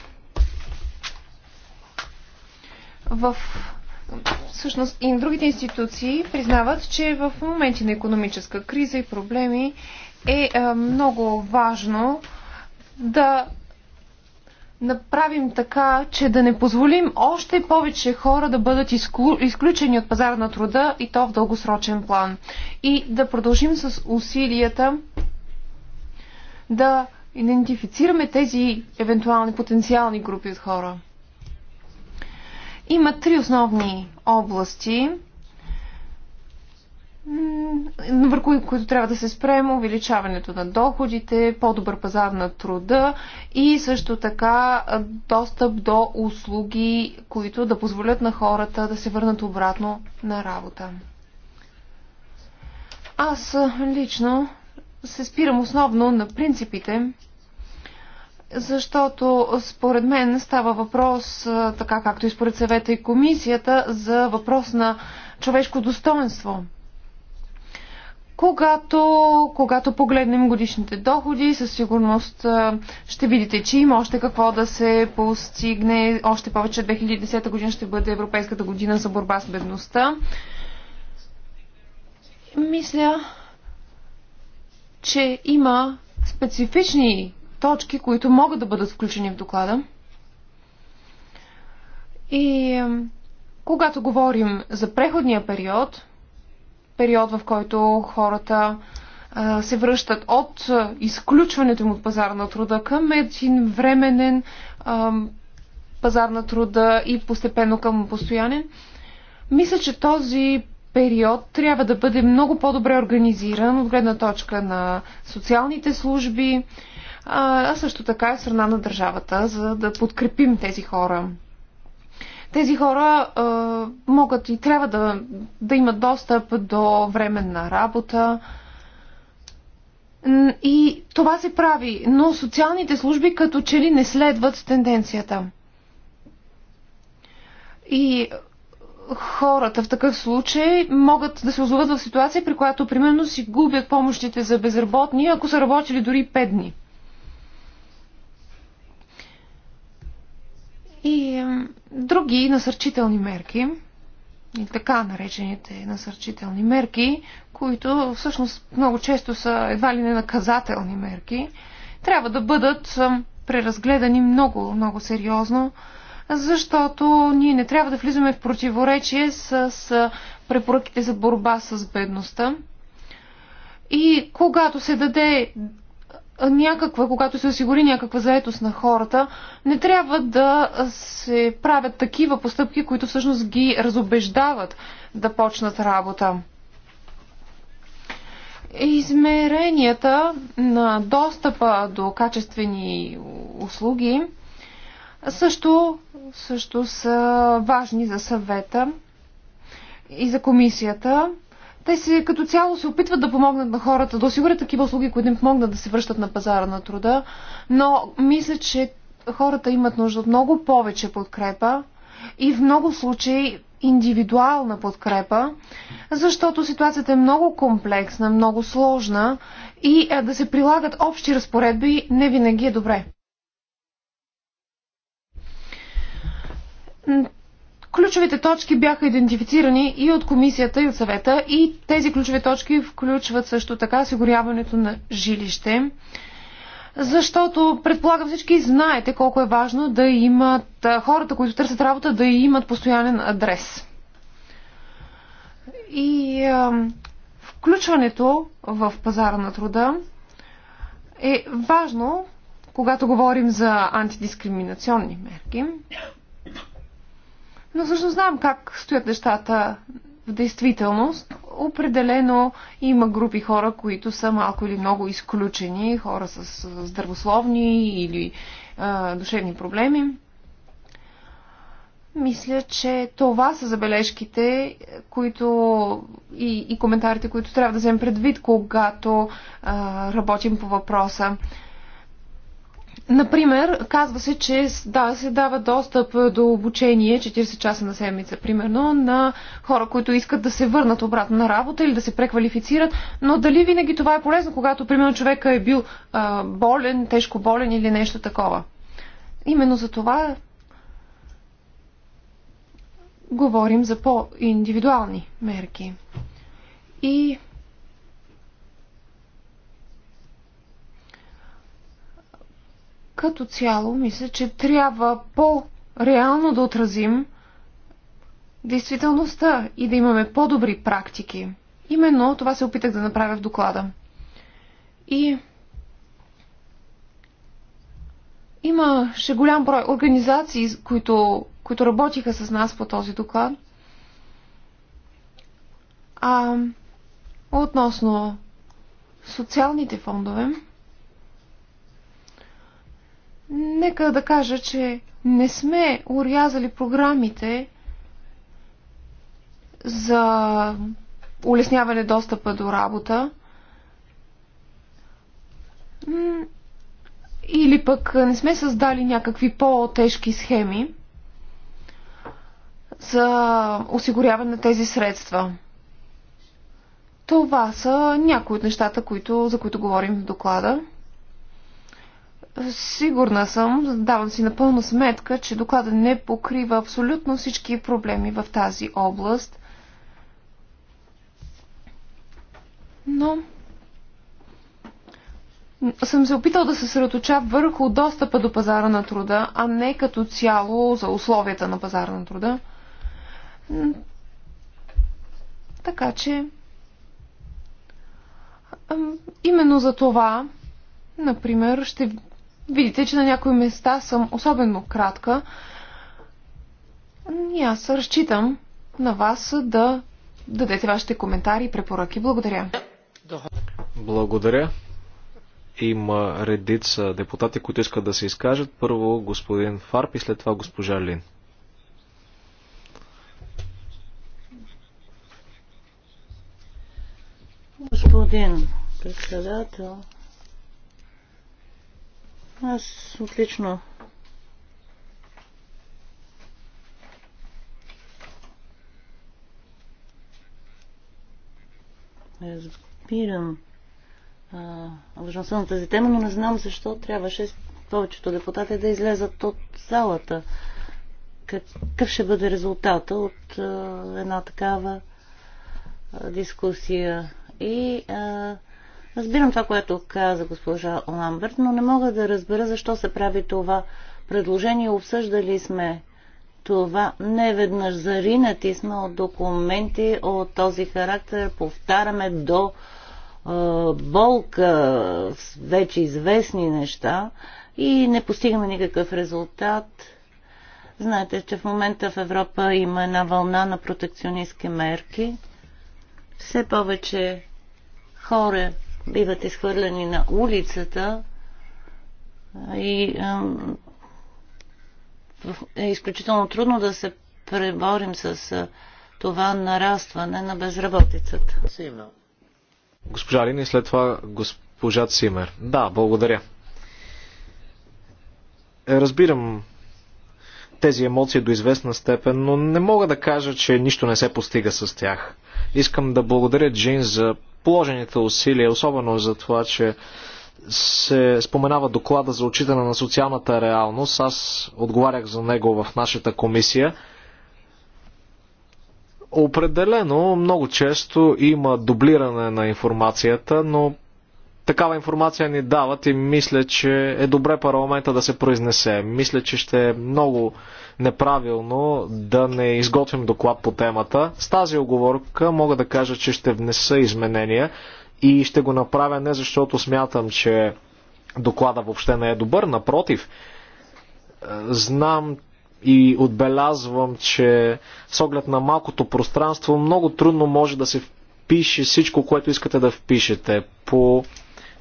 в всъщност и другите институции признават, че в моменти на економическа криза и проблеми е много важно да направим така, че да не позволим още повече хора да бъдат изключени от пазара на труда и то в дългосрочен план. И да продължим с усилията да идентифицираме тези евентуални потенциални групи от хора. Има три основни области, върху които трябва да се спрем увеличаването на доходите, по-добър пазар на труда и също така достъп до услуги, които да позволят на хората да се върнат обратно на работа. Аз лично се спирам основно на принципите, защото според мен става въпрос, така както и според съвета и комисията, за въпрос на човешко достоинство. Когато, когато погледнем годишните доходи, със сигурност ще видите, че има още какво да се постигне. Още повече 2010 година ще бъде Европейската година за борба с бедността. Мисля, че има специфични точки, които могат да бъдат включени в доклада. И когато говорим за преходния период, период в който хората се връщат от изключването им от пазар на труда към един временен пазар на труда и постепенно към постоянен, мисля, че този период трябва да бъде много по-добре организиран от гледна точка на социалните служби, а също така и е страна на държавата, за да подкрепим тези хора. Тези хора а, могат и трябва да, да имат достъп до временна работа. И това се прави, но социалните служби като че ли не следват тенденцията. И хората в такъв случай могат да се озоват в ситуация, при която примерно си губят помощите за безработни, ако са работили дори 5 дни. и други насърчителни мерки, и така наречените насърчителни мерки, които всъщност много често са едва ли не наказателни мерки, трябва да бъдат преразгледани много, много сериозно, защото ние не трябва да влизаме в противоречие с препоръките за борба с бедността. И когато се даде някаква, когато се осигури някаква заетост на хората, не трябва да се правят такива постъпки, които всъщност ги разобеждават да почнат работа. Измеренията на достъпа до качествени услуги също, също са важни за съвета и за комисията. Те си като цяло се опитват да помогнат на хората, да осигурят такива услуги, които им помогнат да се връщат на пазара на труда, но мисля, че хората имат нужда от много повече подкрепа и в много случаи индивидуална подкрепа, защото ситуацията е много комплексна, много сложна и да се прилагат общи разпоредби не винаги е добре. Ключовите точки бяха идентифицирани и от комисията, и от съвета и тези ключови точки включват също така осигуряването на жилище, защото предполагам всички знаете колко е важно да имат хората, които търсят работа, да имат постоянен адрес. И а, включването в пазара на труда е важно, когато говорим за антидискриминационни мерки. Но всъщност знам как стоят нещата в действителност. Определено има групи хора, които са малко или много изключени, хора с здравословни или а, душевни проблеми. Мисля, че това са забележките които и, и коментарите, които трябва да вземем предвид, когато а, работим по въпроса. Например, казва се, че да, се дава достъп е, до обучение 40 часа на седмица, примерно, на хора, които искат да се върнат обратно на работа или да се преквалифицират, но дали винаги това е полезно, когато, примерно, човека е бил а, болен, тежко болен или нещо такова. Именно за това говорим за по-индивидуални мерки. И Като цяло, мисля, че трябва по-реално да отразим действителността и да имаме по-добри практики. Именно това се опитах да направя в доклада. И имаше голям брой организации, които, които работиха с нас по този доклад. А относно социалните фондове, Нека да кажа, че не сме урязали програмите за улесняване достъпа до работа или пък не сме създали някакви по-тежки схеми за осигуряване на тези средства. Това са някои от нещата, които, за които говорим в доклада. Сигурна съм, давам си напълно сметка, че доклада не покрива абсолютно всички проблеми в тази област. Но съм се опитал да се съсредоточа върху достъпа до пазара на труда, а не като цяло за условията на пазара на труда. Така че, именно за това, например, ще Видите, че на някои места съм особено кратка. И аз разчитам на вас да дадете вашите коментари и препоръки. Благодаря. Благодаря. Има редица депутати, които искат да се изкажат. Първо господин Фарп и след това госпожа Лин. Господин председател, аз отлично разбирам съм на тази тема, но не знам защо трябваше повечето депутати да излезат от залата. Какъв ще бъде резултата от а, една такава а, дискусия? И а, Разбирам това, което каза госпожа Ламберт, но не мога да разбера защо се прави това предложение. Обсъждали сме това не веднъж заринати сме от документи от този характер, повтаряме до е, болка вече известни неща и не постигаме никакъв резултат. Знаете, че в момента в Европа има една вълна на протекционистски мерки. Все повече хора биват изхвърлени на улицата и е изключително трудно да се преборим с това нарастване на безработицата. Госпожа Алина и след това госпожа Цимер. Да, благодаря. Е, разбирам тези емоции до известна степен, но не мога да кажа, че нищо не се постига с тях. Искам да благодаря Джин за положените усилия, особено за това, че се споменава доклада за отчитане на социалната реалност. Аз отговарях за него в нашата комисия. Определено, много често има дублиране на информацията, но такава информация ни дават и мисля, че е добре парламента да се произнесе. Мисля, че ще е много неправилно да не изготвим доклад по темата. С тази оговорка мога да кажа, че ще внеса изменения и ще го направя не защото смятам, че доклада въобще не е добър, напротив. Знам и отбелязвам, че с оглед на малкото пространство много трудно може да се впише всичко, което искате да впишете. По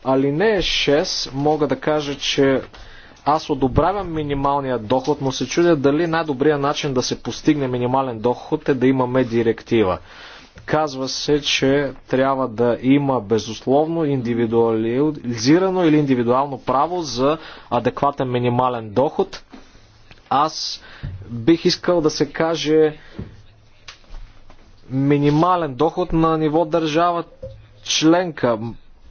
Алинея 6 мога да кажа, че аз одобрявам минималния доход, но се чудя дали най-добрият начин да се постигне минимален доход е да имаме директива. Казва се, че трябва да има безусловно индивидуализирано или индивидуално право за адекватен минимален доход. Аз бих искал да се каже минимален доход на ниво държава членка.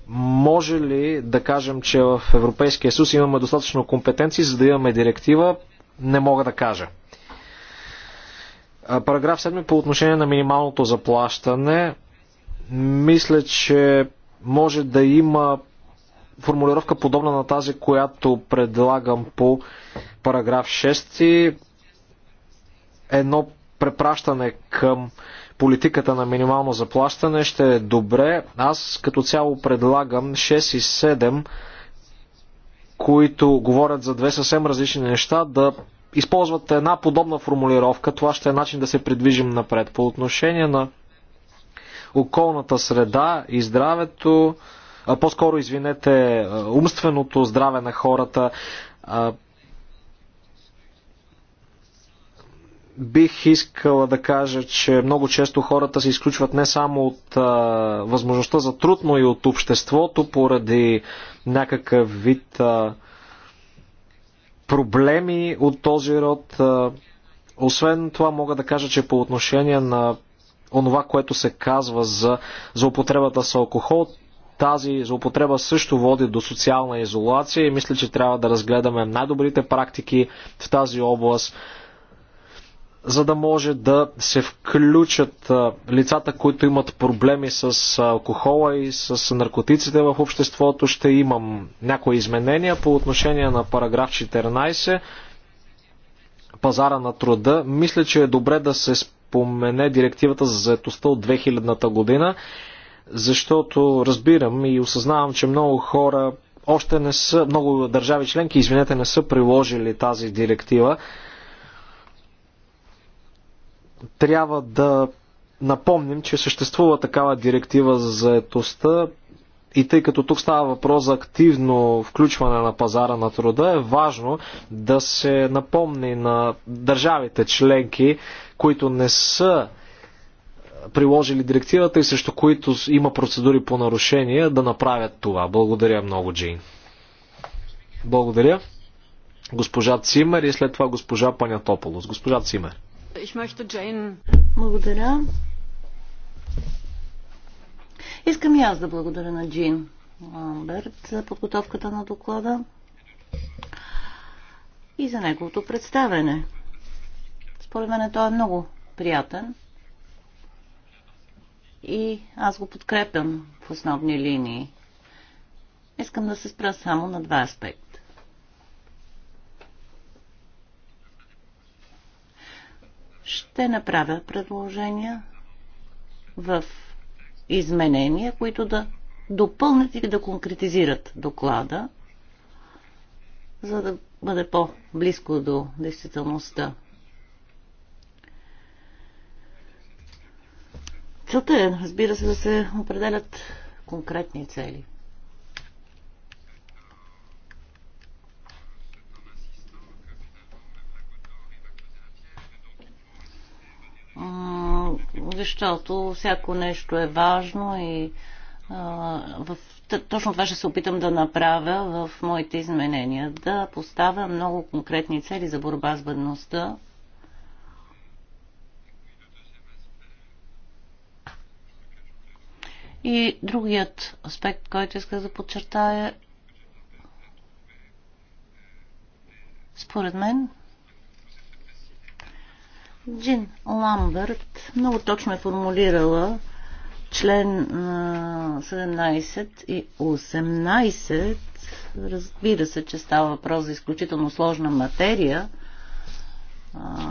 Може ли да кажем, че в Европейския съюз имаме достатъчно компетенции, за да имаме директива? Не мога да кажа. Параграф 7 по отношение на минималното заплащане. Мисля, че може да има формулировка подобна на тази, която предлагам по параграф 6. Едно препращане към политиката на минимално заплащане ще е добре. Аз като цяло предлагам 6 и 7, които говорят за две съвсем различни неща, да използват една подобна формулировка. Това ще е начин да се придвижим напред. По отношение на околната среда и здравето, по-скоро, извинете, умственото здраве на хората, бих искала да кажа, че много често хората се изключват не само от а, възможността за труд, но и от обществото поради някакъв вид а, проблеми от този род. А, освен това мога да кажа, че по отношение на онова, което се казва за, за употребата с алкохол, тази злоупотреба също води до социална изолация и мисля, че трябва да разгледаме най-добрите практики в тази област за да може да се включат лицата, които имат проблеми с алкохола и с наркотиците в обществото. Ще имам някои изменения по отношение на параграф 14, пазара на труда. Мисля, че е добре да се спомене директивата за заетостта от 2000-та година, защото разбирам и осъзнавам, че много хора още не са, много държави членки, извинете, не са приложили тази директива трябва да напомним, че съществува такава директива за заетостта и тъй като тук става въпрос за активно включване на пазара на труда, е важно да се напомни на държавите членки, които не са приложили директивата и срещу които има процедури по нарушение, да направят това. Благодаря много, Джин. Благодаря. Госпожа Цимер и след това госпожа Панятополос. Госпожа Цимер. Благодаря. Искам и аз да благодаря на Джин Ламберт за подготовката на доклада и за неговото представене. Според мен той е много приятен и аз го подкрепям в основни линии. Искам да се спра само на два аспекта. ще направя предложения в изменения, които да допълнят и да конкретизират доклада, за да бъде по-близко до действителността. Целта е, разбира се, да се определят конкретни цели. защото всяко нещо е важно и а, в, точно това ще се опитам да направя в моите изменения. Да поставя много конкретни цели за борба с бедността. И другият аспект, който исках да подчертая, според мен, Джин Ламбърт много точно е формулирала член 17 и 18. Разбира се, че става въпрос за изключително сложна материя.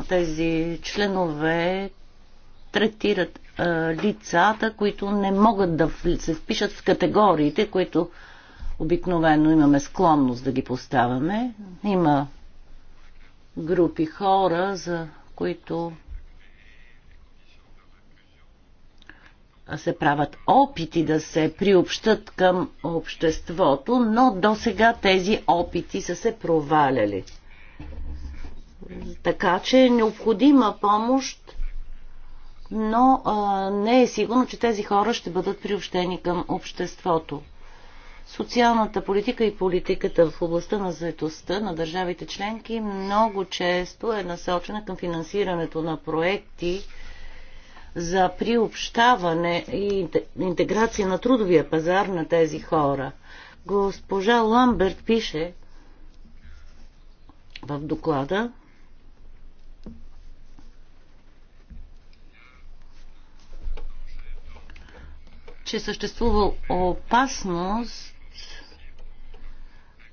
Тези членове третират лицата, които не могат да се впишат в категориите, които обикновено имаме склонност да ги поставяме. Има групи хора за които се правят опити да се приобщат към обществото, но до сега тези опити са се проваляли. Така че е необходима помощ, но а, не е сигурно, че тези хора ще бъдат приобщени към обществото. Социалната политика и политиката в областта на заедостта на държавите членки много често е насочена към финансирането на проекти за приобщаване и интеграция на трудовия пазар на тези хора. Госпожа Ламберт пише в доклада, че съществува опасност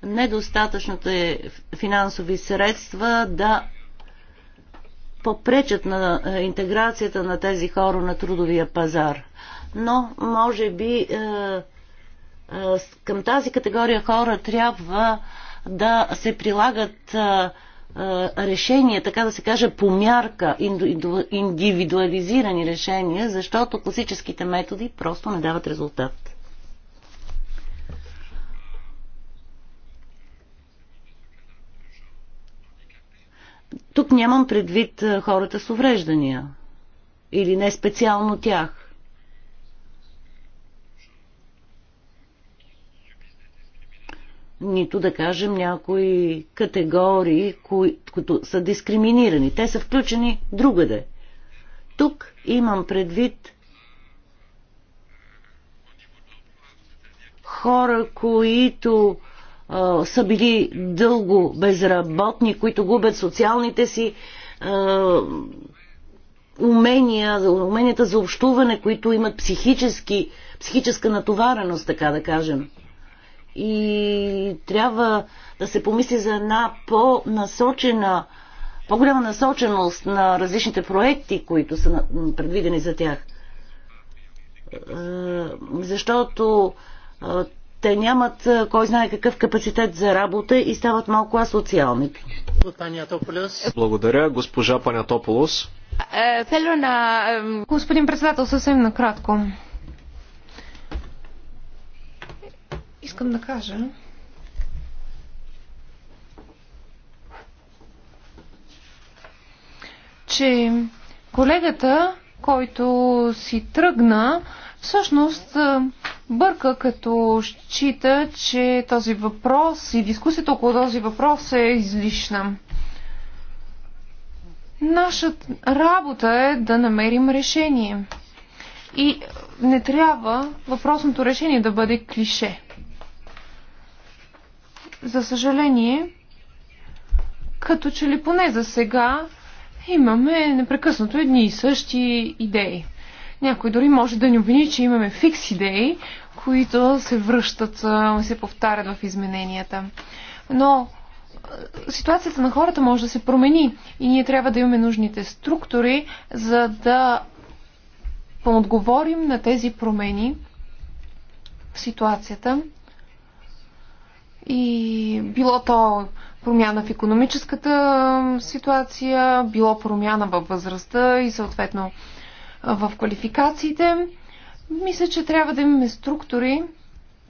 недостатъчните финансови средства да попречат на е, интеграцията на тези хора на трудовия пазар. Но, може би, е, е, към тази категория хора трябва да се прилагат решения, така да се каже, по мярка, индивидуализирани решения, защото класическите методи просто не дават резултат. Тук нямам предвид хората с увреждания или не специално тях. Нито да кажем някои категории, които са дискриминирани. Те са включени другаде. Тук имам предвид хора, които а, са били дълго безработни, които губят социалните си а, умения, уменията за общуване, които имат психически, психическа натовареност, така да кажем. И трябва да се помисли за една по-насочена, по-голяма насоченост на различните проекти, които са предвидени за тях. Защото те нямат е, кой знае какъв капацитет за работа и стават малко асоциални. Благодаря, госпожа Панятополос. Е, Господин председател, съвсем накратко. Искам да кажа, че колегата който си тръгна, всъщност бърка, като счита, че този въпрос и дискусията около този въпрос е излишна. Нашата работа е да намерим решение. И не трябва въпросното решение да бъде клише. За съжаление, като че ли поне за сега имаме непрекъснато едни и същи идеи. Някой дори може да ни обвини, че имаме фикс идеи, които се връщат, се повтарят в измененията. Но ситуацията на хората може да се промени и ние трябва да имаме нужните структури, за да отговорим на тези промени в ситуацията. И било то промяна в економическата ситуация, било промяна във възрастта и съответно в квалификациите. Мисля, че трябва да имаме структури,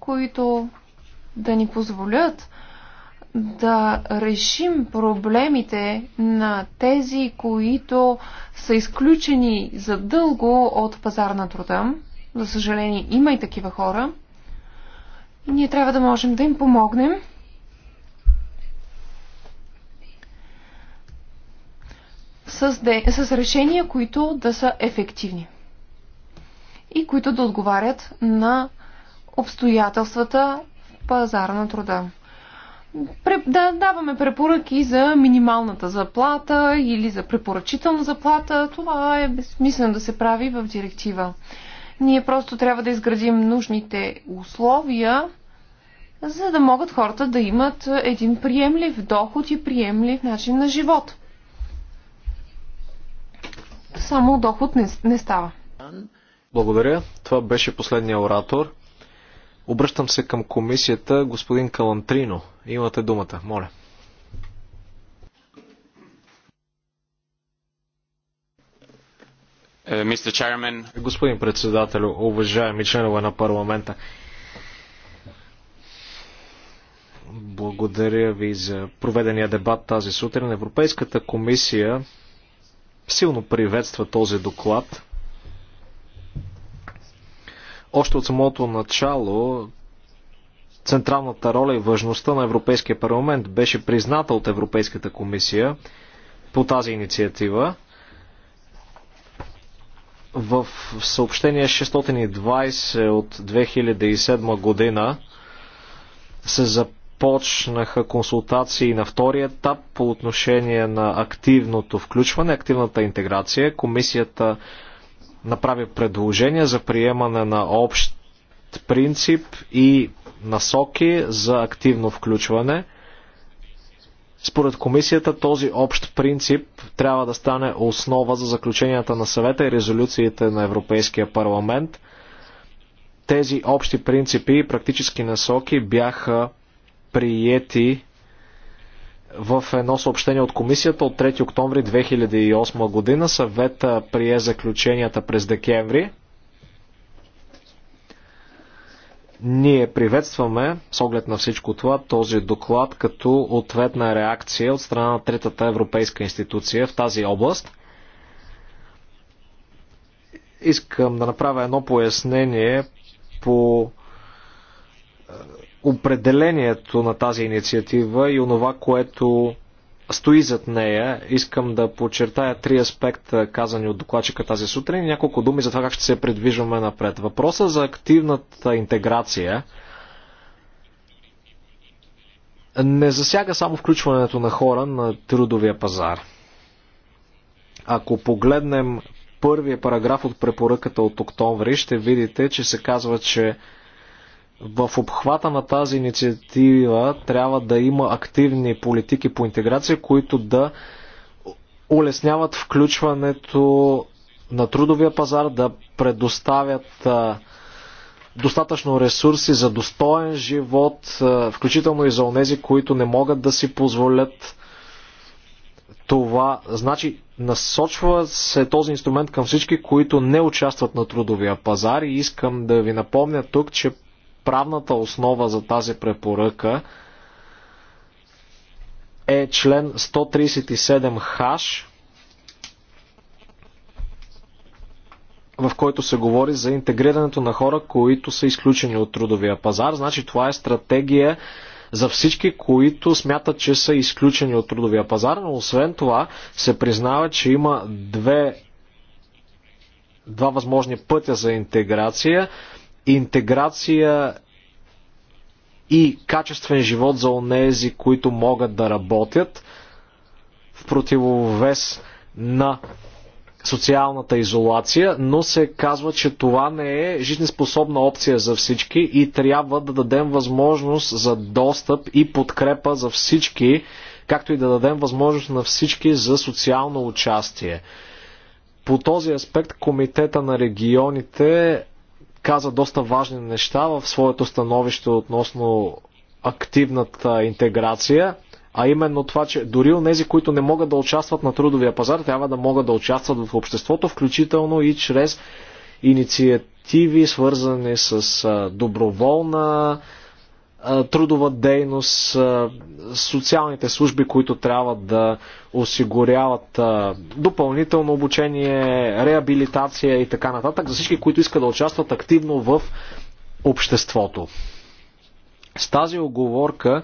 които да ни позволят да решим проблемите на тези, които са изключени задълго от пазар на труда. За съжаление, има и такива хора. И ние трябва да можем да им помогнем с, де, с решения, които да са ефективни и които да отговарят на обстоятелствата в пазара на труда. Да даваме препоръки за минималната заплата или за препоръчителна заплата. Това е безсмислено да се прави в директива. Ние просто трябва да изградим нужните условия, за да могат хората да имат един приемлив доход и приемлив начин на живот само доход не, не става. Благодаря. Това беше последния оратор. Обръщам се към комисията, господин Калантрино. Имате думата, моля. Е, господин председател, уважаеми членове на парламента, благодаря ви за проведения дебат тази сутрин. Европейската комисия силно приветства този доклад. Още от самото начало централната роля и важността на Европейския парламент беше призната от Европейската комисия по тази инициатива. В съобщение 620 от 2007 година се запазва започнаха консултации на втория етап по отношение на активното включване, активната интеграция. Комисията направи предложение за приемане на общ принцип и насоки за активно включване. Според комисията този общ принцип трябва да стане основа за заключенията на съвета и резолюциите на Европейския парламент. Тези общи принципи и практически насоки бяха приети в едно съобщение от комисията от 3 октомври 2008 година. Съвета прие заключенията през декември. Ние приветстваме, с оглед на всичко това, този доклад като ответна реакция от страна на Третата европейска институция в тази област. Искам да направя едно пояснение по определението на тази инициатива и онова, което стои зад нея. Искам да подчертая три аспекта, казани от докладчика тази сутрин, и няколко думи за това как ще се предвижваме напред. Въпроса за активната интеграция не засяга само включването на хора на трудовия пазар. Ако погледнем първия параграф от препоръката от октомври, ще видите, че се казва, че в обхвата на тази инициатива трябва да има активни политики по интеграция, които да улесняват включването на трудовия пазар, да предоставят достатъчно ресурси за достоен живот, включително и за онези, които не могат да си позволят това. Значи, насочва се този инструмент към всички, които не участват на трудовия пазар и искам да ви напомня тук, че правната основа за тази препоръка е член 137 хаш, в който се говори за интегрирането на хора, които са изключени от трудовия пазар. Значи това е стратегия за всички, които смятат, че са изключени от трудовия пазар, но освен това се признава, че има две, два възможни пътя за интеграция интеграция и качествен живот за онези, които могат да работят в противовес на социалната изолация, но се казва, че това не е жизнеспособна опция за всички и трябва да дадем възможност за достъп и подкрепа за всички, както и да дадем възможност на всички за социално участие. По този аспект Комитета на регионите каза доста важни неща в своето становище относно активната интеграция, а именно това, че дори нези, които не могат да участват на трудовия пазар, трябва да могат да участват в обществото, включително и чрез инициативи, свързани с доброволна трудова дейност, социалните служби, които трябва да осигуряват допълнително обучение, реабилитация и така нататък, за всички, които искат да участват активно в обществото. С тази оговорка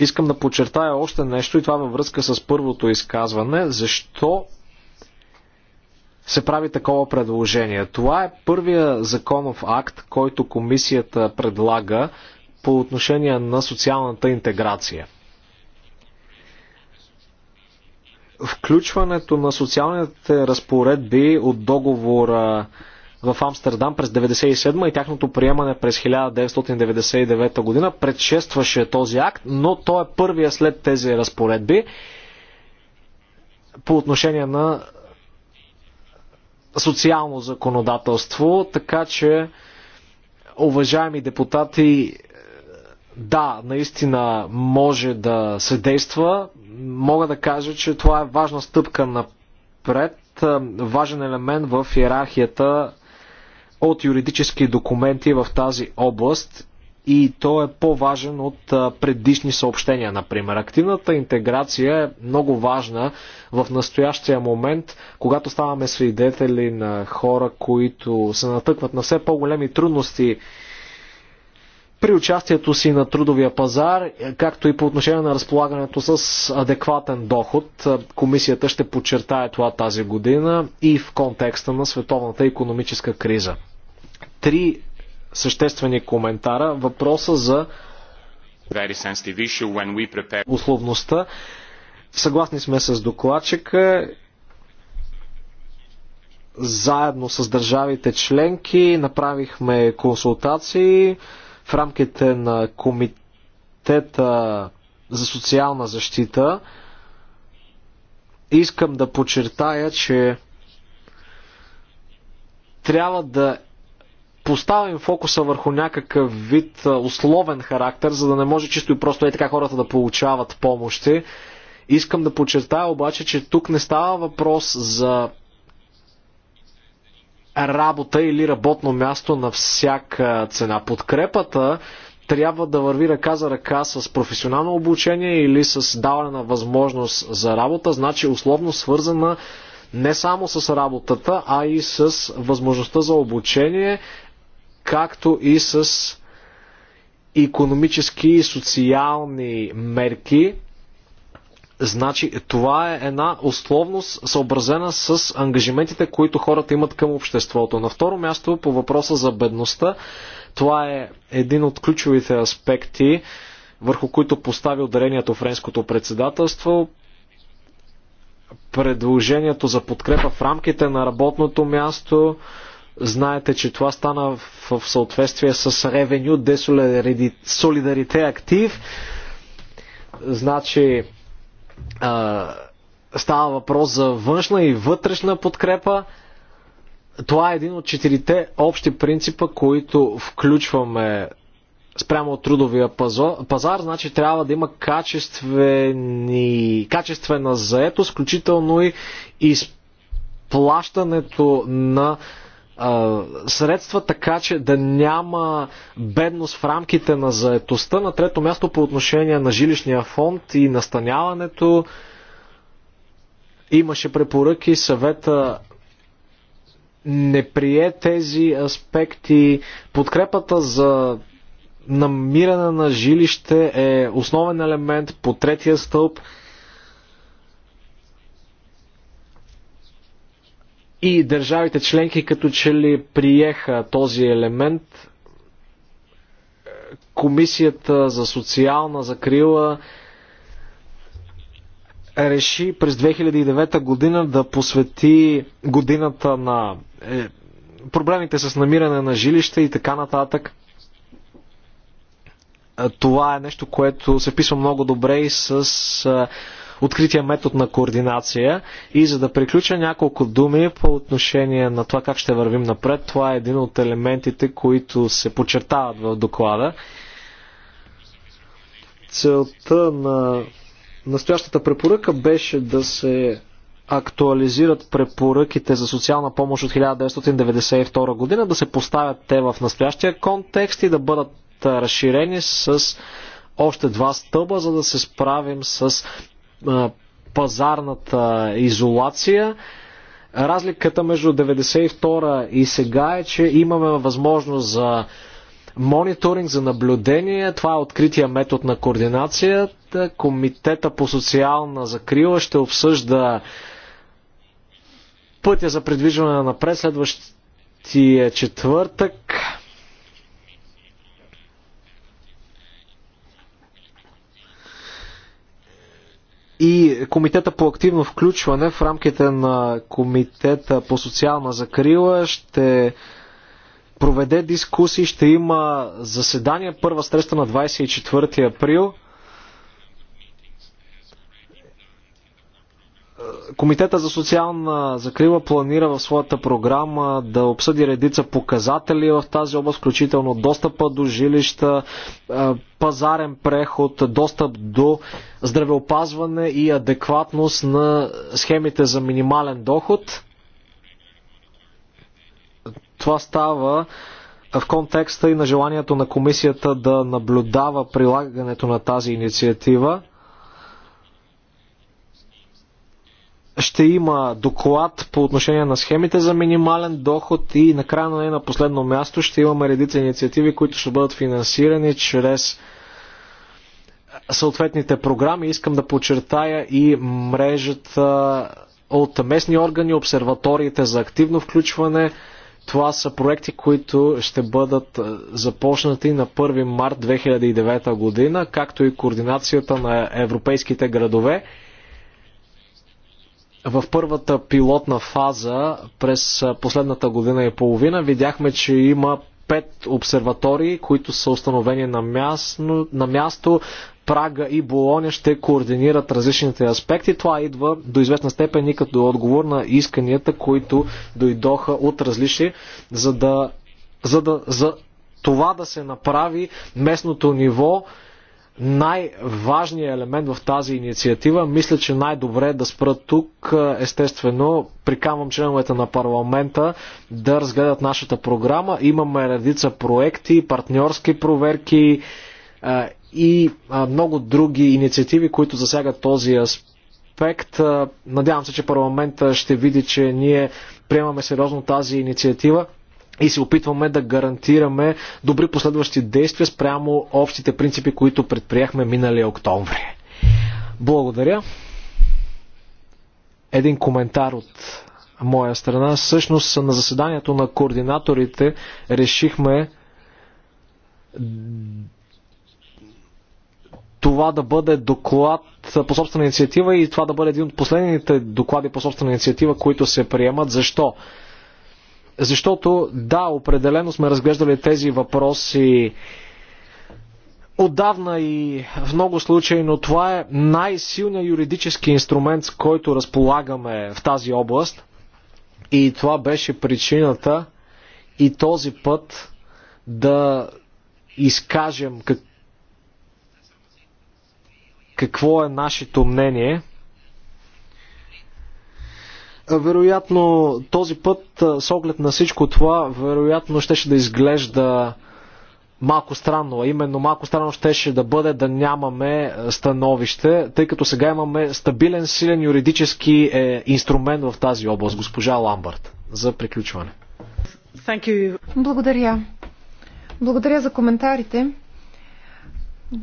искам да подчертая още нещо и това във връзка с първото изказване. Защо се прави такова предложение? Това е първия законов акт, който комисията предлага по отношение на социалната интеграция. Включването на социалните разпоредби от договора в Амстердам през 1997 и тяхното приемане през 1999 година предшестваше този акт, но то е първия след тези разпоредби по отношение на социално законодателство, така че уважаеми депутати, да, наистина може да се действа. Мога да кажа, че това е важна стъпка напред, важен елемент в иерархията от юридически документи в тази област и то е по-важен от предишни съобщения, например. Активната интеграция е много важна в настоящия момент, когато ставаме свидетели на хора, които се натъкват на все по-големи трудности при участието си на трудовия пазар, както и по отношение на разполагането с адекватен доход, комисията ще подчертае това тази година и в контекста на световната економическа криза. Три съществени коментара. Въпроса за условността. Съгласни сме с докладчика заедно с държавите членки направихме консултации в рамките на Комитета за социална защита. Искам да подчертая, че трябва да поставим фокуса върху някакъв вид условен характер, за да не може чисто и просто е така хората да получават помощи. Искам да подчертая обаче, че тук не става въпрос за работа или работно място на всяка цена. Подкрепата трябва да върви ръка за ръка с професионално обучение или с даване на възможност за работа, значи условно свързана не само с работата, а и с възможността за обучение, както и с економически и социални мерки, Значи това е една условност, съобразена с ангажиментите, които хората имат към обществото. На второ място, по въпроса за бедността, това е един от ключовите аспекти, върху които постави ударението френското председателство. Предложението за подкрепа в рамките на работното място. Знаете, че това стана в съответствие с Revenue де Солидарите Актив. Значи, става въпрос за външна и вътрешна подкрепа. Това е един от четирите общи принципа, които включваме спрямо от трудовия пазар, значи трябва да има качествени, качествена заето, включително и изплащането на средства, така че да няма бедност в рамките на заетостта. На трето място по отношение на жилищния фонд и настаняването имаше препоръки, съвета не прие тези аспекти. Подкрепата за намиране на жилище е основен елемент по третия стълб – и държавите членки като че ли приеха този елемент. Комисията за социална закрила реши през 2009 година да посвети годината на е, проблемите с намиране на жилище и така нататък. Е, това е нещо, което се писва много добре и с е, открития метод на координация. И за да приключа няколко думи по отношение на това как ще вървим напред, това е един от елементите, които се подчертават в доклада. Целта на настоящата препоръка беше да се актуализират препоръките за социална помощ от 1992 година, да се поставят те в настоящия контекст и да бъдат разширени с още два стълба, за да се справим с пазарната изолация. Разликата между 92 и сега е, че имаме възможност за мониторинг, за наблюдение. Това е открития метод на координацията. Комитета по социална закрила ще обсъжда пътя за придвижване напред следващия четвъртък. и Комитета по активно включване в рамките на Комитета по социална закрила ще проведе дискусии, ще има заседания първа среща на 24 април – Комитета за социална закрива планира в своята програма да обсъди редица показатели в тази област, включително достъпа до жилища, е, пазарен преход, достъп до здравеопазване и адекватност на схемите за минимален доход. Това става е, в контекста и на желанието на комисията да наблюдава прилагането на тази инициатива. ще има доклад по отношение на схемите за минимален доход и накрая на не на последно място ще имаме редица инициативи, които ще бъдат финансирани чрез съответните програми. Искам да подчертая и мрежата от местни органи, обсерваториите за активно включване. Това са проекти, които ще бъдат започнати на 1 март 2009 година, както и координацията на европейските градове в първата пилотна фаза през последната година и половина видяхме, че има пет обсерватории, които са установени на място, на място. Прага и Болоня ще координират различните аспекти. Това идва до известна степен и като отговор на исканията, които дойдоха от различни, за да, за да за това да се направи местното ниво най-важният елемент в тази инициатива. Мисля, че най-добре е да спра тук. Естествено, приканвам членовете на парламента да разгледат нашата програма. Имаме редица проекти, партньорски проверки е, и е, много други инициативи, които засягат този аспект. Е, надявам се, че парламента ще види, че ние приемаме сериозно тази инициатива и се опитваме да гарантираме добри последващи действия спрямо общите принципи, които предприяхме миналия октомври. Благодаря. Един коментар от моя страна. Всъщност на заседанието на координаторите решихме това да бъде доклад по собствена инициатива и това да бъде един от последните доклади по собствена инициатива, които се приемат. Защо? Защото да, определено сме разглеждали тези въпроси отдавна и в много случаи, но това е най-силният юридически инструмент, с който разполагаме в тази област. И това беше причината и този път да изкажем как... какво е нашето мнение. Вероятно този път, с оглед на всичко това, вероятно щеше да изглежда малко странно, а именно малко странно щеше да бъде да нямаме становище, тъй като сега имаме стабилен, силен юридически е, инструмент в тази област, госпожа Ламбард, за приключване. Благодаря. Благодаря за коментарите.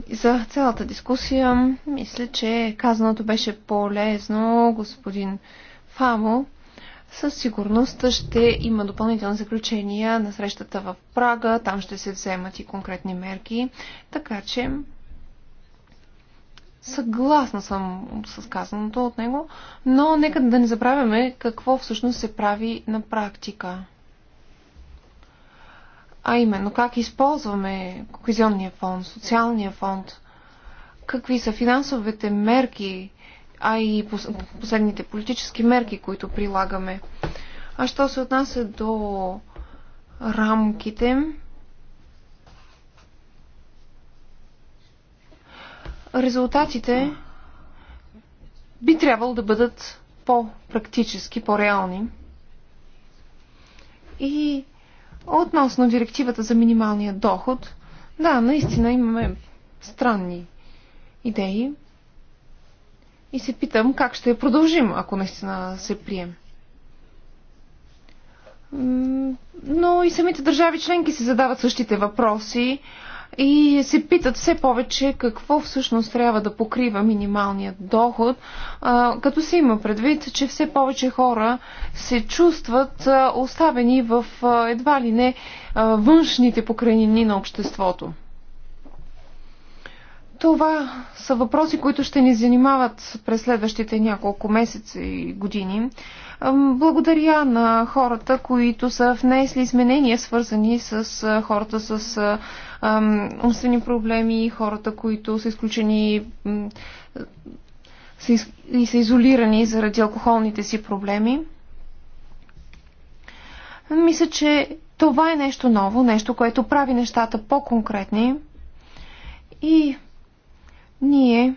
За цялата дискусия, мисля, че казаното беше полезно. Господин ФАМО със сигурност ще има допълнителни заключения на срещата в Прага. Там ще се вземат и конкретни мерки. Така че съгласна съм с казаното от него, но нека да не забравяме какво всъщност се прави на практика. А именно, как използваме кохезионния фонд, социалния фонд, какви са финансовите мерки, а и последните политически мерки, които прилагаме. А що се отнася до рамките, резултатите би трябвало да бъдат по-практически, по-реални. И относно директивата за минималния доход, да, наистина имаме странни идеи. И се питам как ще продължим, ако наистина се прием. Но и самите държави членки се задават същите въпроси и се питат все повече какво всъщност трябва да покрива минималният доход, като се има предвид, че все повече хора се чувстват оставени в едва ли не външните покрайнини на обществото. Това са въпроси, които ще ни занимават през следващите няколко месеца и години. Благодаря на хората, които са внесли изменения, свързани с хората с умствени проблеми, хората, които са изключени и са изолирани заради алкохолните си проблеми. Мисля, че това е нещо ново, нещо, което прави нещата по-конкретни. И ние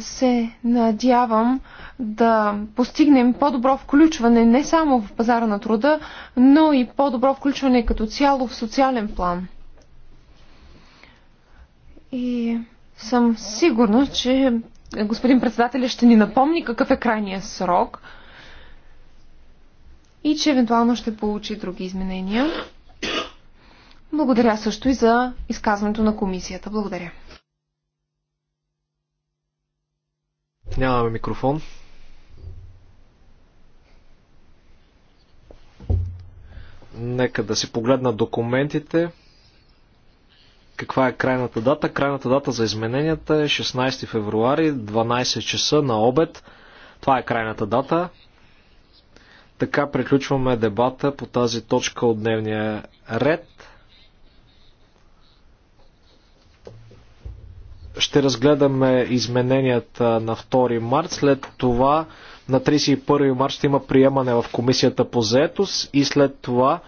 се надявам да постигнем по-добро включване не само в пазара на труда, но и по-добро включване като цяло в социален план. И съм сигурна, че господин председателя ще ни напомни какъв е крайния срок и че евентуално ще получи други изменения. Благодаря също и за изказването на комисията. Благодаря. Нямаме микрофон. Нека да си погледна документите. Каква е крайната дата? Крайната дата за измененията е 16 февруари, 12 часа на обед. Това е крайната дата. Така приключваме дебата по тази точка от дневния ред. ще разгледаме измененията на 2 март. След това на 31 март ще има приемане в комисията по заетост и след това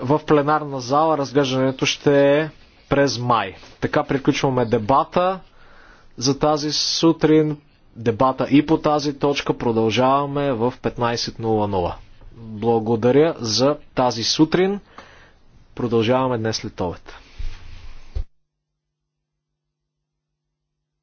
в пленарна зала разглеждането ще е през май. Така приключваме дебата за тази сутрин. Дебата и по тази точка продължаваме в 15.00. Благодаря за тази сутрин. Продължаваме днес след обед.